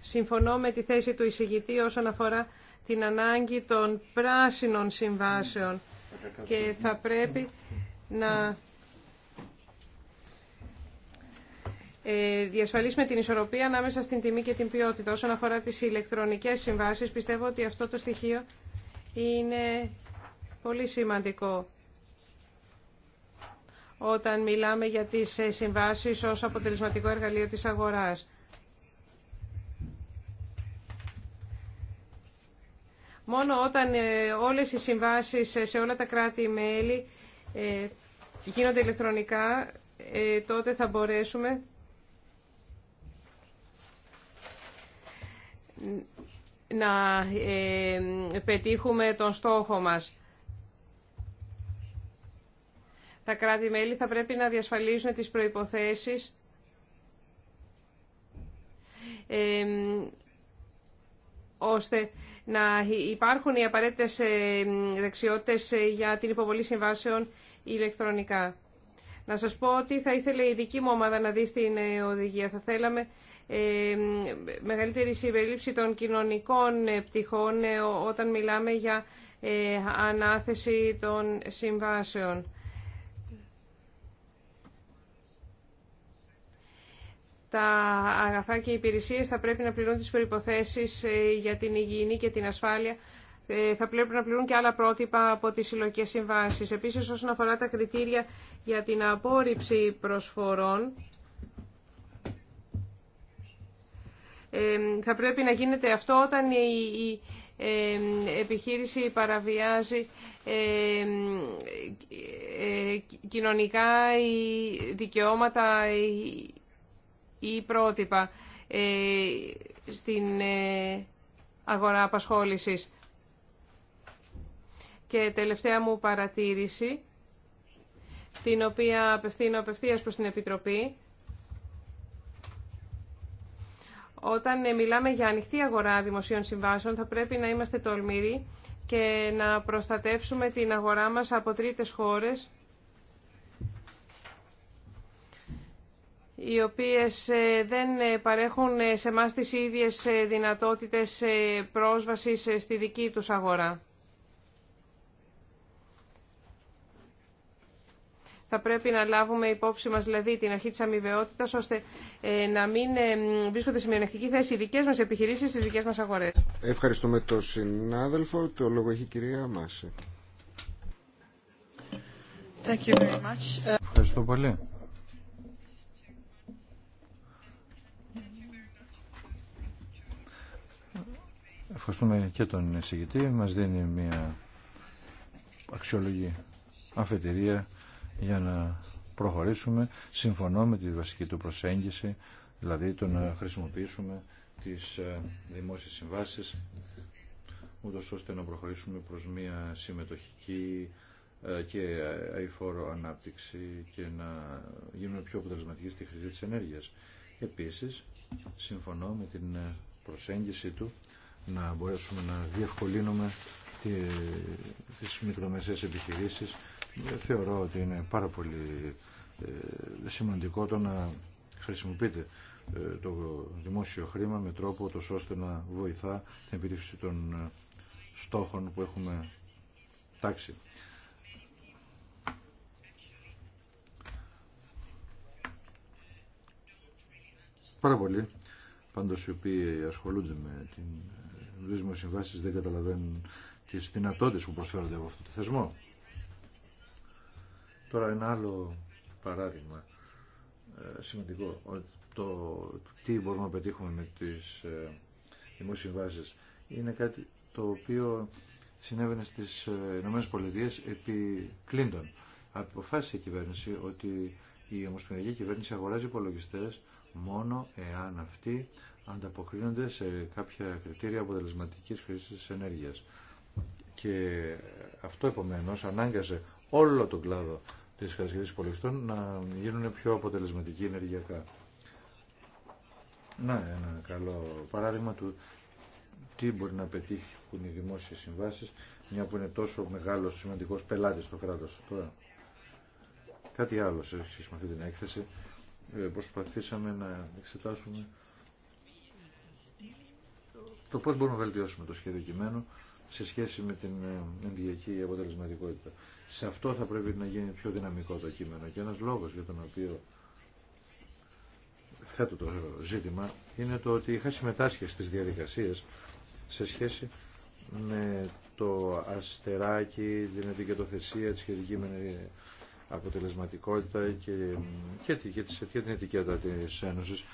A: Συμφωνώ με τη θέση του εισηγητή όσον αφορά την ανάγκη των πράσινων συμβάσεων και θα πρέπει να ε, διασφαλίσουμε την ισορροπία ανάμεσα στην τιμή και την ποιότητα. Όσον αφορά τις ηλεκτρονικές συμβάσεις, πιστεύω ότι αυτό το στοιχείο είναι πολύ σημαντικό όταν μιλάμε για τις ε, συμβάσεις ως αποτελεσματικό εργαλείο της αγοράς. Μόνο όταν ε, όλες οι συμβάσεις ε, σε όλα τα κράτη-μέλη γίνονται ηλεκτρονικά, τότε θα μπορέσουμε να ε, πετύχουμε τον στόχο μας. Τα κράτη-μέλη θα πρέπει να διασφαλίζουν τις προϋποθέσεις ε, ώστε να υπάρχουν οι απαραίτητες ε, δεξιότητες για την υποβολή συμβάσεων ηλεκτρονικά. Να σας πω ότι θα ήθελε η δική μου ομάδα να δει στην οδηγία. Θα θέλαμε μεγαλύτερη συμπερίληψη των κοινωνικών ε, πτυχών ε, όταν μιλάμε για ε, ανάθεση των συμβάσεων. τα αγαθά και οι υπηρεσίες θα πρέπει να πληρούν τις προϋποθέσεις για την υγιεινή και την ασφάλεια. Θα πρέπει να πληρούν και άλλα πρότυπα από τις συλλογικές συμβάσεις. Επίσης, όσον αφορά τα κριτήρια για την απόρριψη προσφορών, θα πρέπει να γίνεται αυτό όταν η επιχείρηση παραβιάζει ε, κοινωνικά δικαιώματα ή πρότυπα ε, στην ε, αγορά απασχόλησης. Και τελευταία μου παρατήρηση, την οποία απευθύνω απευθείας προς την Επιτροπή, Όταν ε, μιλάμε για ανοιχτή αγορά δημοσίων συμβάσεων θα πρέπει να είμαστε τολμηροί και να προστατεύσουμε την αγορά μας από τρίτες χώρες οι οποίες ε, δεν ε, παρέχουν σε εμάς τις ίδιες δυνατότητες πρόσβασης στη δική τους αγορά. θα πρέπει να λάβουμε υπόψη μας δηλαδή την αρχή της αμοιβαιότητας ώστε ε, να μην ε, βρίσκονται σε μειονεκτική θέση οι δικές μας επιχειρήσεις στις δικές μας αγορές.
B: Ευχαριστούμε τον συνάδελφο. Το λόγο έχει η κυρία Μάση.
A: Thank you very much.
C: Ευχαριστώ πολύ. Ευχαριστούμε και τον εισηγητή. Μας δίνει μια αξιολογή αφετηρία για να προχωρήσουμε. Συμφωνώ με τη βασική του προσέγγιση, δηλαδή το να χρησιμοποιήσουμε τις ε, δημόσιες συμβάσεις ούτως ώστε να προχωρήσουμε προς μια συμμετοχική ε, και αηφόρο ανάπτυξη και να γίνουμε πιο αποτελεσματικοί στη χρήση της ενέργειας. Επίσης, συμφωνώ με την ε, προσέγγιση του να μπορέσουμε να διευκολύνουμε τις μικρομεσαίες επιχειρήσεις θεωρώ ότι είναι πάρα πολύ ε, σημαντικό το να χρησιμοποιείτε ε, το δημόσιο χρήμα με τρόπο ώστε να βοηθά την επίτευξη των ε, στόχων που έχουμε τάξει. Πάρα πολύ πάντως οι οποίοι ασχολούνται με την δύσμο συμβάσεις δεν καταλαβαίνουν τις δυνατότητες που προσφέρονται από αυτό το θεσμό. Τώρα ένα άλλο παράδειγμα ε, σημαντικό, το τι μπορούμε να πετύχουμε με τις ε, δημόσιες συμβάσεις είναι κάτι το οποίο συνέβαινε στις ε, Ηνωμένες Πολιτείες επί Κλίντον. Αποφάσισε η κυβέρνηση ότι η Ομοσπονδιακή Κυβέρνηση αγοράζει υπολογιστέ μόνο εάν αυτοί ανταποκρίνονται σε κάποια κριτήρια αποτελεσματικής χρήσης της ενέργειας. Και αυτό επομένως ανάγκασε όλο τον κλάδο της κατασκευής υπολογιστών να γίνουν πιο αποτελεσματικοί ενεργειακά. Να, ένα καλό παράδειγμα του τι μπορεί να πετύχει που είναι οι δημόσιες συμβάσεις, μια που είναι τόσο μεγάλος σημαντικός πελάτης στο κράτος. Τώρα, κάτι άλλο σε σχέση με αυτή την έκθεση, ε, προσπαθήσαμε να εξετάσουμε το πώς μπορούμε να βελτιώσουμε το σχέδιο κειμένου σε σχέση με την ε, ενδιακή αποτελεσματικότητα. Σε αυτό θα πρέπει να γίνει πιο δυναμικό το κείμενο. Και ένας λόγος για τον οποίο θέτω το ζήτημα είναι το ότι είχα συμμετάσχει στις διαδικασίες σε σχέση με το αστεράκι, την ετικετοθεσία, τη σχετική με αποτελεσματικότητα και, και, και, και την ετικέτα της Ένωσης.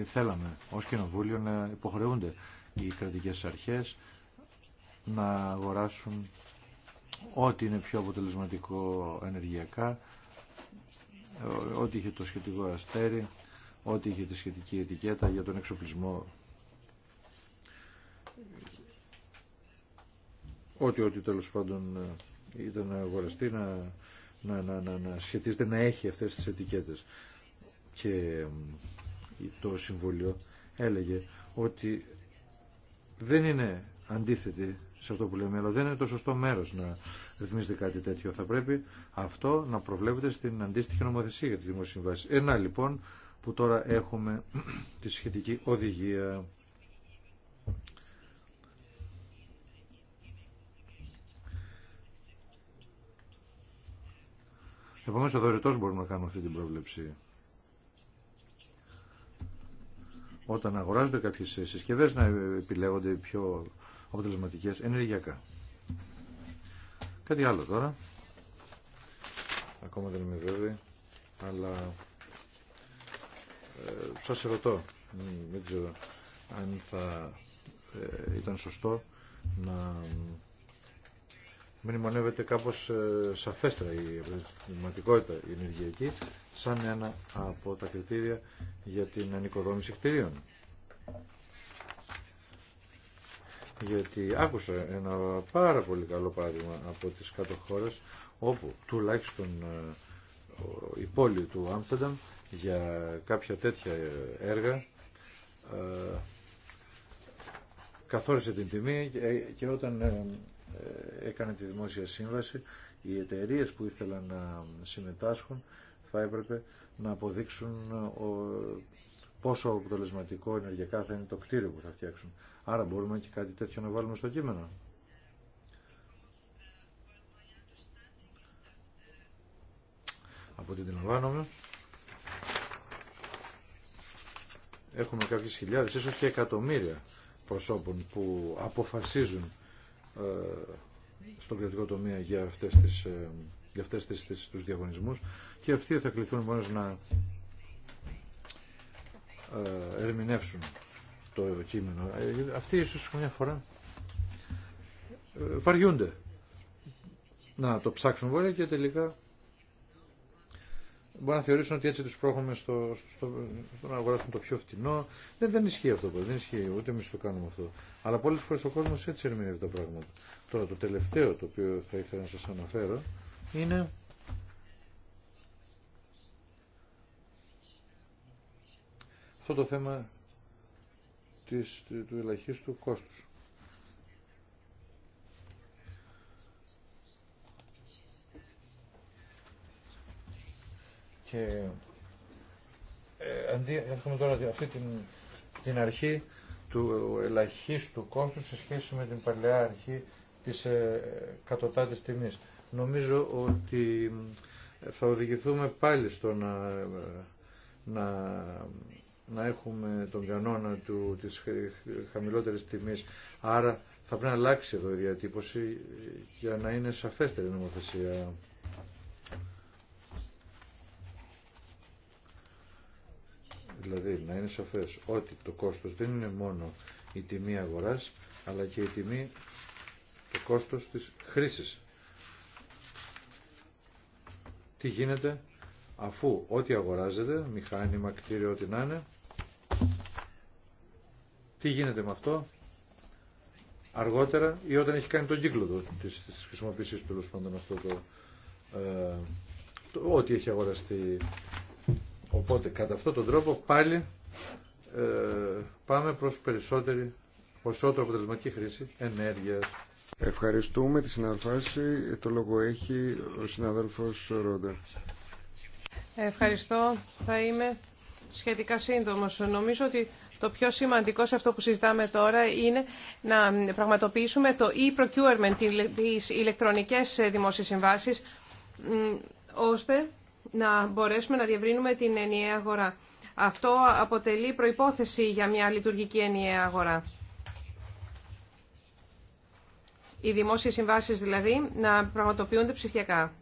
C: Ε, θέλαμε ως Κοινοβούλιο να υποχρεούνται οι κρατικές αρχές να αγοράσουν ό,τι είναι πιο αποτελεσματικό ενεργειακά, ό,τι είχε το σχετικό αστέρι, ό,τι είχε τη σχετική ετικέτα για τον εξοπλισμό. Ό,τι, ό,τι τέλος πάντων ε, ήταν αγοραστή να, να, να, σχετίζεται να έχει αυτές τις ετικέτες. Και ε, το Συμβούλιο έλεγε ότι δεν είναι αντίθετη σε αυτό που λέμε, αλλά δεν είναι το σωστό μέρος να ρυθμίζεται κάτι τέτοιο. Θα πρέπει αυτό να προβλέπεται στην αντίστοιχη νομοθεσία για τη δημοσυμβάση. Ένα λοιπόν που τώρα έχουμε τη σχετική οδηγία. Επομένω, ο δωρητό μπορούμε να κάνουμε αυτή την πρόβλεψη. Όταν αγοράζονται κάποιε συσκευέ, να επιλέγονται πιο αποτελεσματικέ ενεργειακά. Κάτι άλλο τώρα. Ακόμα δεν είμαι βέβαιη, αλλά ε, σας ερωτώ, δεν ξέρω αν θα ε, ήταν σωστό να μην μονεύεται κάπως ε, σαφέστερα η αποτελεσματικότητα η ενεργειακή σαν ένα από τα κριτήρια για την ανοικοδόμηση κτηρίων γιατί άκουσα ένα πάρα πολύ καλό παράδειγμα από τις κάτω χώρες όπου τουλάχιστον ε, η πόλη του Άμστερνταμ για κάποια τέτοια έργα ε, καθόρισε την τιμή και ε, όταν έκανε τη δημόσια σύμβαση οι εταιρείε που ήθελαν να συμμετάσχουν θα έπρεπε να αποδείξουν πόσο αποτελεσματικό ενεργειακά θα είναι το κτίριο που θα φτιάξουν. Άρα μπορούμε και κάτι τέτοιο να βάλουμε στο κείμενο. Από ό,τι την έχουμε κάποιες χιλιάδες, ίσως και εκατομμύρια προσώπων που αποφασίζουν ε, στον κρατικό τομέα για αυτές τις, ε, για αυτές τις, τις, τους διαγωνισμούς και αυτοί θα κληθούν μόνος να ε, ερμηνεύσουν το κείμενο. Ε, αυτοί ίσως μια φορά ε, βαριούνται να το ψάξουν βόλια και τελικά μπορεί να θεωρήσουν ότι έτσι τους πρόχουμε στο, στο, να αγοράσουν το πιο φτηνό. Δεν, δεν ισχύει αυτό, δεν ισχύει, ούτε εμείς το κάνουμε αυτό. Αλλά πολλές φορές ο κόσμος έτσι ερμηνεύει τα πράγματα. Τώρα το τελευταίο το οποίο θα ήθελα να σας αναφέρω είναι αυτό το θέμα της, του ελαχίστου κόστους. Και ε, αντί, έχουμε τώρα αυτή την, την αρχή του ελαχίστου κόστου σε σχέση με την παλαιά αρχή της ε, κατωτάτης τιμής. Νομίζω ότι ε, θα οδηγηθούμε πάλι στο να ε, να, να έχουμε τον κανόνα του, της χαμηλότερης τιμής. Άρα θα πρέπει να αλλάξει εδώ η διατύπωση για να είναι σαφέστερη η νομοθεσία. Δηλαδή να είναι σαφές ότι το κόστος δεν είναι μόνο η τιμή αγοράς, αλλά και η τιμή, το κόστος της χρήσης. Τι γίνεται αφού ό,τι αγοράζεται, μηχάνημα, κτίριο, ό,τι να είναι, τι γίνεται με αυτό αργότερα ή όταν έχει κάνει τον κύκλο του, της, της χρησιμοποίησης του αυτό ε, το, ό,τι έχει αγοραστεί. Οπότε κατά αυτόν τον τρόπο πάλι ε, πάμε προς περισσότερη ποσότερο αποτελεσματική χρήση ενέργειας.
B: Ευχαριστούμε τη συναρφάση. Το λόγο έχει ο συναδέλφος Ρόντερ.
A: Ευχαριστώ. Θα είμαι σχετικά σύντομος. Νομίζω ότι το πιο σημαντικό σε αυτό που συζητάμε τώρα είναι να πραγματοποιήσουμε το e-procurement, τι ηλεκτρονικές ε, δημόσιες συμβάσεις, ώστε να μπορέσουμε να διευρύνουμε την ενιαία αγορά. Αυτό αποτελεί προϋπόθεση για μια λειτουργική ενιαία αγορά. Οι δημόσιες συμβάσεις δηλαδή να πραγματοποιούνται ψηφιακά.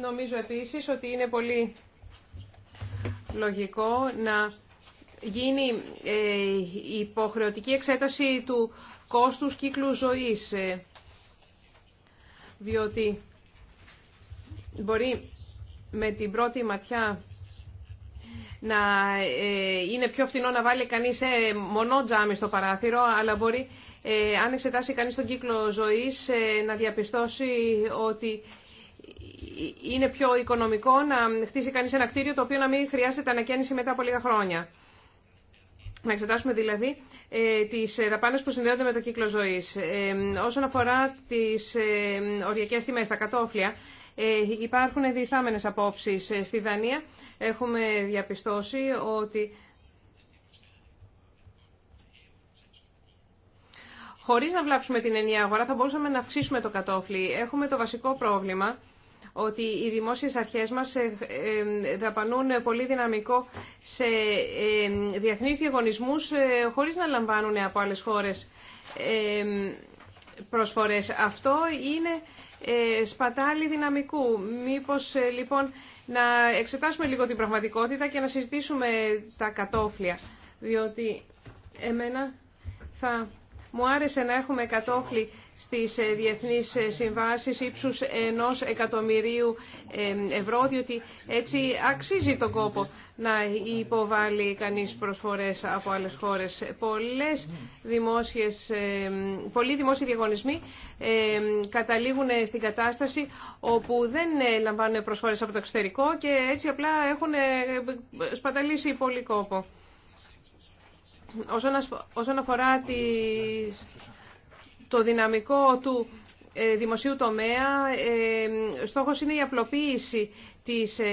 A: Νομίζω επίσης ότι είναι πολύ λογικό να γίνει ε, υποχρεωτική εξέταση του κόστους κύκλου ζωής, ε, διότι μπορεί με την πρώτη ματιά να ε, είναι πιο φθηνό να βάλει κανείς μονό τζάμι στο παράθυρο, αλλά μπορεί αν εξετάσει κανείς τον κύκλο ζωής να διαπιστώσει ότι είναι πιο οικονομικό να χτίσει κανείς ένα κτίριο το οποίο να μην χρειάζεται ανακαίνιση μετά από λίγα χρόνια. Να εξετάσουμε δηλαδή ε, τις ε, δαπάνες που συνδέονται με το κύκλο ζωής. Ε, όσον αφορά τις ε, οριακές τιμές, τα κατόφλια, ε, υπάρχουν διστάμενες απόψεις. στη Δανία έχουμε διαπιστώσει ότι χωρίς να βλάψουμε την ενιαία αγορά, θα μπορούσαμε να αυξήσουμε το κατόφλι. Έχουμε το βασικό πρόβλημα ότι οι δημόσιες αρχές μας ε, ε, δαπανούν πολύ δυναμικό σε ε, διεθνείς διαγωνισμούς χωρίς να λαμβάνουν από άλλες χώρες προσφορές. Αυτό είναι σπατάλι δυναμικού. Μήπως λοιπόν να εξετάσουμε λίγο την πραγματικότητα και να συζητήσουμε τα κατόφλια. Διότι εμένα θα μου άρεσε να έχουμε κατόφλι στις ε, διεθνείς ε, συμβάσεις ύψους ενός εκατομμυρίου ε, ευρώ, διότι έτσι αξίζει τον κόπο να υποβάλει κανείς προσφορές από άλλες χώρες. Πολλές δημόσιες, πολλοί δημόσιοι διαγωνισμοί καταλήγουν στην κατάσταση όπου δεν λαμβάνουν προσφορές από το εξωτερικό και έτσι απλά έχουν σπαταλήσει πολύ κόπο. Όσον αφορά τις το δυναμικό του ε, δημοσίου τομέα. Ε, στόχος είναι η απλοποίηση της ε,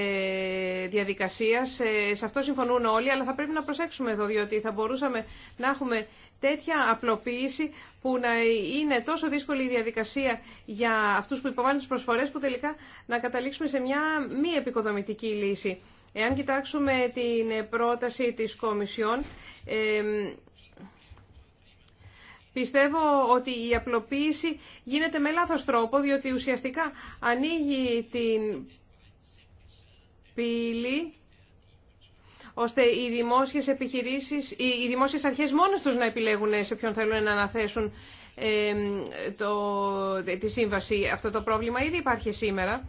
A: διαδικασίας. Σε αυτό συμφωνούν όλοι, αλλά θα πρέπει να προσέξουμε εδώ, διότι θα μπορούσαμε να έχουμε τέτοια απλοποίηση που να είναι τόσο δύσκολη η διαδικασία για αυτούς που υποβάλλουν τις προσφορές που τελικά να καταλήξουμε σε μια μη επικοδομητική λύση. Εάν κοιτάξουμε την πρόταση της Κομισιόν, Πιστεύω ότι η απλοποίηση γίνεται με λάθος τρόπο, διότι ουσιαστικά ανοίγει την πύλη ώστε οι δημόσιες επιχειρήσεις, οι δημόσιες αρχές μόνες τους να επιλέγουν σε ποιον θέλουν να αναθέσουν το, τη σύμβαση. Αυτό το πρόβλημα ήδη υπάρχει σήμερα.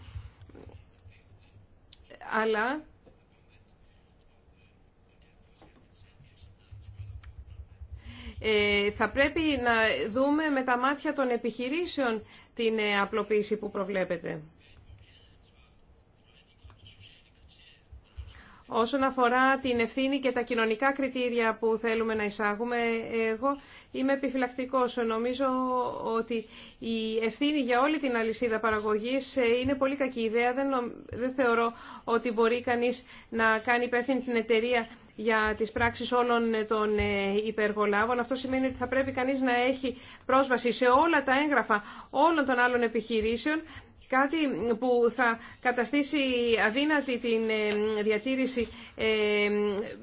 A: Αλλά Ε, θα πρέπει να δούμε με τα μάτια των επιχειρήσεων την ε, απλοποίηση που προβλέπετε. Όσον αφορά την ευθύνη και τα κοινωνικά κριτήρια που θέλουμε να εισάγουμε, εγώ είμαι επιφυλακτικός. Νομίζω ότι η ευθύνη για όλη την αλυσίδα παραγωγής ε, είναι πολύ κακή ιδέα. Δεν, θεωρώ ότι μπορεί κανείς να κάνει υπεύθυνη την εταιρεία για τις πράξεις όλων των ε, υπεργολάβων. Αυτό σημαίνει ότι θα πρέπει κανείς να έχει πρόσβαση σε όλα τα έγγραφα όλων των άλλων επιχειρήσεων, κάτι που θα καταστήσει αδύνατη την ε, διατήρηση ε,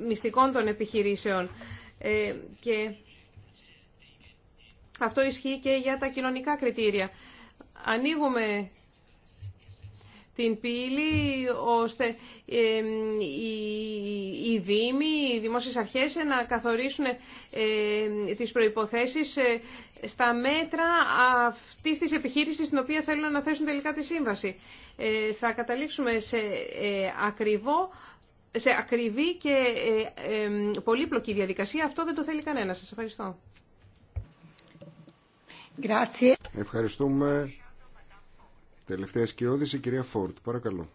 A: μυστικών των επιχειρήσεων. Και αυτό ισχύει και για τα κοινωνικά κριτήρια. Ανοίγουμε την πύλη ώστε οι δήμοι, οι δημόσιες αρχές να καθορίσουν τις προϋποθέσεις ε, στα μέτρα αυτής της επιχείρησης στην οποία θέλουν να θέσουν τελικά τη σύμβαση. Ε, θα καταλήξουμε σε ε, ακριβό σε ακριβή και πολύπλοκη διαδικασία. Αυτό δεν το θέλει κανένα. Σας ευχαριστώ.
B: Ευχαριστούμε. Τελευταία σκιώδηση, η κυρία Φόρτ. Παρακαλώ.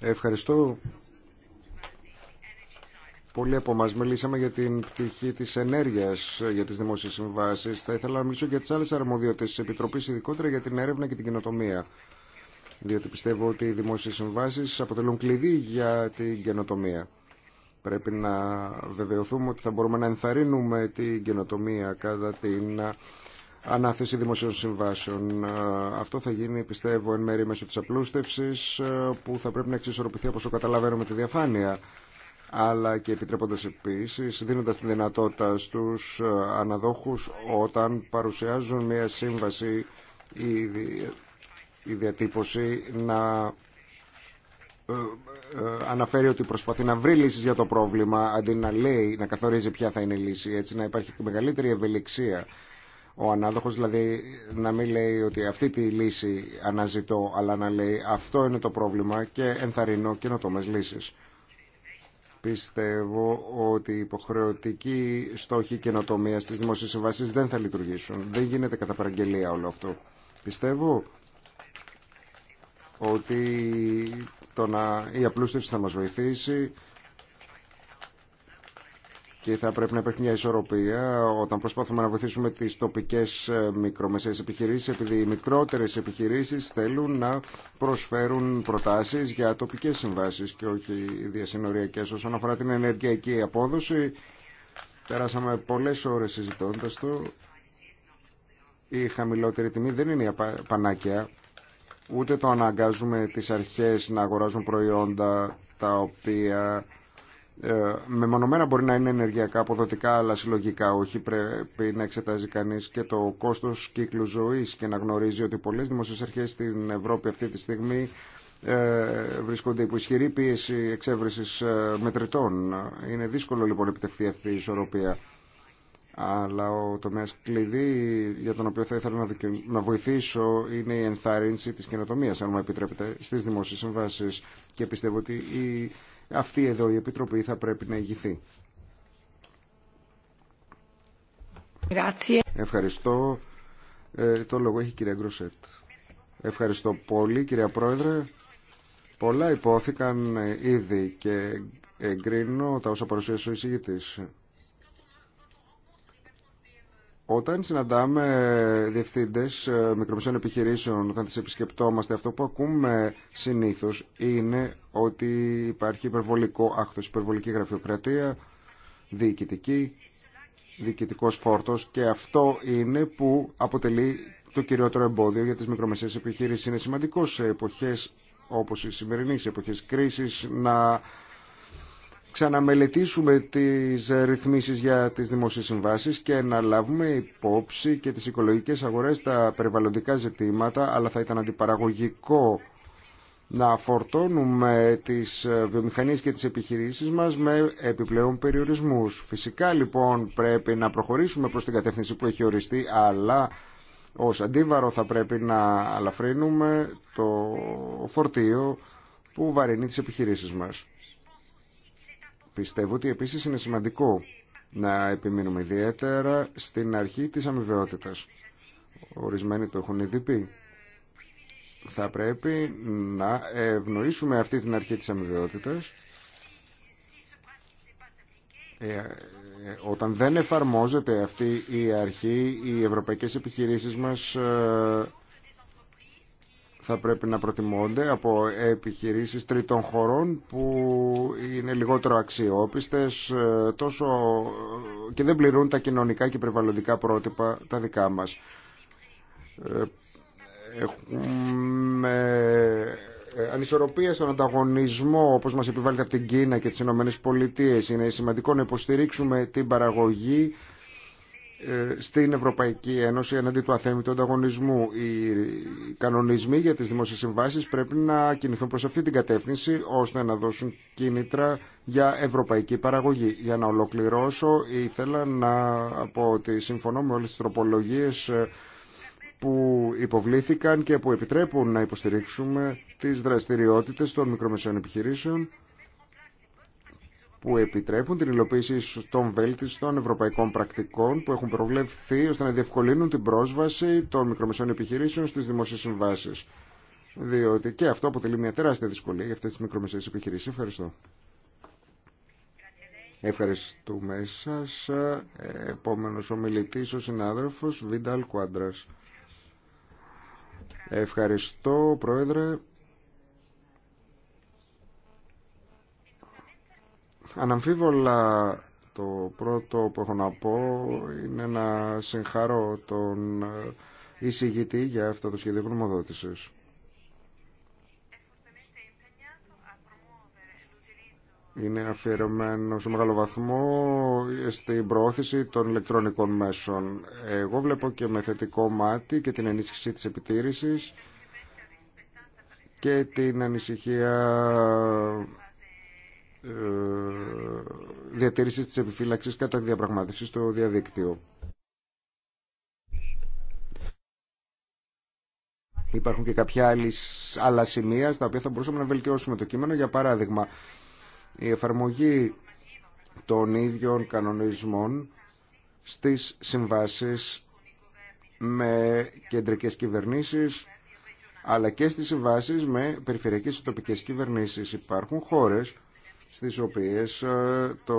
B: Ευχαριστώ. Πολλοί από εμά μιλήσαμε για την πτυχή τη ενέργεια για τι δημόσιε συμβάσει. Θα ήθελα να μιλήσω για τι άλλε αρμοδιότητε τη Επιτροπή, ειδικότερα για την έρευνα και την καινοτομία, Διότι πιστεύω ότι οι δημόσιε συμβάσει αποτελούν κλειδί για την καινοτομία. Πρέπει να βεβαιωθούμε ότι θα μπορούμε να ενθαρρύνουμε την καινοτομία κατά την ανάθεση δημοσίων συμβάσεων. Ε, αυτό θα γίνει, πιστεύω, εν μέρει μέσω τη απλούστευση ε, που θα πρέπει να εξισορροπηθεί όπω το καταλαβαίνω με τη διαφάνεια αλλά και επιτρέποντα επίση, δίνοντα τη δυνατότητα στου ε, αναδόχου όταν παρουσιάζουν μια σύμβαση ή η διατύπωση να αναφέρει ότι προσπαθεί να βρει λύσει για το πρόβλημα αντί να λέει, να καθορίζει ποια θα είναι η λύση, έτσι να υπάρχει μεγαλύτερη ευελιξία ο ανάδοχος δηλαδή να μην λέει ότι αυτή τη λύση αναζητώ αλλά να λέει αυτό είναι το πρόβλημα και ενθαρρυνώ καινοτόμε λύσει. Πιστεύω ότι οι υποχρεωτικοί στόχοι καινοτομία τη δημόσια συμβάση δεν θα λειτουργήσουν. Δεν γίνεται κατά παραγγελία όλο αυτό. Πιστεύω ότι το να... η απλούστευση θα μας βοηθήσει και θα πρέπει να υπάρχει μια ισορροπία όταν προσπαθούμε να βοηθήσουμε τις τοπικές ε, μικρομεσαίες επιχειρήσεις επειδή οι μικρότερες επιχειρήσεις θέλουν να προσφέρουν προτάσεις για τοπικές συμβάσεις και όχι διασυνοριακές όσον αφορά την ενεργειακή απόδοση περάσαμε πολλές ώρες συζητώντα το η χαμηλότερη τιμή δεν είναι η πανάκια ούτε το αναγκάζουμε τις αρχές να αγοράζουν προϊόντα τα οποία ε, μεμονωμένα μπορεί να είναι ενεργειακά αποδοτικά αλλά συλλογικά όχι πρέπει να εξετάζει κανείς και το κόστος κύκλου ζωής και να γνωρίζει ότι πολλές δημοσίες αρχές στην Ευρώπη αυτή τη στιγμή ε, βρίσκονται υπό ισχυρή πίεση εξέβρεσης ε, μετρητών. Είναι δύσκολο λοιπόν επιτευχθεί αυτή η ισορροπία. Αλλά ο τομέας κλειδί για τον οποίο θα ήθελα να βοηθήσω είναι η ενθάρρυνση της καινοτομίας, αν μου επιτρέπετε, στις δημόσιες συμβάσεις. Και πιστεύω ότι η αυτή εδώ η Επιτροπή θα πρέπει να ηγηθεί. Ευχαριστώ. Ε, το λόγο έχει η κυρία Γκροσέτ. Ευχαριστώ πολύ κυρία Πρόεδρε. Πολλά υπόθηκαν ε, ήδη και εγκρίνω τα όσα παρουσίασε ο εισηγητής. Όταν συναντάμε διευθύντε ε, μικρομεσαίων επιχειρήσεων, όταν τι επισκεπτόμαστε, αυτό που ακούμε συνήθω είναι ότι υπάρχει υπερβολικό άχθο, υπερβολική γραφειοκρατία, διοικητική, διοικητικό φόρτο και αυτό είναι που αποτελεί το κυριότερο εμπόδιο για τι μικρομεσαίες επιχειρήσει. Είναι σημαντικό σε εποχέ όπω η σημερινή, σε εποχέ κρίση, να ξαναμελετήσουμε τις ε, ρυθμίσεις για τις δημόσιες συμβάσεις και να λάβουμε υπόψη και τις οικολογικές αγορές, τα περιβαλλοντικά ζητήματα, αλλά θα ήταν αντιπαραγωγικό να φορτώνουμε τις ε, βιομηχανίες και τις επιχειρήσεις μας με επιπλέον περιορισμούς. Φυσικά λοιπόν πρέπει να προχωρήσουμε προς την κατεύθυνση που έχει οριστεί, αλλά ως αντίβαρο θα πρέπει να αλαφρύνουμε το φορτίο που βαρύνει τις επιχειρήσεις μας. Πιστεύω ότι επίσης είναι σημαντικό να επιμείνουμε ιδιαίτερα στην αρχή της αμοιβαιότητας. Ορισμένοι το έχουν ήδη πει. Θα πρέπει να ευνοήσουμε αυτή την αρχή της αμοιβαιότητας ε, ε, όταν δεν εφαρμόζεται αυτή η αρχή, οι ευρωπαϊκές επιχειρήσεις μας ε, θα πρέπει να προτιμώνται από επιχειρήσεις τρίτων χωρών που είναι λιγότερο αξιόπιστες ε, τόσο ε, και δεν πληρούν τα κοινωνικά και περιβαλλοντικά πρότυπα τα δικά μας. Ε, έχουμε ανισορροπία στον ανταγωνισμό όπως μας επιβάλλεται από την Κίνα και τις Ηνωμένες Πολιτείες. Είναι σημαντικό να υποστηρίξουμε την παραγωγή ε, στην Ευρωπαϊκή Ένωση εναντί του αθέμητου ανταγωνισμού. Οι κανονισμοί για τις δημόσιες συμβάσεις πρέπει να κινηθούν προς αυτή την κατεύθυνση ώστε να δώσουν κίνητρα για ευρωπαϊκή παραγωγή. Για να ολοκληρώσω ήθελα να πω ότι συμφωνώ με όλες τις τροπολογίες ε, που υποβλήθηκαν και που επιτρέπουν να υποστηρίξουμε τις δραστηριότητες των μικρομεσαίων επιχειρήσεων που επιτρέπουν την υλοποίηση των βέλτιστων ευρωπαϊκών πρακτικών που έχουν προβλεφθεί ώστε να διευκολύνουν την πρόσβαση των μικρομεσαίων επιχειρήσεων στις δημόσιες συμβάσεις. Διότι και αυτό αποτελεί μια τεράστια δυσκολία για αυτές τις μικρομεσαίες επιχειρήσεις. Ευχαριστώ. Ευχαριστούμε σας. Επόμενος ομιλητής, ο συνάδελφο Βιντάλ Κουάντρα. Ευχαριστώ, Πρόεδρε. Αναμφίβολα το πρώτο που έχω να πω είναι να συγχαρώ τον ε, εισηγητή για αυτό το σχέδιο γνωμοδότησης. Είναι αφιερωμένο σε μεγάλο βαθμό στην προώθηση των ηλεκτρονικών μέσων. Εγώ βλέπω και με θετικό μάτι και την ενίσχυση της επιτήρησης και την ανησυχία ε, διατήρηση της επιφύλαξης κατά τη διαπραγμάτευση στο διαδίκτυο. Υπάρχουν και κάποια άλλα σημεία στα οποία θα μπορούσαμε να βελτιώσουμε το κείμενο. Για παράδειγμα, η εφαρμογή των ίδιων κανονισμών στις συμβάσεις με κεντρικές κυβερνήσεις αλλά και στις συμβάσεις με περιφερειακές και τοπικές κυβερνήσεις. Υπάρχουν χώρες στις οποίες ε, το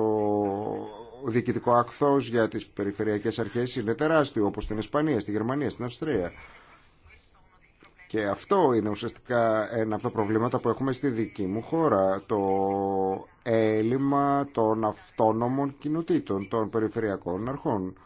B: διοικητικό άκθος για τις περιφερειακές αρχές είναι τεράστιο, όπως στην Ισπανία, στη Γερμανία, στην Αυστρία. Και αυτό είναι ουσιαστικά ένα από τα προβλήματα που έχουμε στη δική μου χώρα. Το έλλειμμα των αυτόνομων κοινοτήτων, των περιφερειακών αρχών.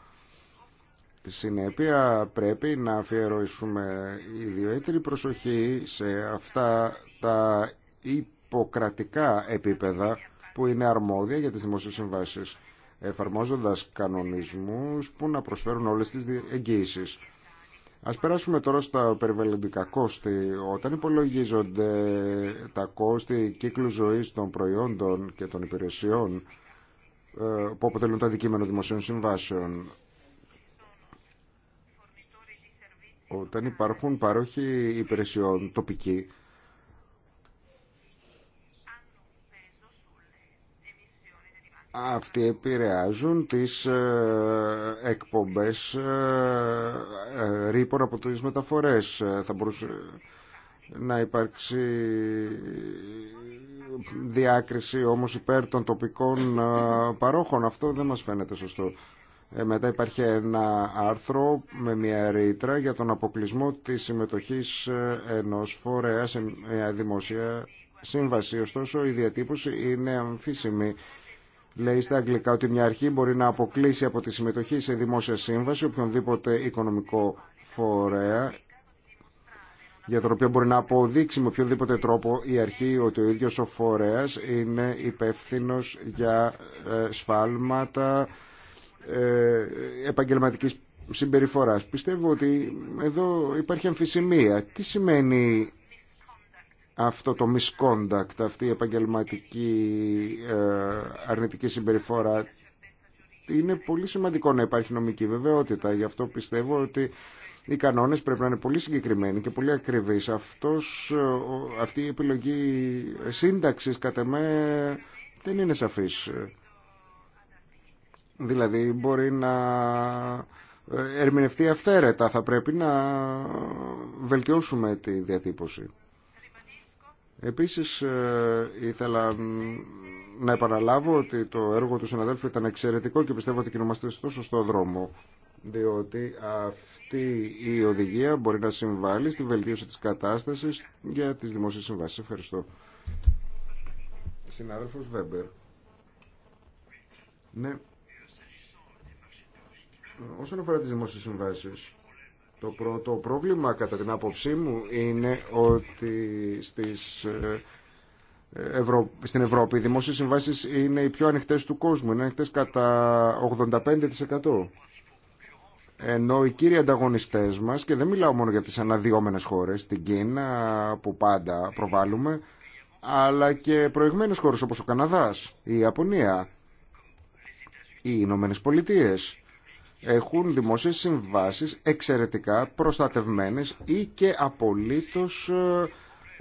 B: Συνέπεια πρέπει να αφιερώσουμε ιδιαίτερη προσοχή σε αυτά τα υπόλοιπα υποκρατικά επίπεδα που είναι αρμόδια για τις δημόσιες συμβάσεις εφαρμόζοντας κανονισμούς που να προσφέρουν όλες τις εγγύησεις. Ας περάσουμε τώρα στα περιβαλλοντικά κόστη. Όταν υπολογίζονται τα κόστη κύκλου ζωής των προϊόντων και των υπηρεσιών ε, που αποτελούν τα αντικείμενο δημοσίων συμβάσεων, όταν υπάρχουν παρόχοι υπηρεσιών τοπικοί αυτοί επηρεάζουν τις ε, εκπομπές ε, ε, ρήπων από τις μεταφορές. Θα μπορούσε να υπάρξει διάκριση όμως υπέρ των τοπικών παρόχων. Αυτό δεν μας φαίνεται σωστό. Μετά υπάρχει ένα άρθρο με μια ρήτρα για τον αποκλεισμό της συμμετοχής ενός φορέα σε μια δημόσια σύμβαση. Ωστόσο η διατύπωση είναι αμφίσιμη λέει στα αγγλικά ότι μια αρχή μπορεί να αποκλείσει από τη συμμετοχή σε δημόσια σύμβαση οποιονδήποτε οικονομικό φορέα για τον οποίο μπορεί να αποδείξει με οποιοδήποτε τρόπο η αρχή ότι ο ίδιος ο φορέας είναι υπεύθυνος για ε, σφάλματα ε, επαγγελματικής συμπεριφοράς. Πιστεύω ότι εδώ υπάρχει αμφισημία. Τι σημαίνει αυτό το misconduct, αυτή η επαγγελματική ε, αρνητική συμπεριφορά είναι πολύ σημαντικό να υπάρχει νομική βεβαιότητα. Γι' αυτό πιστεύω ότι οι κανόνες πρέπει να είναι πολύ συγκεκριμένοι και πολύ ακριβείς. Αυτός, αυτή η επιλογή σύνταξης κατά με δεν είναι σαφής. Δηλαδή μπορεί να ε, ερμηνευτεί αυθαίρετα. Θα πρέπει να ε, βελτιώσουμε τη διατύπωση. Επίσης ε, ήθελα να επαναλάβω ότι το έργο του συναδέλφου ήταν εξαιρετικό και πιστεύω ότι κινούμαστε στο σωστό δρόμο διότι αυτή η οδηγία μπορεί να συμβάλλει στη βελτίωση της κατάστασης για τις δημόσιες συμβάσεις. Ευχαριστώ. Συνάδελφος Βέμπερ. Ναι. Όσον αφορά τις δημόσιες συμβάσεις, το πρώτο πρόβλημα κατά την άποψή μου είναι ότι στις ε, στην Ευρώπη οι δημόσιες συμβάσεις είναι οι πιο ανοιχτές του κόσμου, είναι ανοιχτές κατά 85%. Ενώ οι κύριοι ανταγωνιστές μας, και δεν μιλάω μόνο για τις αναδυόμενες χώρες, την Κίνα που πάντα προβάλλουμε, αλλά και προηγμένες χώρες όπως ο Καναδάς, η Ιαπωνία, οι Ηνωμένε Πολιτείες, έχουν δημοσίες συμβάσεις εξαιρετικά προστατευμένες ή και απολύτως ε,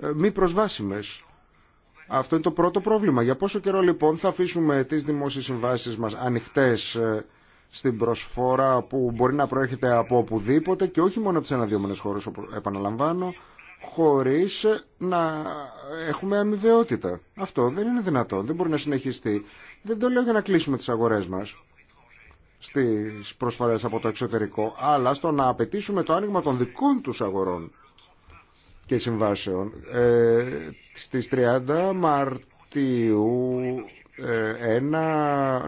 B: ε, μη προσβάσιμες. Αυτό είναι το πρώτο πρόβλημα. Για πόσο καιρό λοιπόν θα αφήσουμε τις δημόσιες συμβάσεις μας ανοιχτές ε, στην προσφόρα που μπορεί να προέρχεται από οπουδήποτε και όχι μόνο από τις αναδυόμενες χώρες, επαναλαμβάνω, χωρίς να έχουμε αμοιβαιότητα. Αυτό δεν είναι δυνατόν, δεν μπορεί να συνεχιστεί. Δεν το λέω για να κλείσουμε τις αγορές μας. Στι προσφορές από το εξωτερικό, αλλά στο να απαιτήσουμε το άνοιγμα των δικών του αγορών και συμβάσεων. Ε, στις 30 Μαρτίου ε, ένα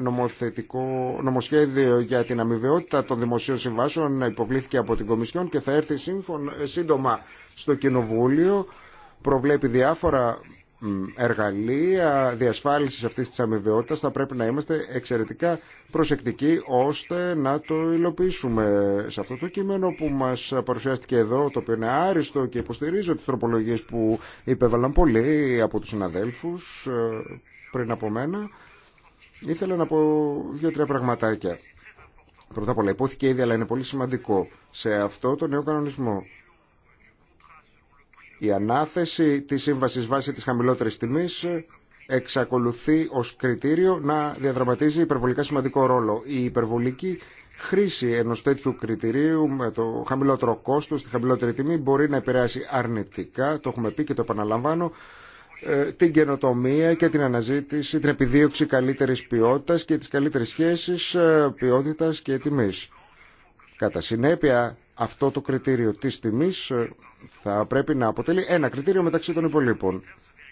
B: νομοθετικό νομοσχέδιο για την αμοιβαιότητα των δημοσίων συμβάσεων υποβλήθηκε από την Κομισιόν και θα έρθει σύμφων, ε, σύντομα στο Κοινοβούλιο. Προβλέπει διάφορα εργαλεία διασφάλισης αυτής της αμοιβαιότητας θα πρέπει να είμαστε εξαιρετικά προσεκτικοί ώστε να το υλοποιήσουμε. Σε αυτό το κείμενο που μας παρουσιάστηκε εδώ, το οποίο είναι άριστο και υποστηρίζω τις τροπολογίες που υπέβαλαν πολλοί από τους συναδέλφους ε, πριν από μένα, ήθελα να πω δύο-τρία πραγματάκια. Πρώτα απ' όλα υπόθηκε ήδη, αλλά είναι πολύ σημαντικό. Σε αυτό το νέο κανονισμό η ανάθεση τη σύμβασης βάσει της χαμηλότερης τιμής εξακολουθεί ως κριτήριο να διαδραματίζει υπερβολικά σημαντικό ρόλο. Η υπερβολική χρήση ενός τέτοιου κριτηρίου με το χαμηλότερο κόστος, τη χαμηλότερη τιμή μπορεί να επηρεάσει αρνητικά, το έχουμε πει και το επαναλαμβάνω, ε, την καινοτομία και την αναζήτηση, την επιδίωξη καλύτερης ποιότητας και τις καλύτερες σχέσεις ε, ποιότητας και τιμής. Κατά συνέπεια, αυτό το κριτήριο τη τιμής ε, θα πρέπει να αποτελεί ένα κριτήριο μεταξύ των υπολείπων.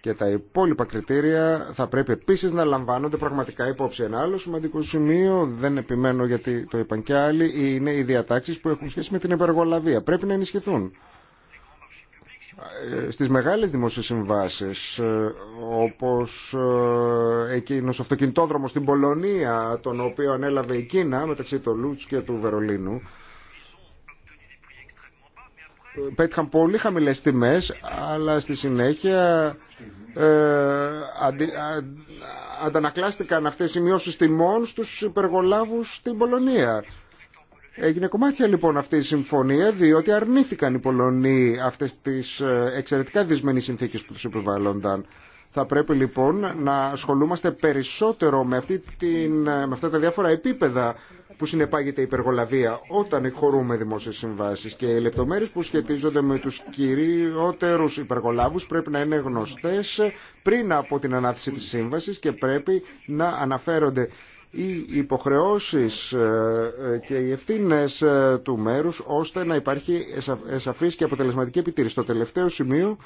B: Και τα υπόλοιπα κριτήρια θα πρέπει επίση να λαμβάνονται πραγματικά υπόψη. Ένα άλλο σημαντικό σημείο, δεν επιμένω γιατί το είπαν και άλλοι, είναι οι διατάξει που έχουν σχέση με την υπεργολαβία. Πρέπει να ενισχυθούν. Ε, Στι μεγάλε δημόσιε συμβάσει, ε, όπω ε, εκείνο ο αυτοκινητόδρομο στην Πολωνία, τον οποίο ανέλαβε η Κίνα μεταξύ του Λούτ και του Βερολίνου, πέτυχαν πολύ χαμηλές τιμές αλλά στη συνέχεια ε, αντανακλάστηκαν αυτές οι μειώσεις τιμών στους υπεργολάβους στην Πολωνία. Έγινε κομμάτια λοιπόν αυτή η συμφωνία διότι αρνήθηκαν οι Πολωνοί αυτές τις ε, εξαιρετικά δυσμενείς συνθήκες που τους επιβάλλονταν. Θα πρέπει λοιπόν να ασχολούμαστε περισσότερο με, αυτή την, με αυτά τα διάφορα επίπεδα που συνεπάγεται η υπεργολαβία όταν εκχωρούμε δημόσιες συμβάσεις και οι λεπτομέρειες που σχετίζονται με τους κυριότερους υπεργολάβους πρέπει να είναι γνωστές πριν από την ανάθεση της σύμβασης και πρέπει να αναφέρονται οι υποχρεώσεις ε, ε, και οι ευθύνες ε, του μέρους ώστε να υπάρχει σαφής και αποτελεσματική επιτήρηση. Στο τελευταίο σημείο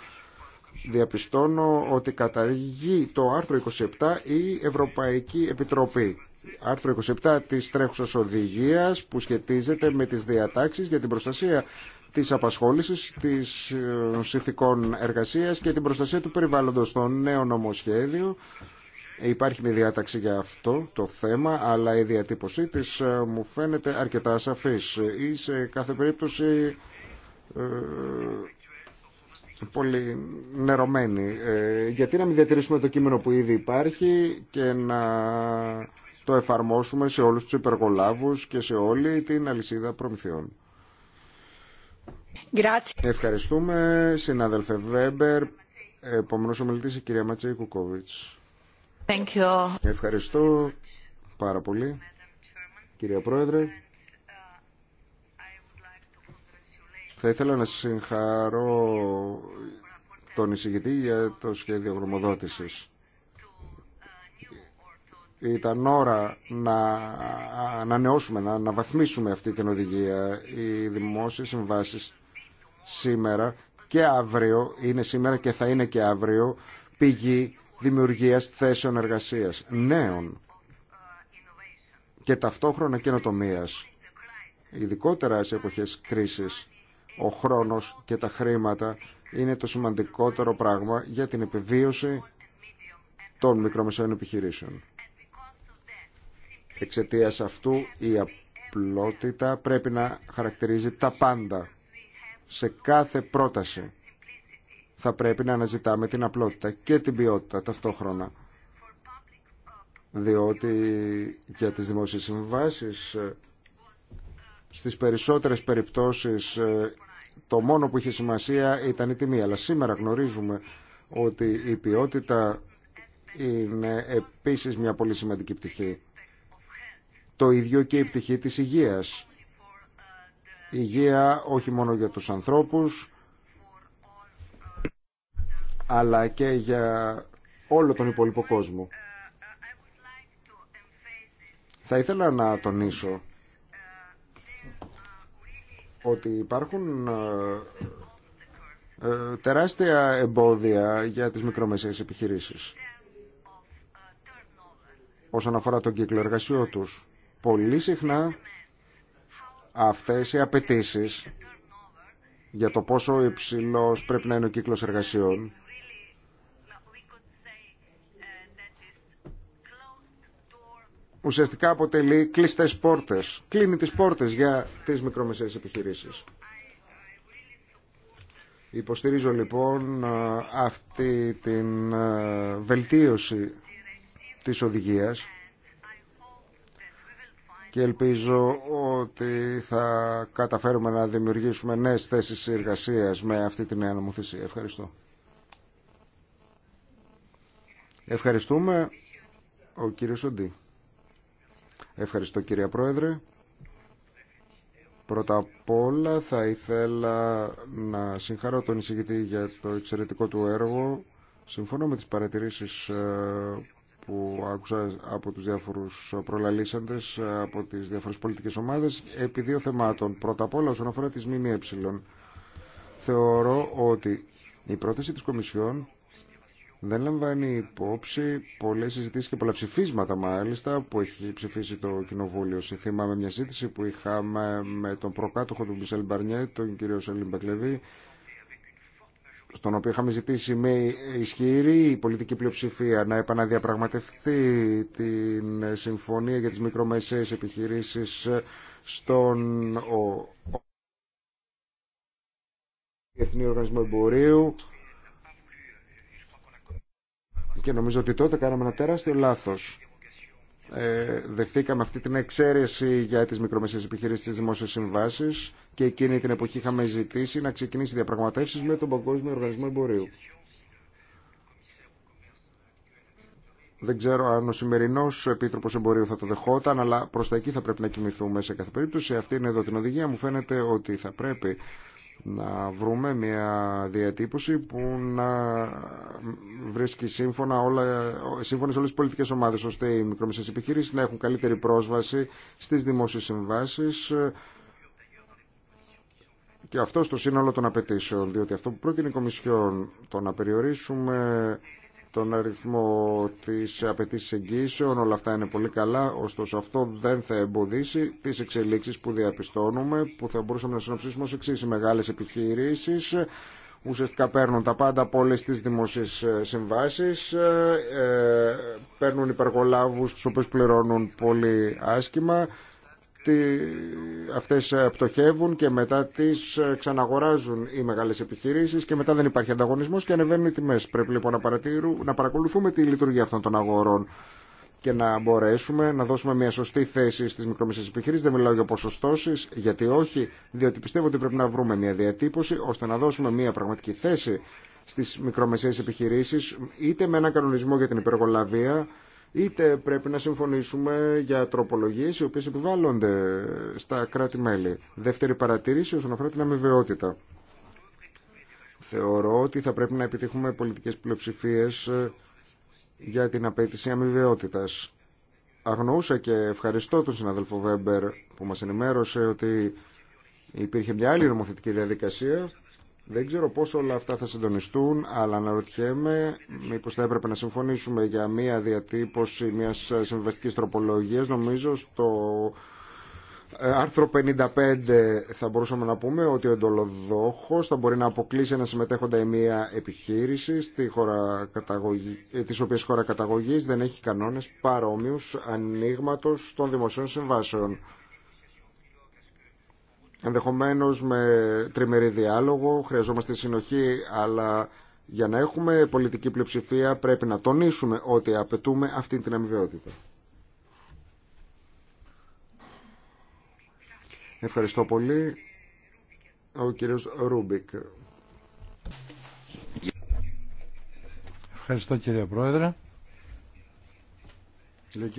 B: διαπιστώνω ότι καταργεί το άρθρο 27 η Ευρωπαϊκή Επιτροπή. Άρθρο 27 της τρέχουσας οδηγίας που σχετίζεται με τις διατάξεις για την προστασία της απασχόλησης, της ε, συνθηκών εργασίας και την προστασία του περιβάλλοντος στο νέο νομοσχέδιο. Υπάρχει μια διάταξη για αυτό το θέμα, αλλά η διατύπωσή της ε, μου φαίνεται αρκετά σαφής. Ή σε κάθε περίπτωση ε, πολύ νερωμένη. Ε, γιατί να μην διατηρήσουμε το κείμενο που ήδη υπάρχει και να το εφαρμόσουμε σε όλους τους υπεργολάβους και σε όλη την αλυσίδα προμηθειών. Ευχαριστούμε, συνάδελφε Βέμπερ. Επόμενος ομιλητής η κυρία Ματσέη Κουκόβιτς. Ευχαριστώ πάρα πολύ, κυρία Πρόεδρε. Θα ήθελα να συγχαρώ τον εισηγητή για το σχέδιο γρομοδότησης, Ήταν ώρα να ανανεώσουμε, να αναβαθμίσουμε αυτή την οδηγία. Οι δημόσιες συμβάσεις σήμερα και αύριο, είναι σήμερα και θα είναι και αύριο, πηγή δημιουργίας θέσεων εργασίας νέων και ταυτόχρονα καινοτομίας, ειδικότερα σε εποχές κρίσης ο χρόνος και τα χρήματα είναι το σημαντικότερο πράγμα για την επιβίωση των μικρομεσαίων επιχειρήσεων. Εξαιτία αυτού η απλότητα πρέπει να χαρακτηρίζει τα πάντα. Σε κάθε πρόταση θα πρέπει να αναζητάμε την απλότητα και την ποιότητα ταυτόχρονα. Διότι για τις δημόσιες συμβάσεις στις περισσότερες περιπτώσεις ε, το μόνο που είχε σημασία ήταν η τιμή, αλλά σήμερα γνωρίζουμε ότι η ποιότητα είναι επίσης μια πολύ σημαντική πτυχή. Το ίδιο και η πτυχή της υγείας. Υγεία όχι μόνο για τους ανθρώπους, αλλά και για όλο τον υπόλοιπο κόσμο. Θα ήθελα να τονίσω ότι υπάρχουν ε, ε, τεράστια εμπόδια για τις μικρομεσαίες επιχειρήσεις όσον αφορά τον κύκλο εργασιών τους. Πολύ συχνά αυτές οι απαιτήσει για το πόσο υψηλός πρέπει να είναι ο κύκλος εργασιών ουσιαστικά αποτελεί κλειστέ πόρτε, κλείνει τι πόρτες για τις μικρομεσαίες επιχειρήσεις. Υποστηρίζω λοιπόν αυτή την ε, βελτίωση της οδηγίας και ελπίζω ότι θα καταφέρουμε να δημιουργήσουμε νέες θέσεις εργασίας με αυτή την νέα νομοθεσία. Ευχαριστώ. Ευχαριστούμε. Ο κύριος Σοντή. Ευχαριστώ κύριε Πρόεδρε. Πρώτα απ' όλα θα ήθελα να συγχαρώ τον εισηγητή για το εξαιρετικό του έργο. Συμφωνώ με τις παρατηρήσεις ε, που άκουσα από τους διάφορους προλαλήσαντες, ε, από τις διάφορες πολιτικές ομάδες, επί δύο θεμάτων. Πρώτα απ' όλα όσον αφορά τις ΜΜΕ. Θεωρώ ότι η πρόταση της Κομισιόν δεν λαμβάνει υπόψη πολλέ συζητήσει και πολλά ψηφίσματα μάλιστα που έχει ψηφίσει το Κοινοβούλιο. με μια ζήτηση που είχαμε με τον προκάτοχο του Μπισελ Μπαρνιέ, τον κύριο Σελίμ Μπακλεβί, στον οποίο είχαμε ζητήσει με ισχυρή πολιτική πλειοψηφία να επαναδιαπραγματευτεί την συμφωνία για τις μικρομεσαίες επιχειρήσεις στον Εθνή Οργανισμό Εμπορίου και νομίζω ότι τότε κάναμε ένα τεράστιο λάθος. Ε, δεχθήκαμε αυτή την εξαίρεση για τις μικρομεσαίες επιχειρήσεις τη δημόσιας συμβάσεις και εκείνη την εποχή είχαμε ζητήσει να ξεκινήσει διαπραγματεύσεις με τον Παγκόσμιο Οργανισμό Εμπορίου. Δεν ξέρω αν ο σημερινό Επίτροπο Εμπορίου θα το δεχόταν, αλλά προ τα εκεί θα πρέπει να κινηθούμε σε κάθε περίπτωση. Αυτή είναι εδώ την οδηγία. Μου φαίνεται ότι θα πρέπει να βρούμε μια διατύπωση που να βρίσκει σύμφωνα όλα, σύμφωνα σε όλες τις πολιτικές ομάδες ώστε οι μικρομεσαίες επιχειρήσεις να έχουν καλύτερη πρόσβαση στις δημόσιες συμβάσεις και αυτό στο σύνολο των απαιτήσεων διότι αυτό που πρότεινε η Κομισιόν το να περιορίσουμε τον αριθμό της απαιτήσει εγγύησεων, όλα αυτά είναι πολύ καλά, ωστόσο αυτό δεν θα εμποδίσει τις εξελίξεις που διαπιστώνουμε, που θα μπορούσαμε να συνοψίσουμε σε εξής, οι μεγάλες επιχειρήσεις, ε, ουσιαστικά παίρνουν τα πάντα από όλε τι δημόσιε συμβάσει, ε, ε, παίρνουν υπεργολάβου του οποίου πληρώνουν πολύ άσχημα, αυτές ε, πτωχεύουν και μετά τις ε, ξαναγοράζουν οι μεγάλες επιχειρήσεις και μετά δεν υπάρχει ανταγωνισμός και ανεβαίνουν οι τιμές. Πρέπει λοιπόν να, να παρακολουθούμε τη λειτουργία αυτών των αγορών και να μπορέσουμε να δώσουμε μια σωστή θέση στις μικρομεσαίες επιχειρήσεις. Δεν μιλάω για ποσοστώσεις, γιατί όχι, διότι πιστεύω ότι πρέπει να βρούμε μια διατύπωση ώστε να δώσουμε μια πραγματική θέση στις μικρομεσαίες επιχειρήσεις είτε με ένα κανονισμό για την υπεργολαβία είτε πρέπει να συμφωνήσουμε για τροπολογίες οι οποίες επιβάλλονται στα κράτη-μέλη. Δεύτερη παρατήρηση όσον αφορά την αμοιβαιότητα. Θεωρώ ότι θα πρέπει να επιτύχουμε πολιτικές πλειοψηφίες ε, για την απέτηση αμοιβαιότητας. Αγνοούσα και ευχαριστώ τον συναδελφό Βέμπερ που μας ενημέρωσε ότι υπήρχε μια άλλη νομοθετική διαδικασία δεν ξέρω πώ όλα αυτά θα συντονιστούν, αλλά αναρωτιέμαι μήπως θα έπρεπε να συμφωνήσουμε για μία διατύπωση μιας συμβαστική τροπολογίας. Νομίζω στο ε, άρθρο 55 θα μπορούσαμε να πούμε ότι ο εντολοδόχος θα μπορεί να αποκλείσει ένα συμμετέχοντα ή μία επιχείρηση στη χώρα καταγωγή, ε, της οποίας χώρα καταγωγής δεν έχει κανόνες παρόμοιους ανοίγματο των δημοσίων συμβάσεων ενδεχομένω με τριμερή διάλογο, χρειαζόμαστε συνοχή, αλλά για να έχουμε πολιτική πλειοψηφία πρέπει να τονίσουμε ότι απαιτούμε αυτή την αμοιβαιότητα. Ευχαριστώ πολύ. Ο κύριος Ρούμπικ.
C: Ευχαριστώ κύριε Πρόεδρε.
B: Λέει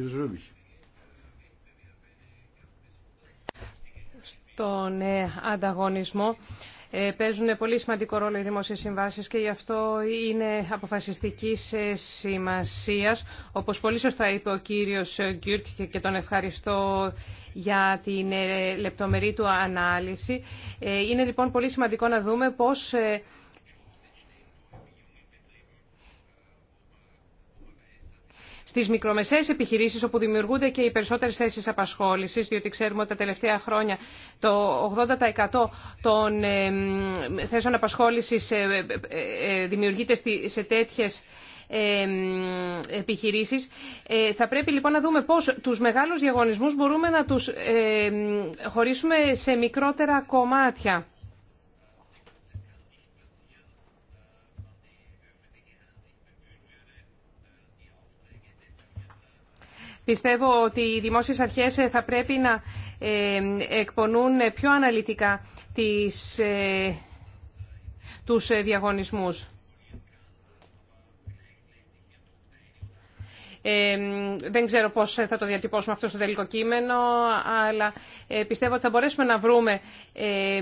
A: τον ε, ανταγωνισμό ε, παίζουν πολύ σημαντικό ρόλο οι δημόσιες συμβάσεις και γι' αυτό είναι αποφασιστικής ε, σημασίας. Όπως πολύ σωστά είπε ο κύριος Γκιουρκ και τον ευχαριστώ για την λεπτομερή του ανάλυση. Είναι λοιπόν πολύ σημαντικό να δούμε πώς στις μικρομεσαίες επιχειρήσεις όπου δημιουργούνται και οι περισσότερες θέσεις απασχόλησης, διότι ξέρουμε ότι τα τελευταία χρόνια το 80% των ε, θέσεων απασχόλησης ε, ε, δημιουργείται σε τέτοιες επιχειρήσεις. Θα πρέπει λοιπόν να δούμε πώς τους μεγάλους διαγωνισμούς μπορούμε να τους χωρίσουμε σε μικρότερα κομμάτια. Πιστεύω ότι οι δημόσιες αρχές ε, θα πρέπει να ε, εκπονούν ε, πιο αναλυτικά τις, τους διαγωνισμούς. δεν ξέρω πώς θα το διατυπώσουμε αυτό στο τελικό κείμενο, αλλά πιστεύω ότι θα μπορέσουμε να βρούμε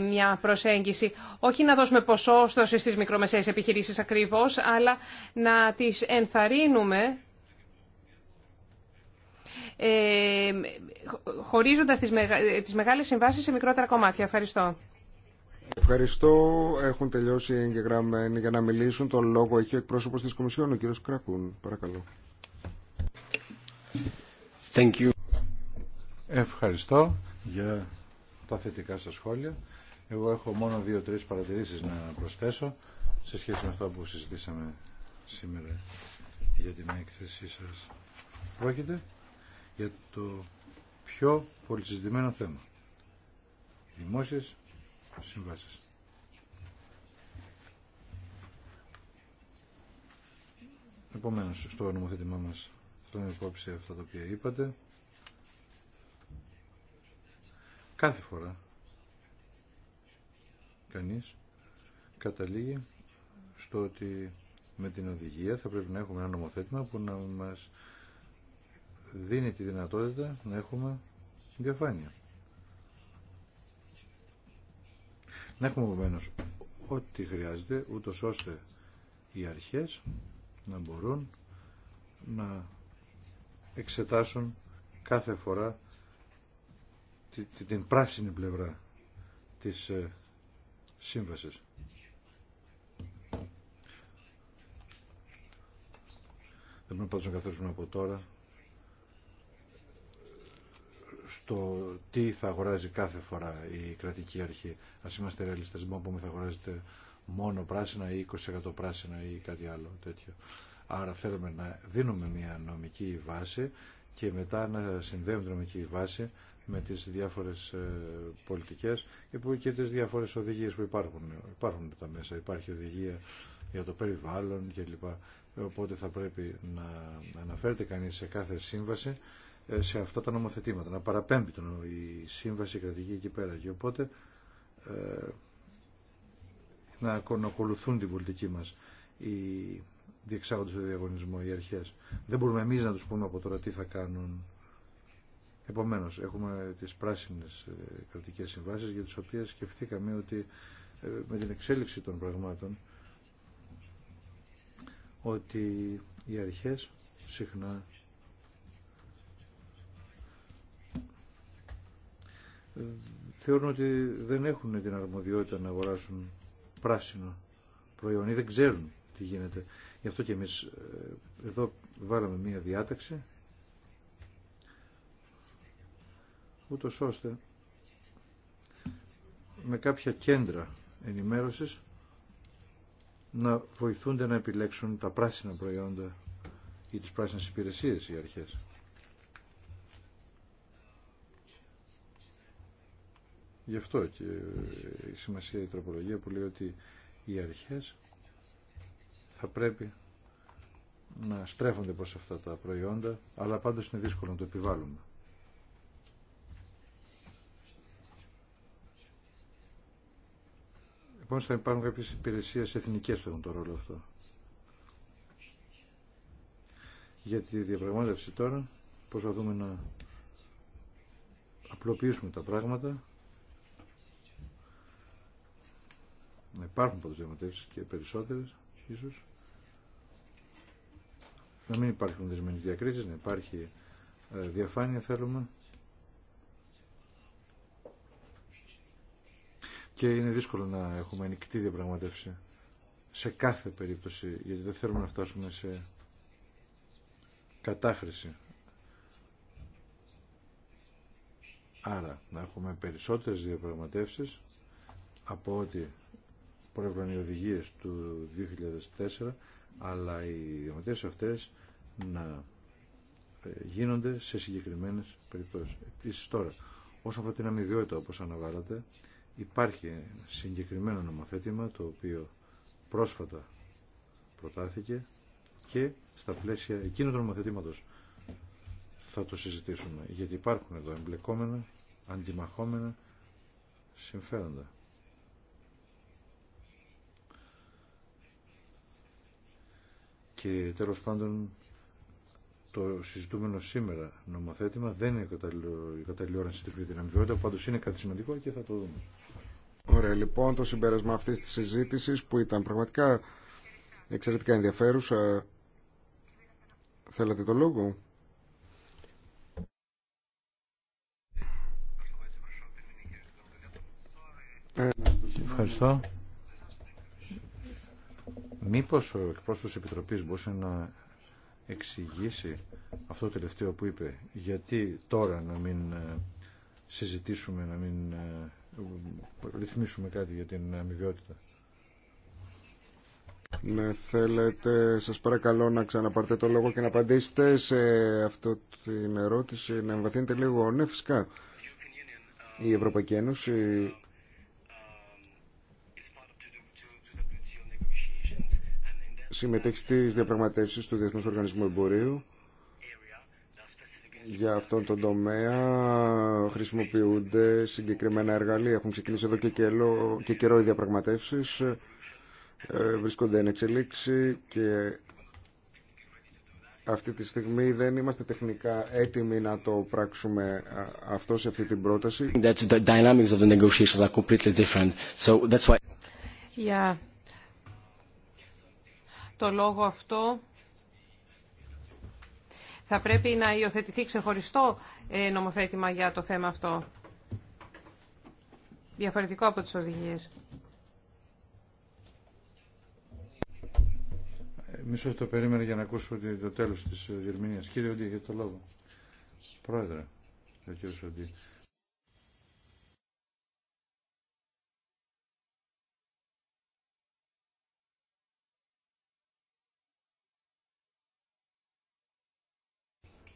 A: μια προσέγγιση. Όχι να δώσουμε ποσόστοση στις μικρομεσαίες επιχειρήσεις ακριβώς, αλλά να τις ενθαρρύνουμε χωρίζοντας τις μεγάλες συμβάσεις σε μικρότερα κομμάτια. Ευχαριστώ.
B: Ευχαριστώ. Έχουν τελειώσει οι εγγεγραμμένοι για να μιλήσουν. Το λόγο έχει ο εκπρόσωπος της Κομισιόν, ο κύριος Κρακούν. Παρακαλώ. Thank you.
C: Ευχαριστώ για τα θετικά σας σχόλια. Εγώ έχω μόνο δύο-τρεις παρατηρήσεις να προσθέσω σε σχέση με αυτό που συζητήσαμε σήμερα για την έκθεσή σας. Πρόκειται για το πιο πολυσυζητημένο θέμα. Οι δημόσιες συμβάσεις. Επομένως, στο νομοθέτημά μας θέλω υπόψη αυτά τα οποία είπατε. Κάθε φορά κανείς καταλήγει στο ότι με την οδηγία θα πρέπει να έχουμε ένα νομοθέτημα που να μας δίνει τη δυνατότητα να έχουμε διαφάνεια. Να έχουμε επομένω ό,τι χρειάζεται, ούτως ώστε οι αρχές να μπορούν να εξετάσουν κάθε φορά την πράσινη πλευρά της ε, σύμβασης. Δεν πρέπει να καθίσουμε από τώρα στο τι θα αγοράζει κάθε φορά η κρατική αρχή. Α είμαστε ρεαλιστέ, μπορούμε πούμε θα αγοράζετε μόνο πράσινα ή 20% πράσινα ή κάτι άλλο τέτοιο. Άρα θέλουμε να δίνουμε μια νομική βάση και μετά να συνδέουμε την νομική βάση με τις διάφορες ε, πολιτικές και τις διάφορες οδηγίες που υπάρχουν. Υπάρχουν τα μέσα, υπάρχει οδηγία για το περιβάλλον κλπ. Οπότε θα πρέπει να αναφέρεται κανείς σε κάθε σύμβαση ε, σε αυτά τα νομοθετήματα, να παραπέμπει τον, η σύμβαση κρατική εκεί πέρα. Και οπότε ε, να ακολουθούν την πολιτική μας οι διεξάγοντες του διαγωνισμού, οι αρχές. Δεν μπορούμε εμείς να τους πούμε από τώρα τι θα κάνουν. Επομένως, έχουμε τις πράσινες ε, κρατικές συμβάσεις για τις οποίες σκεφτήκαμε ότι ε, με την εξέλιξη των πραγμάτων ότι οι αρχές συχνά θεωρούν ότι δεν έχουν την αρμοδιότητα να αγοράσουν πράσινο προϊόν ή δεν ξέρουν τι γίνεται. Γι' αυτό και εμείς ε, εδώ βάλαμε μία διάταξη ούτως ώστε με κάποια κέντρα ενημέρωσης να βοηθούνται να επιλέξουν τα πράσινα προϊόντα ή τις πράσινες υπηρεσίες οι αρχές. Γι' αυτό και η σημασία η τροπολογία που λέει ότι οι αρχές θα πρέπει να στρέφονται προς αυτά τα προϊόντα, αλλά πάντως είναι δύσκολο να το επιβάλλουμε. Λοιπόν, θα υπάρχουν κάποιες υπηρεσίες εθνικές που έχουν το ρόλο αυτό. Για τη διαπραγμάτευση τώρα δούμε να απλοποιήσουμε τα πράγματα να υπάρχουν πρώτες και περισσότερες ίσως να μην υπάρχουν δεσμενείς διακρίσεις να υπάρχει ε, διαφάνεια θέλουμε και είναι δύσκολο να έχουμε ανοιχτή διαπραγματεύση σε κάθε περίπτωση γιατί δεν θέλουμε να φτάσουμε σε κατάχρηση Άρα, να έχουμε περισσότερες διαπραγματεύσεις από ότι προέβλεπαν οι οδηγίες του 2004 αλλά οι διαμετρήσεις αυτές να ε, γίνονται σε συγκεκριμένες περιπτώσεις. Επίσης τώρα, όσο αφορά την αμοιβιότητα όπως αναβάλλατε, υπάρχει συγκεκριμένο νομοθέτημα το οποίο πρόσφατα προτάθηκε και στα πλαίσια εκείνου του νομοθετήματος θα το συζητήσουμε, γιατί υπάρχουν εδώ εμπλεκόμενα, αντιμαχόμενα συμφέροντα. και τέλος πάντων το συζητούμενο σήμερα νομοθέτημα δεν είναι η κατάλληλη ώρα να την αμοιβαιότητα, πάντως είναι κάτι σημαντικό και θα το δούμε.
B: Ωραία, λοιπόν, το συμπέρασμα αυτής της συζήτησης που ήταν πραγματικά εξαιρετικά ενδιαφέρουσα. Θέλατε το λόγο?
C: Ε, Ευχαριστώ. Μήπως ο εκπρόσωπος της Επιτροπής μπορούσε να εξηγήσει αυτό το τελευταίο που είπε, γιατί τώρα να μην ε, συζητήσουμε, να μην ε, ρυθμίσουμε κάτι για την αμοιβαιότητα.
B: Ναι, θέλετε, σας παρακαλώ να ξαναπάρτε το λόγο και να απαντήσετε σε αυτό την ερώτηση, να εμβαθύνετε λίγο. Ναι, φυσικά. Η Ευρωπαϊκή Ένωση συμμετέχει στι διαπραγματεύσει του Διεθνού Οργανισμού Εμπορίου. Για αυτόν τον τομέα χρησιμοποιούνται συγκεκριμένα εργαλεία. Έχουν ξεκινήσει εδώ και, καιρό, και καιρό οι διαπραγματεύσεις. Ε, βρίσκονται εν εξελίξη και αυτή τη στιγμή δεν είμαστε τεχνικά έτοιμοι να το πράξουμε αυτό σε αυτή την πρόταση
A: το λόγο αυτό θα πρέπει να υιοθετηθεί ξεχωριστό ε, νομοθέτημα για το θέμα αυτό. Διαφορετικό από τις οδηγίες.
C: Ε, μισό το περίμενα για να ακούσω το τέλος της διερμηνίας. Κύριε Οντή, για το λόγο. Πρόεδρε, ο κύριος Οντή.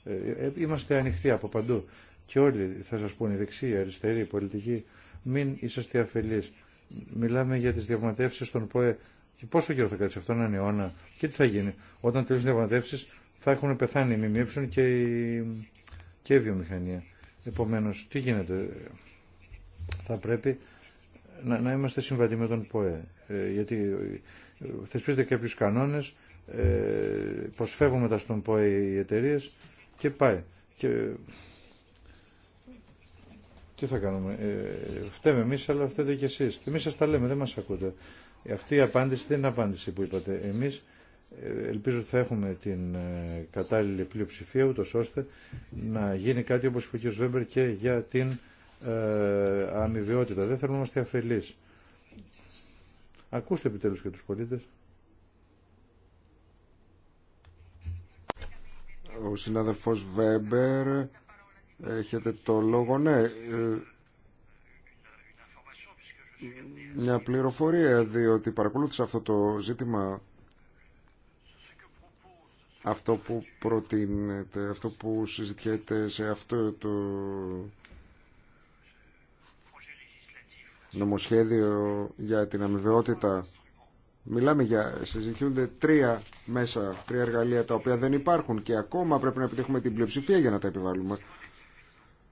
C: Ε, ε, είμαστε ανοιχτοί από παντού. Και όλοι θα σας πούνε, δεξί, αριστερή, πολιτική, μην είσαστε αφελείς. Μιλάμε για τις διαπραγματεύσεις των ΠΟΕ. Και πόσο καιρό θα κάτσει αυτό, έναν αιώνα. Και τι θα γίνει. Όταν τελειώσουν οι διαπραγματεύσεις θα έχουν πεθάνει οι ΜΜΕ και η, και η βιομηχανία. Επομένως, τι γίνεται. Θα πρέπει να, να είμαστε συμβατοί με τον ΠΟΕ. Ε, γιατί ε, θεσπίζεται κάποιου κανόνες, ε, προσφεύγουμε τα στον ΠΟΕ οι εταιρείε και πάει. Τι θα κάνουμε. Ε, φταίμε εμεί, αλλά φταίτε και εσεί. Εμεί σα τα λέμε, δεν μα ακούτε. Ε, αυτή η απάντηση δεν είναι απάντηση που είπατε. Εμεί ε, ελπίζω ότι θα έχουμε την ε, κατάλληλη πλειοψηφία, ούτω ώστε να γίνει κάτι όπω είπε ο κ. Βέμπερ και για την ε, Δεν θέλουμε να είμαστε αφελεί. Ακούστε επιτέλου και του πολίτε.
B: Ο συνάδελφος Βέμπερ, έχετε το λόγο, ναι. Ε, μια πληροφορία, διότι παρακολούθησα αυτό το ζήτημα αυτό που προτείνεται, αυτό που συζητιέται σε αυτό το νομοσχέδιο για την αμοιβαιότητα Μιλάμε για, συζητιούνται τρία μέσα, τρία εργαλεία τα οποία δεν υπάρχουν και ακόμα πρέπει να επιτύχουμε την πλειοψηφία για να τα επιβάλλουμε.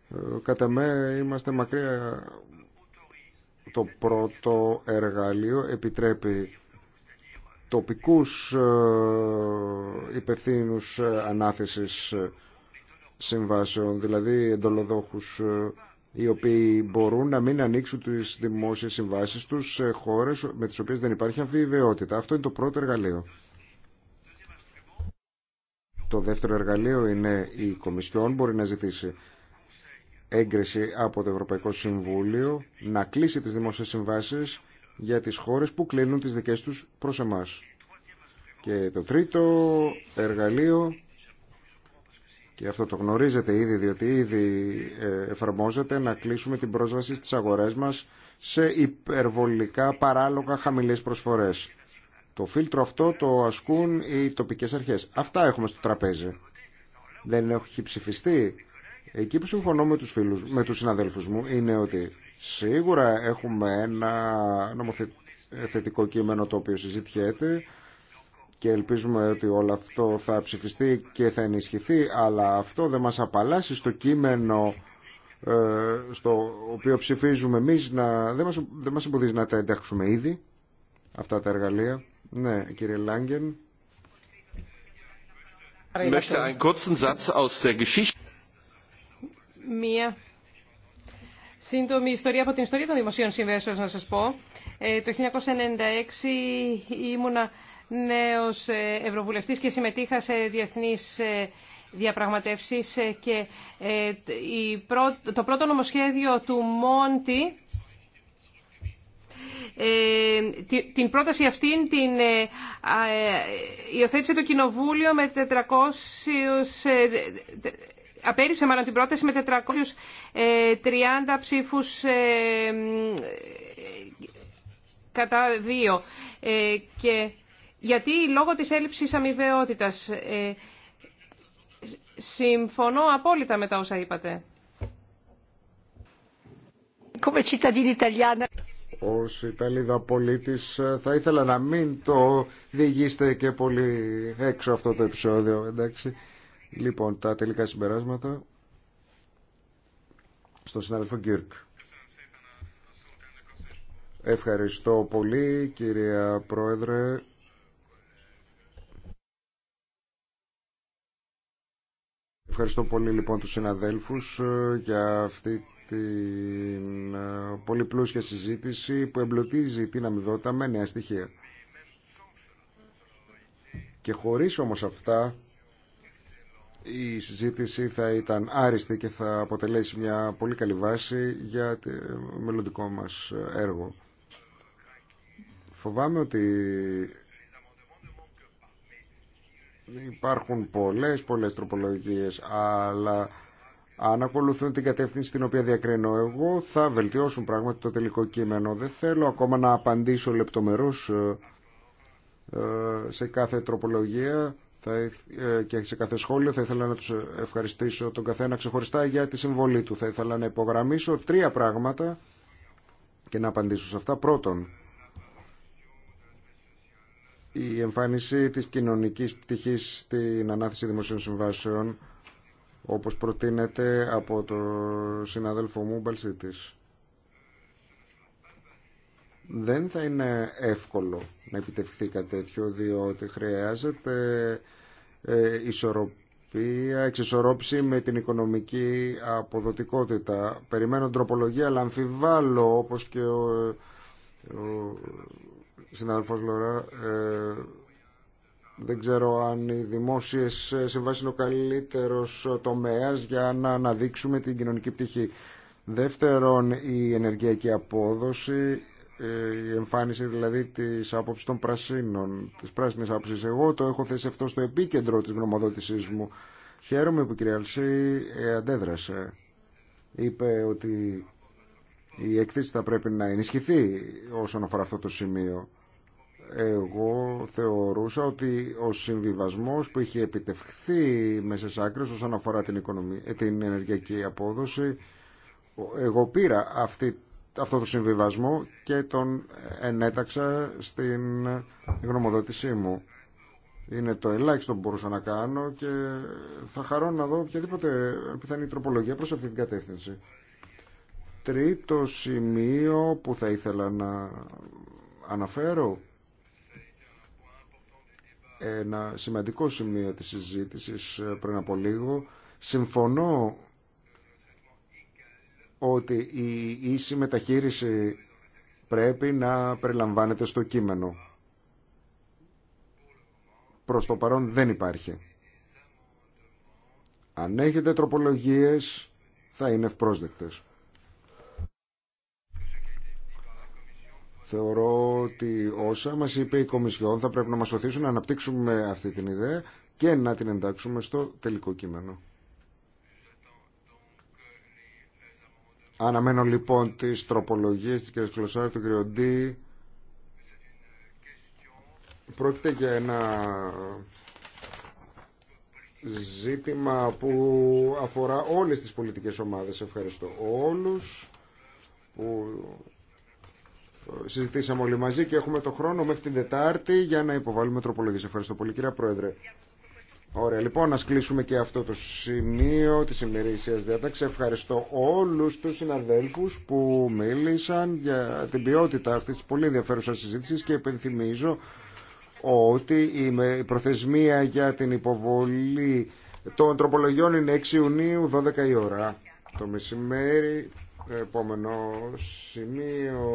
B: Ε, κατά με είμαστε μακριά. Το πρώτο εργαλείο επιτρέπει τοπικούς ε, υπευθύνους ε, ανάθεσης συμβάσεων, δηλαδή εντολοδόχους οι οποίοι μπορούν να μην ανοίξουν τι δημόσιες συμβάσεις τους σε χώρες με τις οποίες δεν υπάρχει αμφιβεβαιότητα. Αυτό είναι το πρώτο εργαλείο. Το δεύτερο εργαλείο είναι η Κομισιόν μπορεί να ζητήσει έγκριση από το Ευρωπαϊκό Συμβούλιο να κλείσει τις δημόσιες συμβάσεις για τις χώρες που κλείνουν τις δικές τους προς Και το τρίτο εργαλείο και αυτό το γνωρίζετε ήδη διότι ήδη ε, εφαρμόζεται να κλείσουμε την πρόσβαση στις αγορές μας σε υπερβολικά παράλογα χαμηλές προσφορές. Το φίλτρο αυτό το ασκούν οι τοπικές αρχές. Αυτά έχουμε στο τραπέζι. Δεν έχει ψηφιστεί. Εκεί που συμφωνώ με τους, φίλους, με τους συναδέλφους μου είναι ότι σίγουρα έχουμε ένα νομοθετικό κείμενο το οποίο συζητιέται και ελπίζουμε ότι όλο αυτό θα ψηφιστεί και θα ενισχυθεί, αλλά αυτό δεν μας απαλλάσσει στο κείμενο ε, στο οποίο ψηφίζουμε εμείς να, δεν, μας, δεν μας εμποδίζει να τα εντάξουμε ήδη αυτά τα εργαλεία. Ναι, κύριε Λάγκεν.
A: Μία σύντομη ιστορία από την ιστορία των δημοσίων συμβέσεων να σας πω. Ε, το 1996 ήμουνα νέος ε, ευρωβουλευτής και συμμετείχα σε διεθνείς ε, διαπραγματεύσεις ε, και το πρώτο νομοσχέδιο του Μόντι την πρόταση αυτήν την υιοθέτησε το Κοινοβούλιο με 400 απέρριψε μάλλον την πρόταση με 430 ψήφους κατά δύο και γιατί λόγω της έλλειψης αμοιβαιότητας. Ε, συμφωνώ απόλυτα με τα όσα είπατε.
B: Ως Ιταλίδα πολίτης ε, θα ήθελα να μην το διηγήσετε και πολύ έξω αυτό το επεισόδιο, εντάξει. Λοιπόν, τα τελικά συμπεράσματα στον συνάδελφο Γκίρκ. Ευχαριστώ πολύ κυρία Πρόεδρε. Ευχαριστώ πολύ λοιπόν τους συναδέλφους ε, για αυτή την ε, πολύ πλούσια συζήτηση που εμπλουτίζει την αμοιβότητα με νέα στοιχεία. Και χωρίς όμως αυτά η συζήτηση θα ήταν άριστη και θα αποτελέσει μια πολύ καλή βάση για το ε, μελλοντικό μας έργο. Φοβάμαι ότι Υπάρχουν πολλές, πολλές τροπολογίες, αλλά αν ακολουθούν την κατεύθυνση την οποία διακρίνω εγώ, θα βελτιώσουν πράγματι το τελικό κείμενο. Δεν θέλω ακόμα να απαντήσω λεπτομερώς ε, ε, σε κάθε τροπολογία ε, και σε κάθε σχόλιο. Θα ήθελα να τους ευχαριστήσω τον καθένα ξεχωριστά για τη συμβολή του. Θα ήθελα να υπογραμμίσω τρία πράγματα και να απαντήσω σε αυτά. Πρώτον, η εμφάνιση της κοινωνικής πτυχής στην ανάθεση δημοσίων συμβάσεων όπως προτείνεται από το συναδέλφο μου Μπαλσίτης. Δεν θα είναι εύκολο να επιτευχθεί κάτι τέτοιο διότι χρειάζεται ε, ισορροπία, εξισορρόψη με την οικονομική αποδοτικότητα. Περιμένω τροπολογία αλλά αμφιβάλλω όπως και ο συνάδελφος Λορά, ε, δεν ξέρω αν οι δημόσιες συμβάσεις είναι ο καλύτερος τομέας για να αναδείξουμε την κοινωνική πτυχή. Δεύτερον, η ενεργειακή απόδοση, ε, η εμφάνιση δηλαδή της άποψης των πρασίνων, της πράσινης άποψης. Εγώ το έχω θέσει αυτό στο επίκεντρο της γνωμοδότησής μου. Χαίρομαι που η κυρία Αλσή ε, αντέδρασε. Είπε ότι η εκθέση θα πρέπει να ενισχυθεί όσον αφορά αυτό το σημείο εγώ θεωρούσα ότι ο συμβιβασμός που είχε επιτευχθεί μέσα σε άκρες όσον αφορά την, οικονομία, ε, την ενεργειακή απόδοση, εγώ πήρα αυτή, αυτό το συμβιβασμό και τον ενέταξα στην γνωμοδότησή μου. Είναι το ελάχιστο που μπορούσα να κάνω και θα χαρώ να δω οποιαδήποτε πιθανή τροπολογία προς αυτή την κατεύθυνση. Τρίτο σημείο που θα ήθελα να αναφέρω ένα σημαντικό σημείο της συζήτησης ε, πριν από λίγο. Συμφωνώ ότι η ίση μεταχείριση πρέπει να περιλαμβάνεται στο κείμενο. Προς το παρόν δεν υπάρχει. Αν έχετε τροπολογίες θα είναι ευπρόσδεκτες. Θεωρώ ότι όσα μας είπε η Κομισιόν θα πρέπει να μας οθήσουν να αναπτύξουμε αυτή την ιδέα και να την εντάξουμε στο τελικό κείμενο. Αναμένω λοιπόν τις τροπολογίες της κ. Κλωσάρ, του κ. Ντί. Πρόκειται για ένα ζήτημα που αφορά όλες τις πολιτικές ομάδες. Ευχαριστώ όλους που συζητήσαμε όλοι μαζί και έχουμε το χρόνο μέχρι την Δετάρτη για να υποβάλουμε τροπολογίε. Ευχαριστώ πολύ κύριε Πρόεδρε. Ωραία, λοιπόν, Να κλείσουμε και αυτό το σημείο τη ημερήσιας διάταξη. Ευχαριστώ όλου του συναδέλφου που μίλησαν για την ποιότητα αυτή τη πολύ ενδιαφέρουσα συζήτηση και υπενθυμίζω ότι η προθεσμία για την υποβολή των τροπολογιών είναι 6 Ιουνίου, 12 η ώρα το μεσημέρι επόμενο σημείο.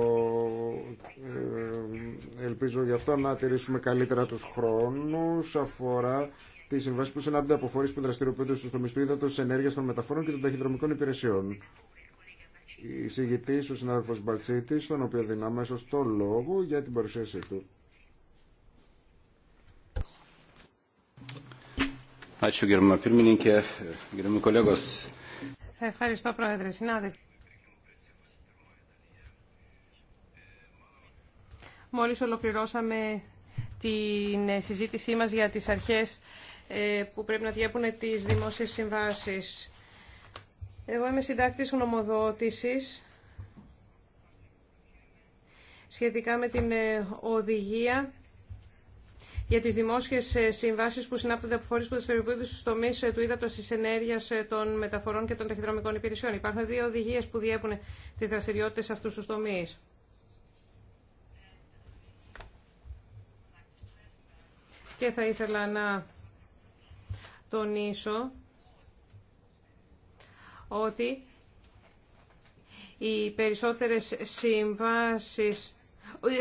B: Ε, ελπίζω γι' αυτό να τηρήσουμε καλύτερα τους χρόνους. Αφορά τι συμβάση που συνάπτει από φορείς που δραστηριοποιούνται στους τομείς του των μεταφορών και των ταχυδρομικών υπηρεσιών. Η συγητή, ο συνάδελφο Μπαλτσίτη, τον οποίο δίνει αμέσω το λόγο για την παρουσίασή του.
A: Ευχαριστώ, Πρόεδρε. Συνάδελφοι. Μόλις ολοκληρώσαμε την ε, συζήτησή μας για τις αρχές ε, που πρέπει να διέπουν τις δημόσιες συμβάσεις. Εγώ είμαι συντάκτης γνωμοδότησης σχετικά με την ε, οδηγία για τις δημόσιες συμβάσεις που συνάπτονται από φορείς που δραστηριοποιούνται στους τομείς του ίδατος της ενέργειας των μεταφορών και των ταχυδρομικών υπηρεσιών. Υπάρχουν δύο οδηγίες που διέπουν τις δραστηριότητες αυτούς τους τομείς. και θα ήθελα να τονίσω ότι οι περισσότερες συμβάσεις...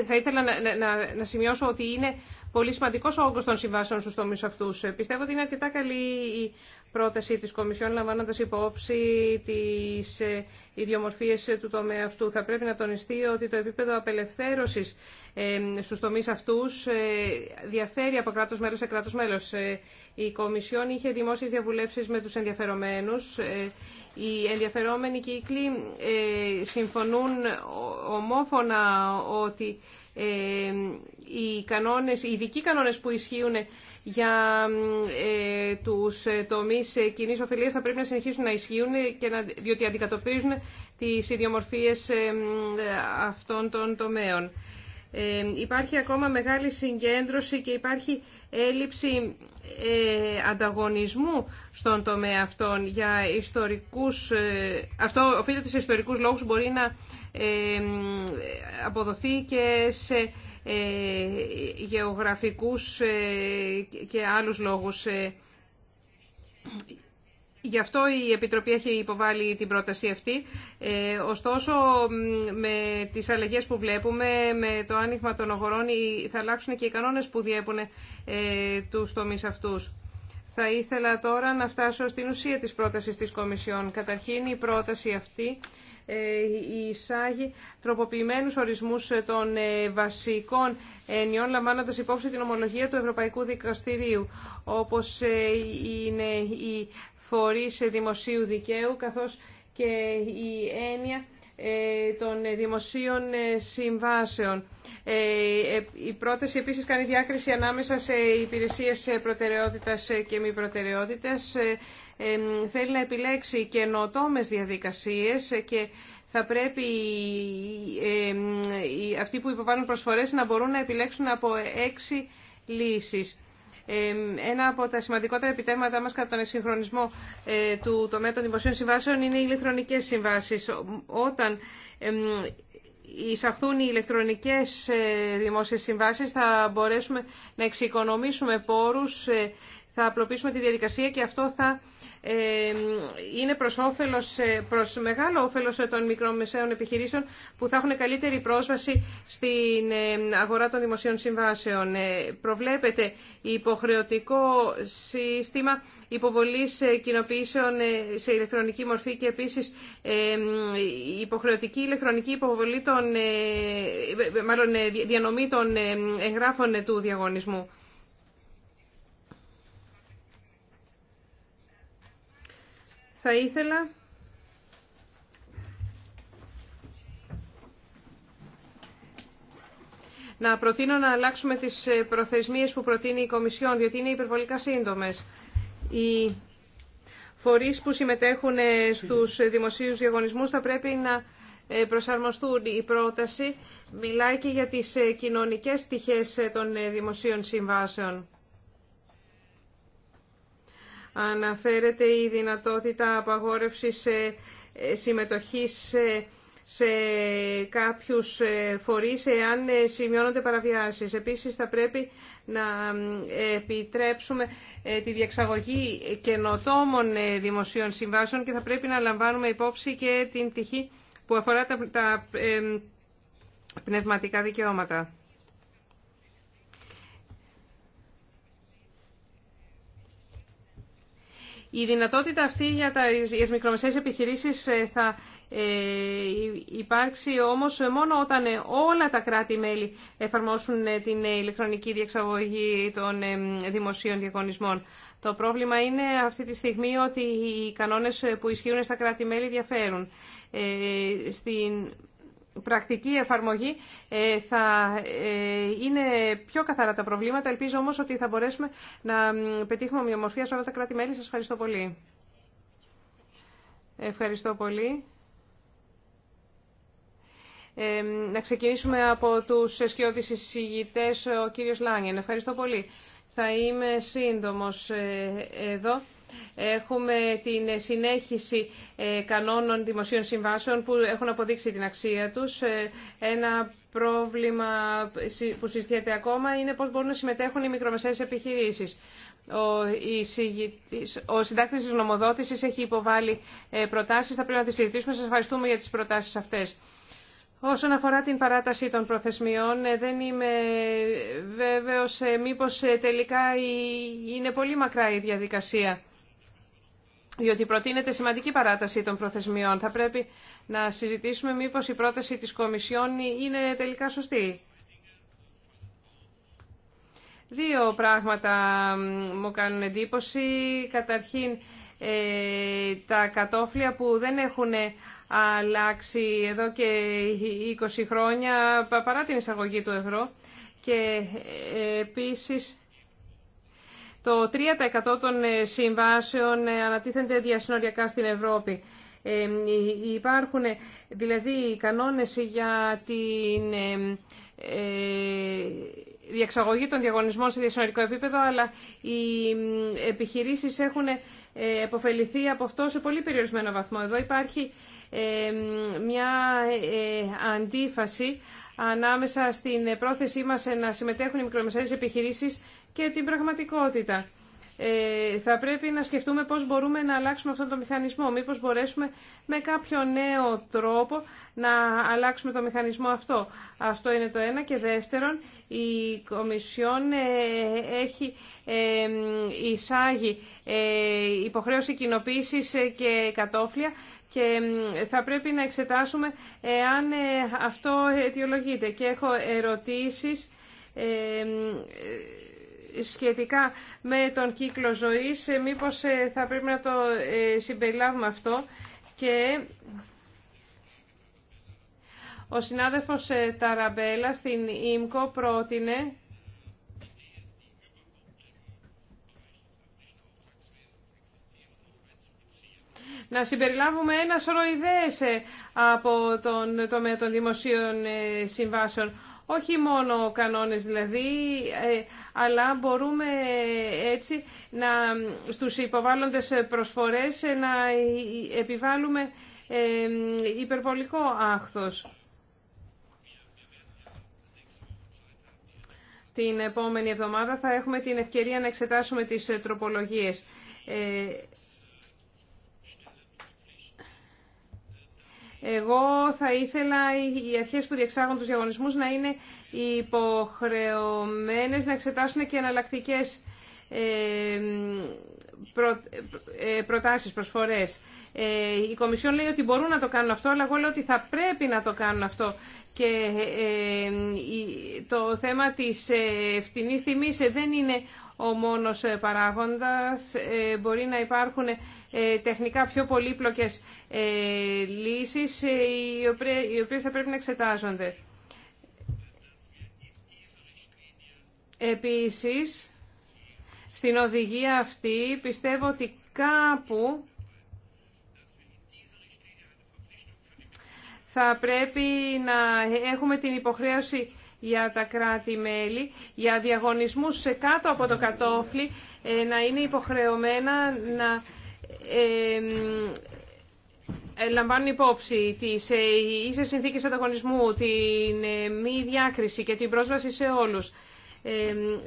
A: Θα ήθελα να, να, να σημειώσω ότι είναι πολύ σημαντικός ο όγκος των συμβάσεων στους τομείς αυτούς. Πιστεύω ότι είναι αρκετά καλή η πρόταση της Κομισιόν λαμβάνοντας υπόψη τις ε, ιδιομορφίες του τομέα αυτού. Θα πρέπει να τονιστεί ότι το επίπεδο απελευθέρωσης ε, στους τομείς αυτούς ε, διαφέρει από κράτος μέρος σε κράτος μέλος. Η Κομισιόν είχε δημόσιες διαβουλεύσεις με τους ενδιαφερομένους. Οι ενδιαφερόμενοι κύκλοι συμφωνούν ομόφωνα ότι οι, κανόνες, οι ειδικοί κανόνες που ισχύουν για ε, τους τομείς κοινή ωφελίας θα πρέπει να συνεχίσουν να ισχύουν και να, διότι αντικατοπτρίζουν τις ιδιομορφίες αυτών των τομέων. Ε, υπάρχει ακόμα μεγάλη συγκέντρωση και υπάρχει έλλειψη ε, ανταγωνισμού στον τομέα αυτών για ιστορικούς, ε, αυτό οφείλεται σε ιστορικούς λόγους μπορεί να ε, αποδοθεί και σε γεωγραφικούς και άλλους λόγους Γι' αυτό η Επιτροπή έχει υποβάλει την πρόταση αυτή. Ε, ωστόσο, με τις αλλαγές που βλέπουμε, με το άνοιγμα των αγορών, θα αλλάξουν και οι κανόνες που διέπουν ε, τους τομείς αυτούς. Θα ήθελα τώρα να φτάσω στην ουσία της πρότασης της Κομισιόν. Καταρχήν, η πρόταση αυτή ε, εισάγει τροποποιημένους ορισμούς των ε, βασικών ενιών λαμβάνοντας υπόψη την ομολογία του Ευρωπαϊκού Δικαστηρίου όπως ε, είναι η φορείς δημοσίου δικαίου, καθώς και η έννοια ε, των δημοσίων ε, συμβάσεων. Ε, η πρόταση επίσης κάνει διάκριση ανάμεσα σε υπηρεσίες προτεραιότητας και μη προτεραιότητας. Θέλει να επιλέξει καινοτόμε διαδικασίες και θα πρέπει αυτοί που υποβάλλουν προσφορές να μπορούν να επιλέξουν από έξι λύσεις ένα από τα σημαντικότερα επιτέγματα μας κατά τον εξυγχρονισμό ε, του τομέα των δημοσίων συμβάσεων είναι οι ηλεκτρονικές συμβάσεις. Όταν εισαχθούν οι ηλεκτρονικές ε, δημόσιες συμβάσεις θα μπορέσουμε να εξοικονομήσουμε πόρους ε, θα απλοποιήσουμε τη διαδικασία και αυτό θα ε, είναι προς, ε, προς μεγάλο όφελος ε, των μεσαίων επιχειρήσεων που θα έχουν καλύτερη πρόσβαση στην αγορά των δημοσίων συμβάσεων. Προβλέπεται υποχρεωτικό σύστημα υποβολής κοινοποιήσεων σε ηλεκτρονική μορφή και επίσης υποχρεωτική ηλεκτρονική υποβολή των, διανομή των εγγράφων του διαγωνισμού. Θα ήθελα να προτείνω να αλλάξουμε τις ε, προθεσμίες που προτείνει η Κομισιόν, διότι είναι υπερβολικά σύντομες. Οι φορείς που συμμετέχουν ε, στους δημοσίους διαγωνισμούς θα πρέπει να ε, προσαρμοστούν. Η πρόταση μιλάει και για τις κοινωνικές στοιχές των δημοσίων συμβάσεων αναφέρεται η δυνατότητα απαγόρευσης ε, ε, συμμετοχής ε, σε κάποιους φορείς εάν σημειώνονται παραβιάσεις. Επίσης θα πρέπει να επιτρέψουμε τη διεξαγωγή καινοτόμων δημοσίων συμβάσεων και θα πρέπει να λαμβάνουμε υπόψη και την τυχή που αφορά τα πνευματικά δικαιώματα. Η δυνατότητα αυτή για τις μικρομεσαίες επιχειρήσεις ε, θα ε, υπάρξει όμως μόνο όταν ε, όλα τα κράτη-μέλη εφαρμόσουν την ηλεκτρονική διεξαγωγή των δημοσίων διαγωνισμών. Το πρόβλημα είναι αυτή τη στιγμή ότι οι κανόνες που ισχύουν στα κράτη-μέλη διαφέρουν. Στην πρακτική εφαρμογή ε, θα ε, είναι πιο καθαρά τα προβλήματα. Ελπίζω όμως ότι θα μπορέσουμε να πετύχουμε ομοιομορφία σε όλα τα κράτη-μέλη. Σας ευχαριστώ πολύ. Ευχαριστώ πολύ. Ε, να ξεκινήσουμε από τους αισιόδης εισηγητές, ο κύριος Λάνιεν. Ευχαριστώ πολύ. Θα είμαι σύντομος εδώ. Έχουμε την συνέχιση ε, κανόνων δημοσίων συμβάσεων που έχουν αποδείξει την αξία τους. Ε, ένα πρόβλημα που συζητιέται ακόμα είναι πώς μπορούν να συμμετέχουν οι μικρομεσαίες επιχειρήσεις. Ο συντάκτης της νομοδότησης έχει υποβάλει ε, προτάσεις, θα πρέπει να τις συζητήσουμε. Σας ευχαριστούμε για τις προτάσεις αυτές. Όσον αφορά την παράταση των προθεσμιών, δεν είμαι βέβαιος μήπως τελικά είναι πολύ μακρά η διαδικασία διότι προτείνεται σημαντική παράταση των προθεσμιών. Θα πρέπει να συζητήσουμε μήπως η πρόταση της Κομισιόν είναι τελικά σωστή. Δύο πράγματα μου κάνουν εντύπωση. Καταρχήν, ε, τα κατόφλια που δεν έχουν αλλάξει εδώ και 20 χρόνια παρά την εισαγωγή του ευρώ και ε, επίσης το 3% των ε, συμβάσεων ε, ανατίθενται διασυνοριακά στην Ευρώπη. Ε, υπάρχουν δηλαδή κανόνες για την διεξαγωγή των διαγωνισμών σε διασυνορικό επίπεδο, αλλά οι επιχειρήσεις έχουν επωφεληθεί από αυτό σε πολύ περιορισμένο βαθμό. Εδώ υπάρχει μια αντίφαση ανάμεσα στην πρόθεσή μας να συμμετέχουν οι μικρομεσαίες επιχειρήσεις και την πραγματικότητα. Ε, θα πρέπει να σκεφτούμε πώς μπορούμε να αλλάξουμε αυτόν τον μηχανισμό. Μήπως μπορέσουμε με κάποιο νέο τρόπο να αλλάξουμε το μηχανισμό αυτό. Αυτό είναι το ένα. Και δεύτερον, η Κομισιόν ε, έχει ε, εισάγει ε, υποχρέωση κοινοποίησης ε, και κατόφλια και θα πρέπει να εξετάσουμε αν αυτό αιτιολογείται. Και έχω ερωτήσεις σχετικά με τον κύκλο ζωής, ε, μήπως ε, θα πρέπει να το ε, συμπεριλάβουμε αυτό και ο συνάδελφος Ταραμπέλα στην ΙΜΚΟ πρότεινε να συμπεριλάβουμε ένα σωρό ιδέες από τον τομέα των δημοσίων συμβάσεων όχι μόνο κανόνες δηλαδή, ε, αλλά μπορούμε ε, έτσι να, στους υποβάλλοντες προσφορές ε, να επιβάλλουμε υπερβολικό άχθος. Την επόμενη εβδομάδα θα έχουμε την ευκαιρία να εξετάσουμε τις τροπολογίες. Εγώ θα ήθελα οι αρχές που διεξάγουν τους διαγωνισμούς να είναι υποχρεωμένες να εξετάσουν και εναλλακτικέ ε, προ, ε, προτάσεις, προσφορές. Ε, η Κομισιόν λέει ότι μπορούν να το κάνουν αυτό, αλλά εγώ λέω ότι θα πρέπει να το κάνουν αυτό και το θέμα της ε, φτηνής τιμής ε, δεν είναι ο μόνος ε, παράγοντας. Μπορεί να υπάρχουν τεχνικά πιο πολύπλοκες λύσεις οι οποίες θα πρέπει να εξετάζονται. Επίσης, στην οδηγία αυτή πιστεύω ότι κάπου θα πρέπει να έχουμε την υποχρέωση για τα κράτη-μέλη, για διαγωνισμούς σε κάτω από το κατόφλι, ε, να είναι υποχρεωμένα να ε, λαμβάνουν υπόψη τις ε, ίσες συνθήκες ανταγωνισμού, την μη διάκριση και την πρόσβαση σε όλους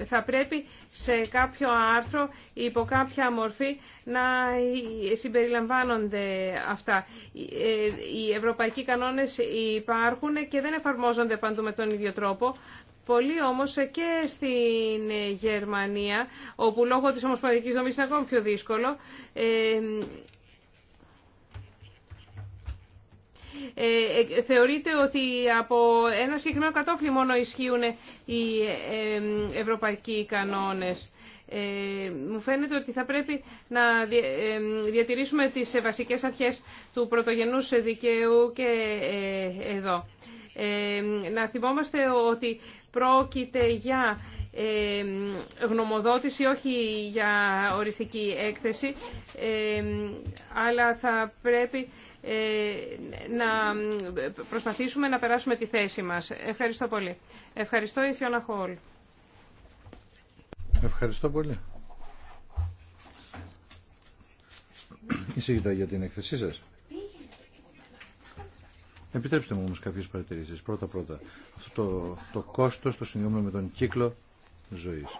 A: θα πρέπει σε κάποιο άρθρο υπό κάποια μορφή να συμπεριλαμβάνονται αυτά. Ε, οι ευρωπαϊκοί κανόνες υπάρχουν και δεν εφαρμόζονται παντού με τον ίδιο τρόπο. Πολύ όμως και στην Γερμανία, όπου λόγω της ομοσπονδιακής δομής είναι ακόμα πιο δύσκολο, Ε, ε, θεωρείται ότι από ένα συγκεκριμένο κατόφλι μόνο ισχύουν οι ε, ευρωπαϊκοί κανόνες. μου φαίνεται ότι θα πρέπει να διατηρήσουμε τις βασικές αρχές του πρωτογενούς δικαίου και εδώ. να θυμόμαστε ότι πρόκειται για γνωμοδότηση, όχι για οριστική έκθεση, αλλά θα πρέπει ε, να προσπαθήσουμε να περάσουμε τη θέση μας. Ευχαριστώ πολύ. Ευχαριστώ η Φιώνα Χόλ.
C: Ευχαριστώ πολύ. Εισήγητα για την εκθεσή σας. Επιτρέψτε μου όμως κάποιες παρατηρήσεις. Πρώτα πρώτα, αυτό το, το κόστος το συνδυόμενο με τον κύκλο ζωής.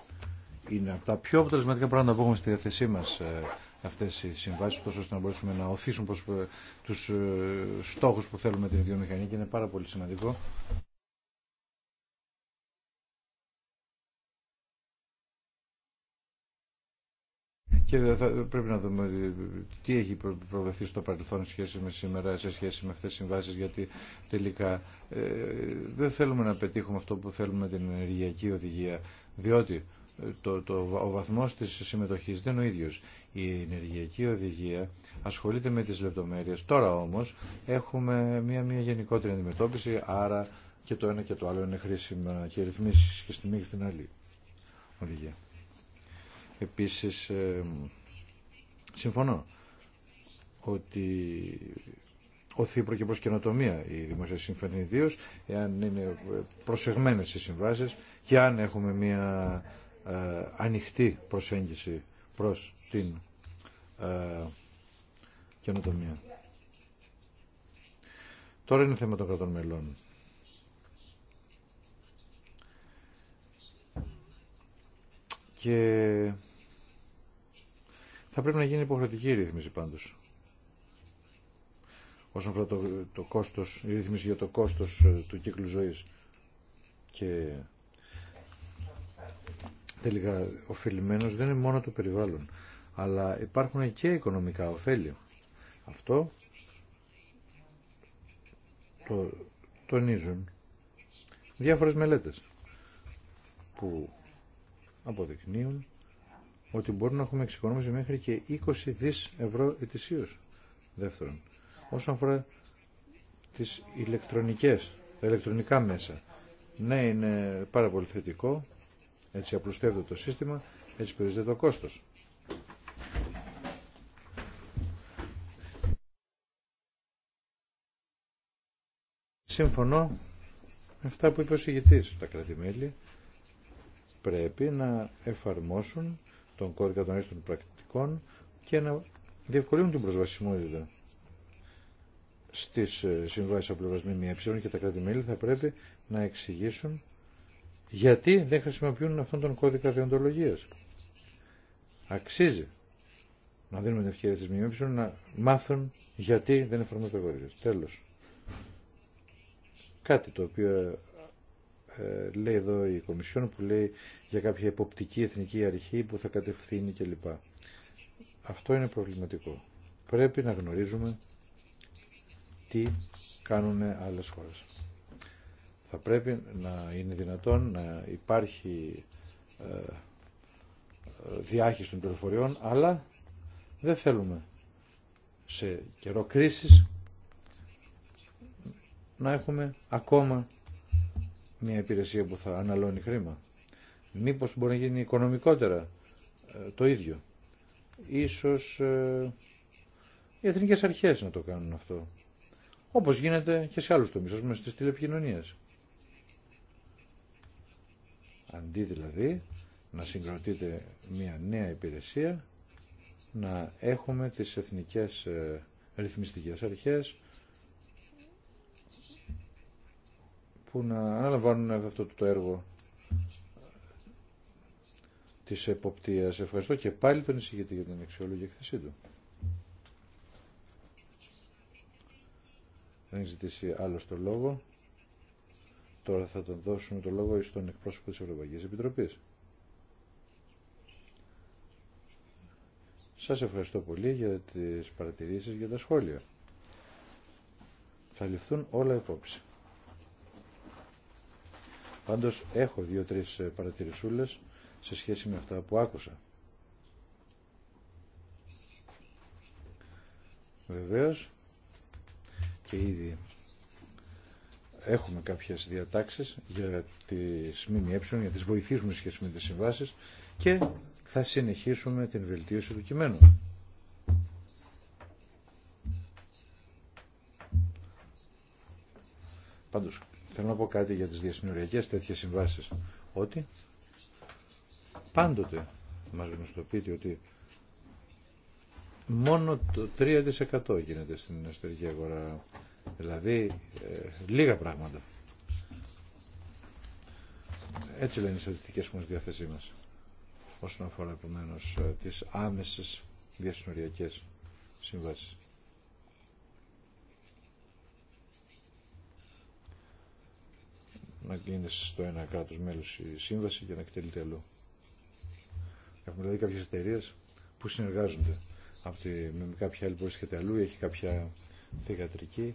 C: Είναι από τα πιο αποτελεσματικά πράγματα που έχουμε στη διαθεσή μας ε, αυτές οι συμβάσεις τόσο ώστε να μπορέσουμε να οθήσουμε του ε, τους ε, στόχους που θέλουμε την βιομηχανία και είναι πάρα πολύ σημαντικό. Και πρέπει να δούμε ε, τι έχει προβλεφθεί στο παρελθόν σχέση με σήμερα, σε σχέση με αυτές τις συμβάσεις, γιατί τελικά δεν θέλουμε να πετύχουμε αυτό που θέλουμε την ενεργειακή οδηγία, διότι το, το, ο βαθμός της συμμετοχής δεν είναι ο ίδιος. Η ενεργειακή οδηγία ασχολείται με τις λεπτομέρειες. Τώρα όμως έχουμε μια, μια γενικότερη αντιμετώπιση, άρα και το ένα και το άλλο είναι χρήσιμα και ρυθμίσεις και στη μία στην άλλη οδηγία. Επίσης, ε, συμφωνώ ότι οθεί προ και προς καινοτομία η δημοσία σύμφωνη ιδίω, εάν είναι προσεγμένες οι συμβάσεις και αν έχουμε μια ε, ανοιχτή προσέγγιση προς την ε, καινοτομία. Τώρα είναι θέμα των κρατών μελών. Και θα πρέπει να γίνει υποχρεωτική η ρύθμιση πάντως. Όσον αφορά το, το κόστος, η ρύθμιση για το κόστος ε, του κύκλου ζωής. Και τελικά οφειλημένο δεν είναι μόνο το περιβάλλον, αλλά υπάρχουν και οικονομικά ωφέλη. Αυτό το τονίζουν διάφορες μελέτες που αποδεικνύουν ότι μπορούμε να έχουμε εξοικονόμηση μέχρι και 20 δις ευρώ ετησίως. Δεύτερον, όσον αφορά τις ηλεκτρονικές, τα ηλεκτρονικά μέσα, ναι, είναι πάρα πολύ θετικό έτσι απλουστεύεται το σύστημα, έτσι περιορίζεται το κόστος. Σύμφωνο με αυτά που είπε ο συγητής. Τα κρατημέλη πρέπει να εφαρμόσουν τον κώδικα των ίστων πρακτικών και να διευκολύνουν την προσβασιμότητα στις ε, συμβάσεις μία ΜΜΕ και τα κρατημέλη θα πρέπει να εξηγήσουν γιατί δεν χρησιμοποιούν αυτόν τον κώδικα διοντολογίας. Αξίζει να δίνουμε την ευκαιρία στις ΜΜΕ να μάθουν γιατί δεν εφαρμόζεται ο κώδικας. Τέλος. Κάτι το οποίο ε, λέει εδώ η Κομισιόν που λέει για κάποια εποπτική εθνική αρχή που θα κατευθύνει κλπ. Αυτό είναι προβληματικό. Πρέπει να γνωρίζουμε τι κάνουν άλλες χώρες θα πρέπει να είναι δυνατόν να υπάρχει ε, διάχυση των πληροφοριών, αλλά δεν θέλουμε σε καιρό κρίσης να έχουμε ακόμα μια υπηρεσία που θα αναλώνει χρήμα. Μήπως μπορεί να γίνει οικονομικότερα ε, το ίδιο. Ίσως ε, οι εθνικές αρχές να το κάνουν αυτό. Όπως γίνεται και σε άλλους τομείς, ας πούμε στις τηλεπικοινωνίες. Αντί δηλαδή να συγκροτείται μια νέα υπηρεσία, να έχουμε τις εθνικές ε, ρυθμιστικές αρχές που να αναλαμβάνουν αυτό το έργο της εποπτείας. Ευχαριστώ και πάλι τον εισηγητή για την αξιόλογη εκθεσή του. Δεν ζητήσει άλλο το λόγο. Τώρα θα τον δώσουμε το λόγο στον εκπρόσωπο της Ευρωπαϊκής Επιτροπής. Σας ευχαριστώ πολύ για τις παρατηρήσεις, για τα σχόλια. Θα ληφθούν όλα υπόψη. Πάντως έχω δύο-τρεις παρατηρησούλες σε σχέση με αυτά που άκουσα. Βεβαίως και ήδη έχουμε κάποιες διατάξεις για τις ΜΜΕ, για τις βοηθήσουμε σχέση με τις συμβάσεις και θα συνεχίσουμε την βελτίωση του κειμένου. Πάντως, θέλω να πω κάτι για τις διασυνοριακές τέτοιες συμβάσεις. Ότι πάντοτε μας γνωστοποιείται ότι μόνο το 3% γίνεται στην εσωτερική αγορά Δηλαδή, ε, λίγα πράγματα. Έτσι λένε οι στατιστικές μας διάθεσή μας όσον αφορά επομένω ε, τις άμεσες διασυνοριακές συμβάσεις. Να γίνεται στο ένα κράτος μέλος η σύμβαση και να εκτελείται αλλού. Έχουμε δηλαδή κάποιες εταιρείε που συνεργάζονται με κάποια άλλη που βρίσκεται αλλού ή έχει κάποια θηγατρική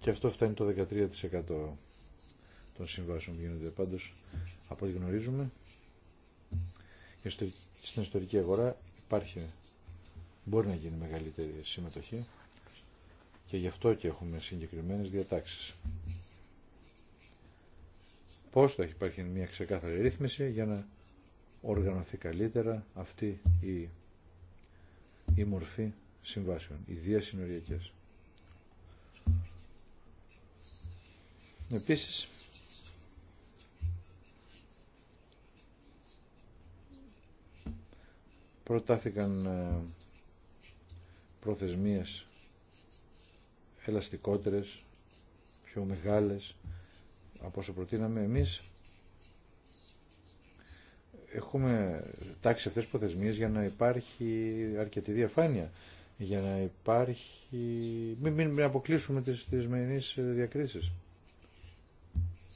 C: και αυτό φτάνει το 13% των συμβάσεων που γίνονται πάντως από ό,τι γνωρίζουμε στην ιστορική αγορά υπάρχει μπορεί να γίνει μεγαλύτερη συμμετοχή και γι' αυτό και έχουμε συγκεκριμένες διατάξεις. Πώς θα υπάρχει μια ξεκάθαρη ρύθμιση για να οργανωθεί καλύτερα αυτή η, η μορφή συμβάσεων, ιδίες συνοριακές. Επίσης, προτάθηκαν ε, προθεσμίες ελαστικότερες, πιο μεγάλες από όσο προτείναμε εμείς. Έχουμε τάξει αυτές τις προθεσμίες για να υπάρχει αρκετή διαφάνεια για να υπάρχει... Μην, μην, μην αποκλείσουμε τις θεσμενείς διακρίσεις.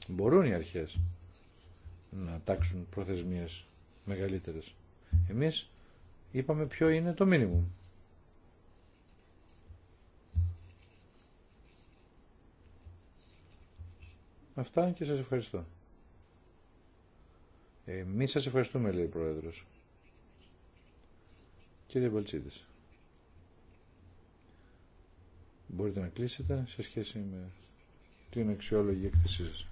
C: Μπορούν οι αρχές να τάξουν προθεσμίες μεγαλύτερες. Εμείς είπαμε ποιο είναι το μήνυμο. Αυτά και σας ευχαριστώ. Εμείς σας ευχαριστούμε, λέει ο Πρόεδρος. Κύριε Βαλτσίδης μπορείτε να κλείσετε σε σχέση με την αξιόλογη έκθεσή σας.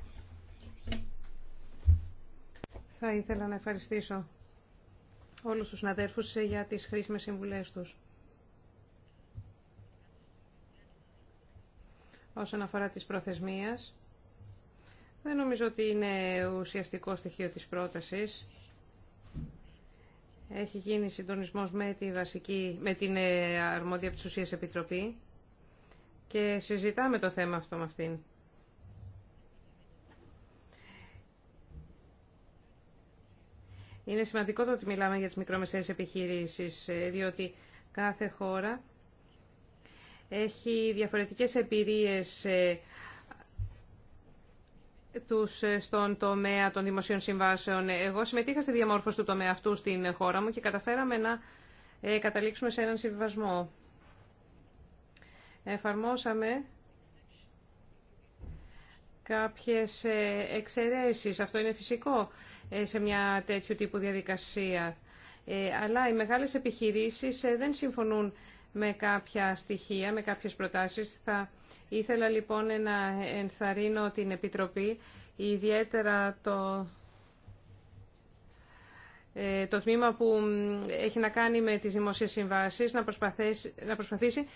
A: Θα ήθελα να ευχαριστήσω όλους τους συναδέρφους για τις χρήσιμες συμβουλές τους. Όσον αφορά τις προθεσμίες, δεν νομίζω ότι είναι ουσιαστικό στοιχείο της πρότασης. Έχει γίνει συντονισμός με, τη βασική, με την ε, αρμόδια της Ουσίας Επιτροπή και συζητάμε το θέμα αυτό με αυτήν. Είναι σημαντικό το ότι μιλάμε για τις μικρομεσαίες επιχειρήσεις, ε, διότι κάθε χώρα έχει διαφορετικές εμπειρίες ε, τους ε, στον τομέα των δημοσίων συμβάσεων. Εγώ συμμετείχα στη διαμόρφωση του τομέα αυτού στην χώρα μου και καταφέραμε να καταλήξουμε σε έναν συμβιβασμό εφαρμόσαμε κάποιες ε, εξαιρέσεις. Αυτό είναι φυσικό ε, σε μια τέτοιου τύπου διαδικασία. Ε, αλλά οι μεγάλες επιχειρήσεις δεν συμφωνούν με κάποια στοιχεία, με κάποιες προτάσεις. Θα ήθελα λοιπόν να ενθαρρύνω την Επιτροπή, ιδιαίτερα το, το τμήμα που έχει να κάνει με τις δημόσιες συμβάσεις, να να προσπαθήσει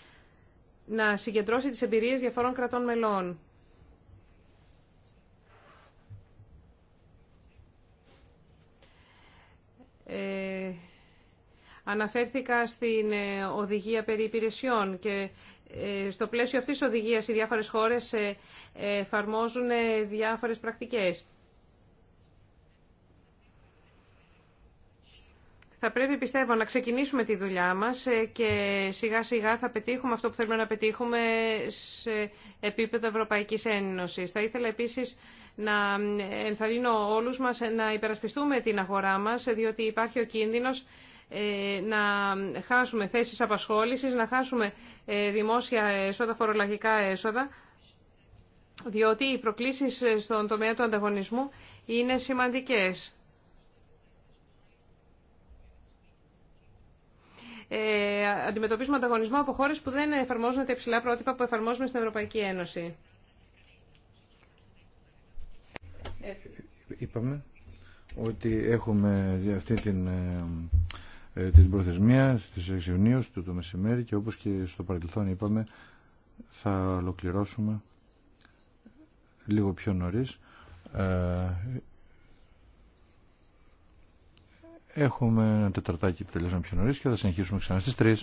A: να συγκεντρώσει τις εμπειρίες διαφορών κρατών μελών. Ε, αναφέρθηκα στην ε, οδηγία περί υπηρεσιών και ε, στο πλαίσιο αυτής της οδηγίας οι διάφορες χώρες ε, εφαρμόζουν διάφορες πρακτικές. Θα πρέπει, πιστεύω, να ξεκινήσουμε τη δουλειά μας ε, και σιγά-σιγά θα πετύχουμε αυτό που θέλουμε να πετύχουμε σε επίπεδο Ευρωπαϊκής Ένωσης. Θα ήθελα επίσης να ενθαρρύνω όλους μας να υπερασπιστούμε την αγορά μας, διότι υπάρχει ο κίνδυνος ε, να χάσουμε θέσεις απασχόλησης, να χάσουμε ε, δημόσια έσοδα, φορολογικά έσοδα, διότι οι προκλήσεις στον τομέα του ανταγωνισμού είναι σημαντικές. Ε, αντιμετωπίζουμε ανταγωνισμό από χώρες που δεν εφαρμόζουν τα υψηλά πρότυπα που εφαρμόζουμε στην Ευρωπαϊκή Ένωση.
B: Ε,
C: είπαμε ότι έχουμε αυτή την, ε, την προθεσμία στις 6 Ιουνίου του το μεσημέρι και όπως και στο παρελθόν είπαμε θα ολοκληρώσουμε λίγο πιο νωρίς Έχουμε ένα τεταρτάκι που τελειώσαμε πιο νωρίς και θα συνεχίσουμε ξανά στις 3.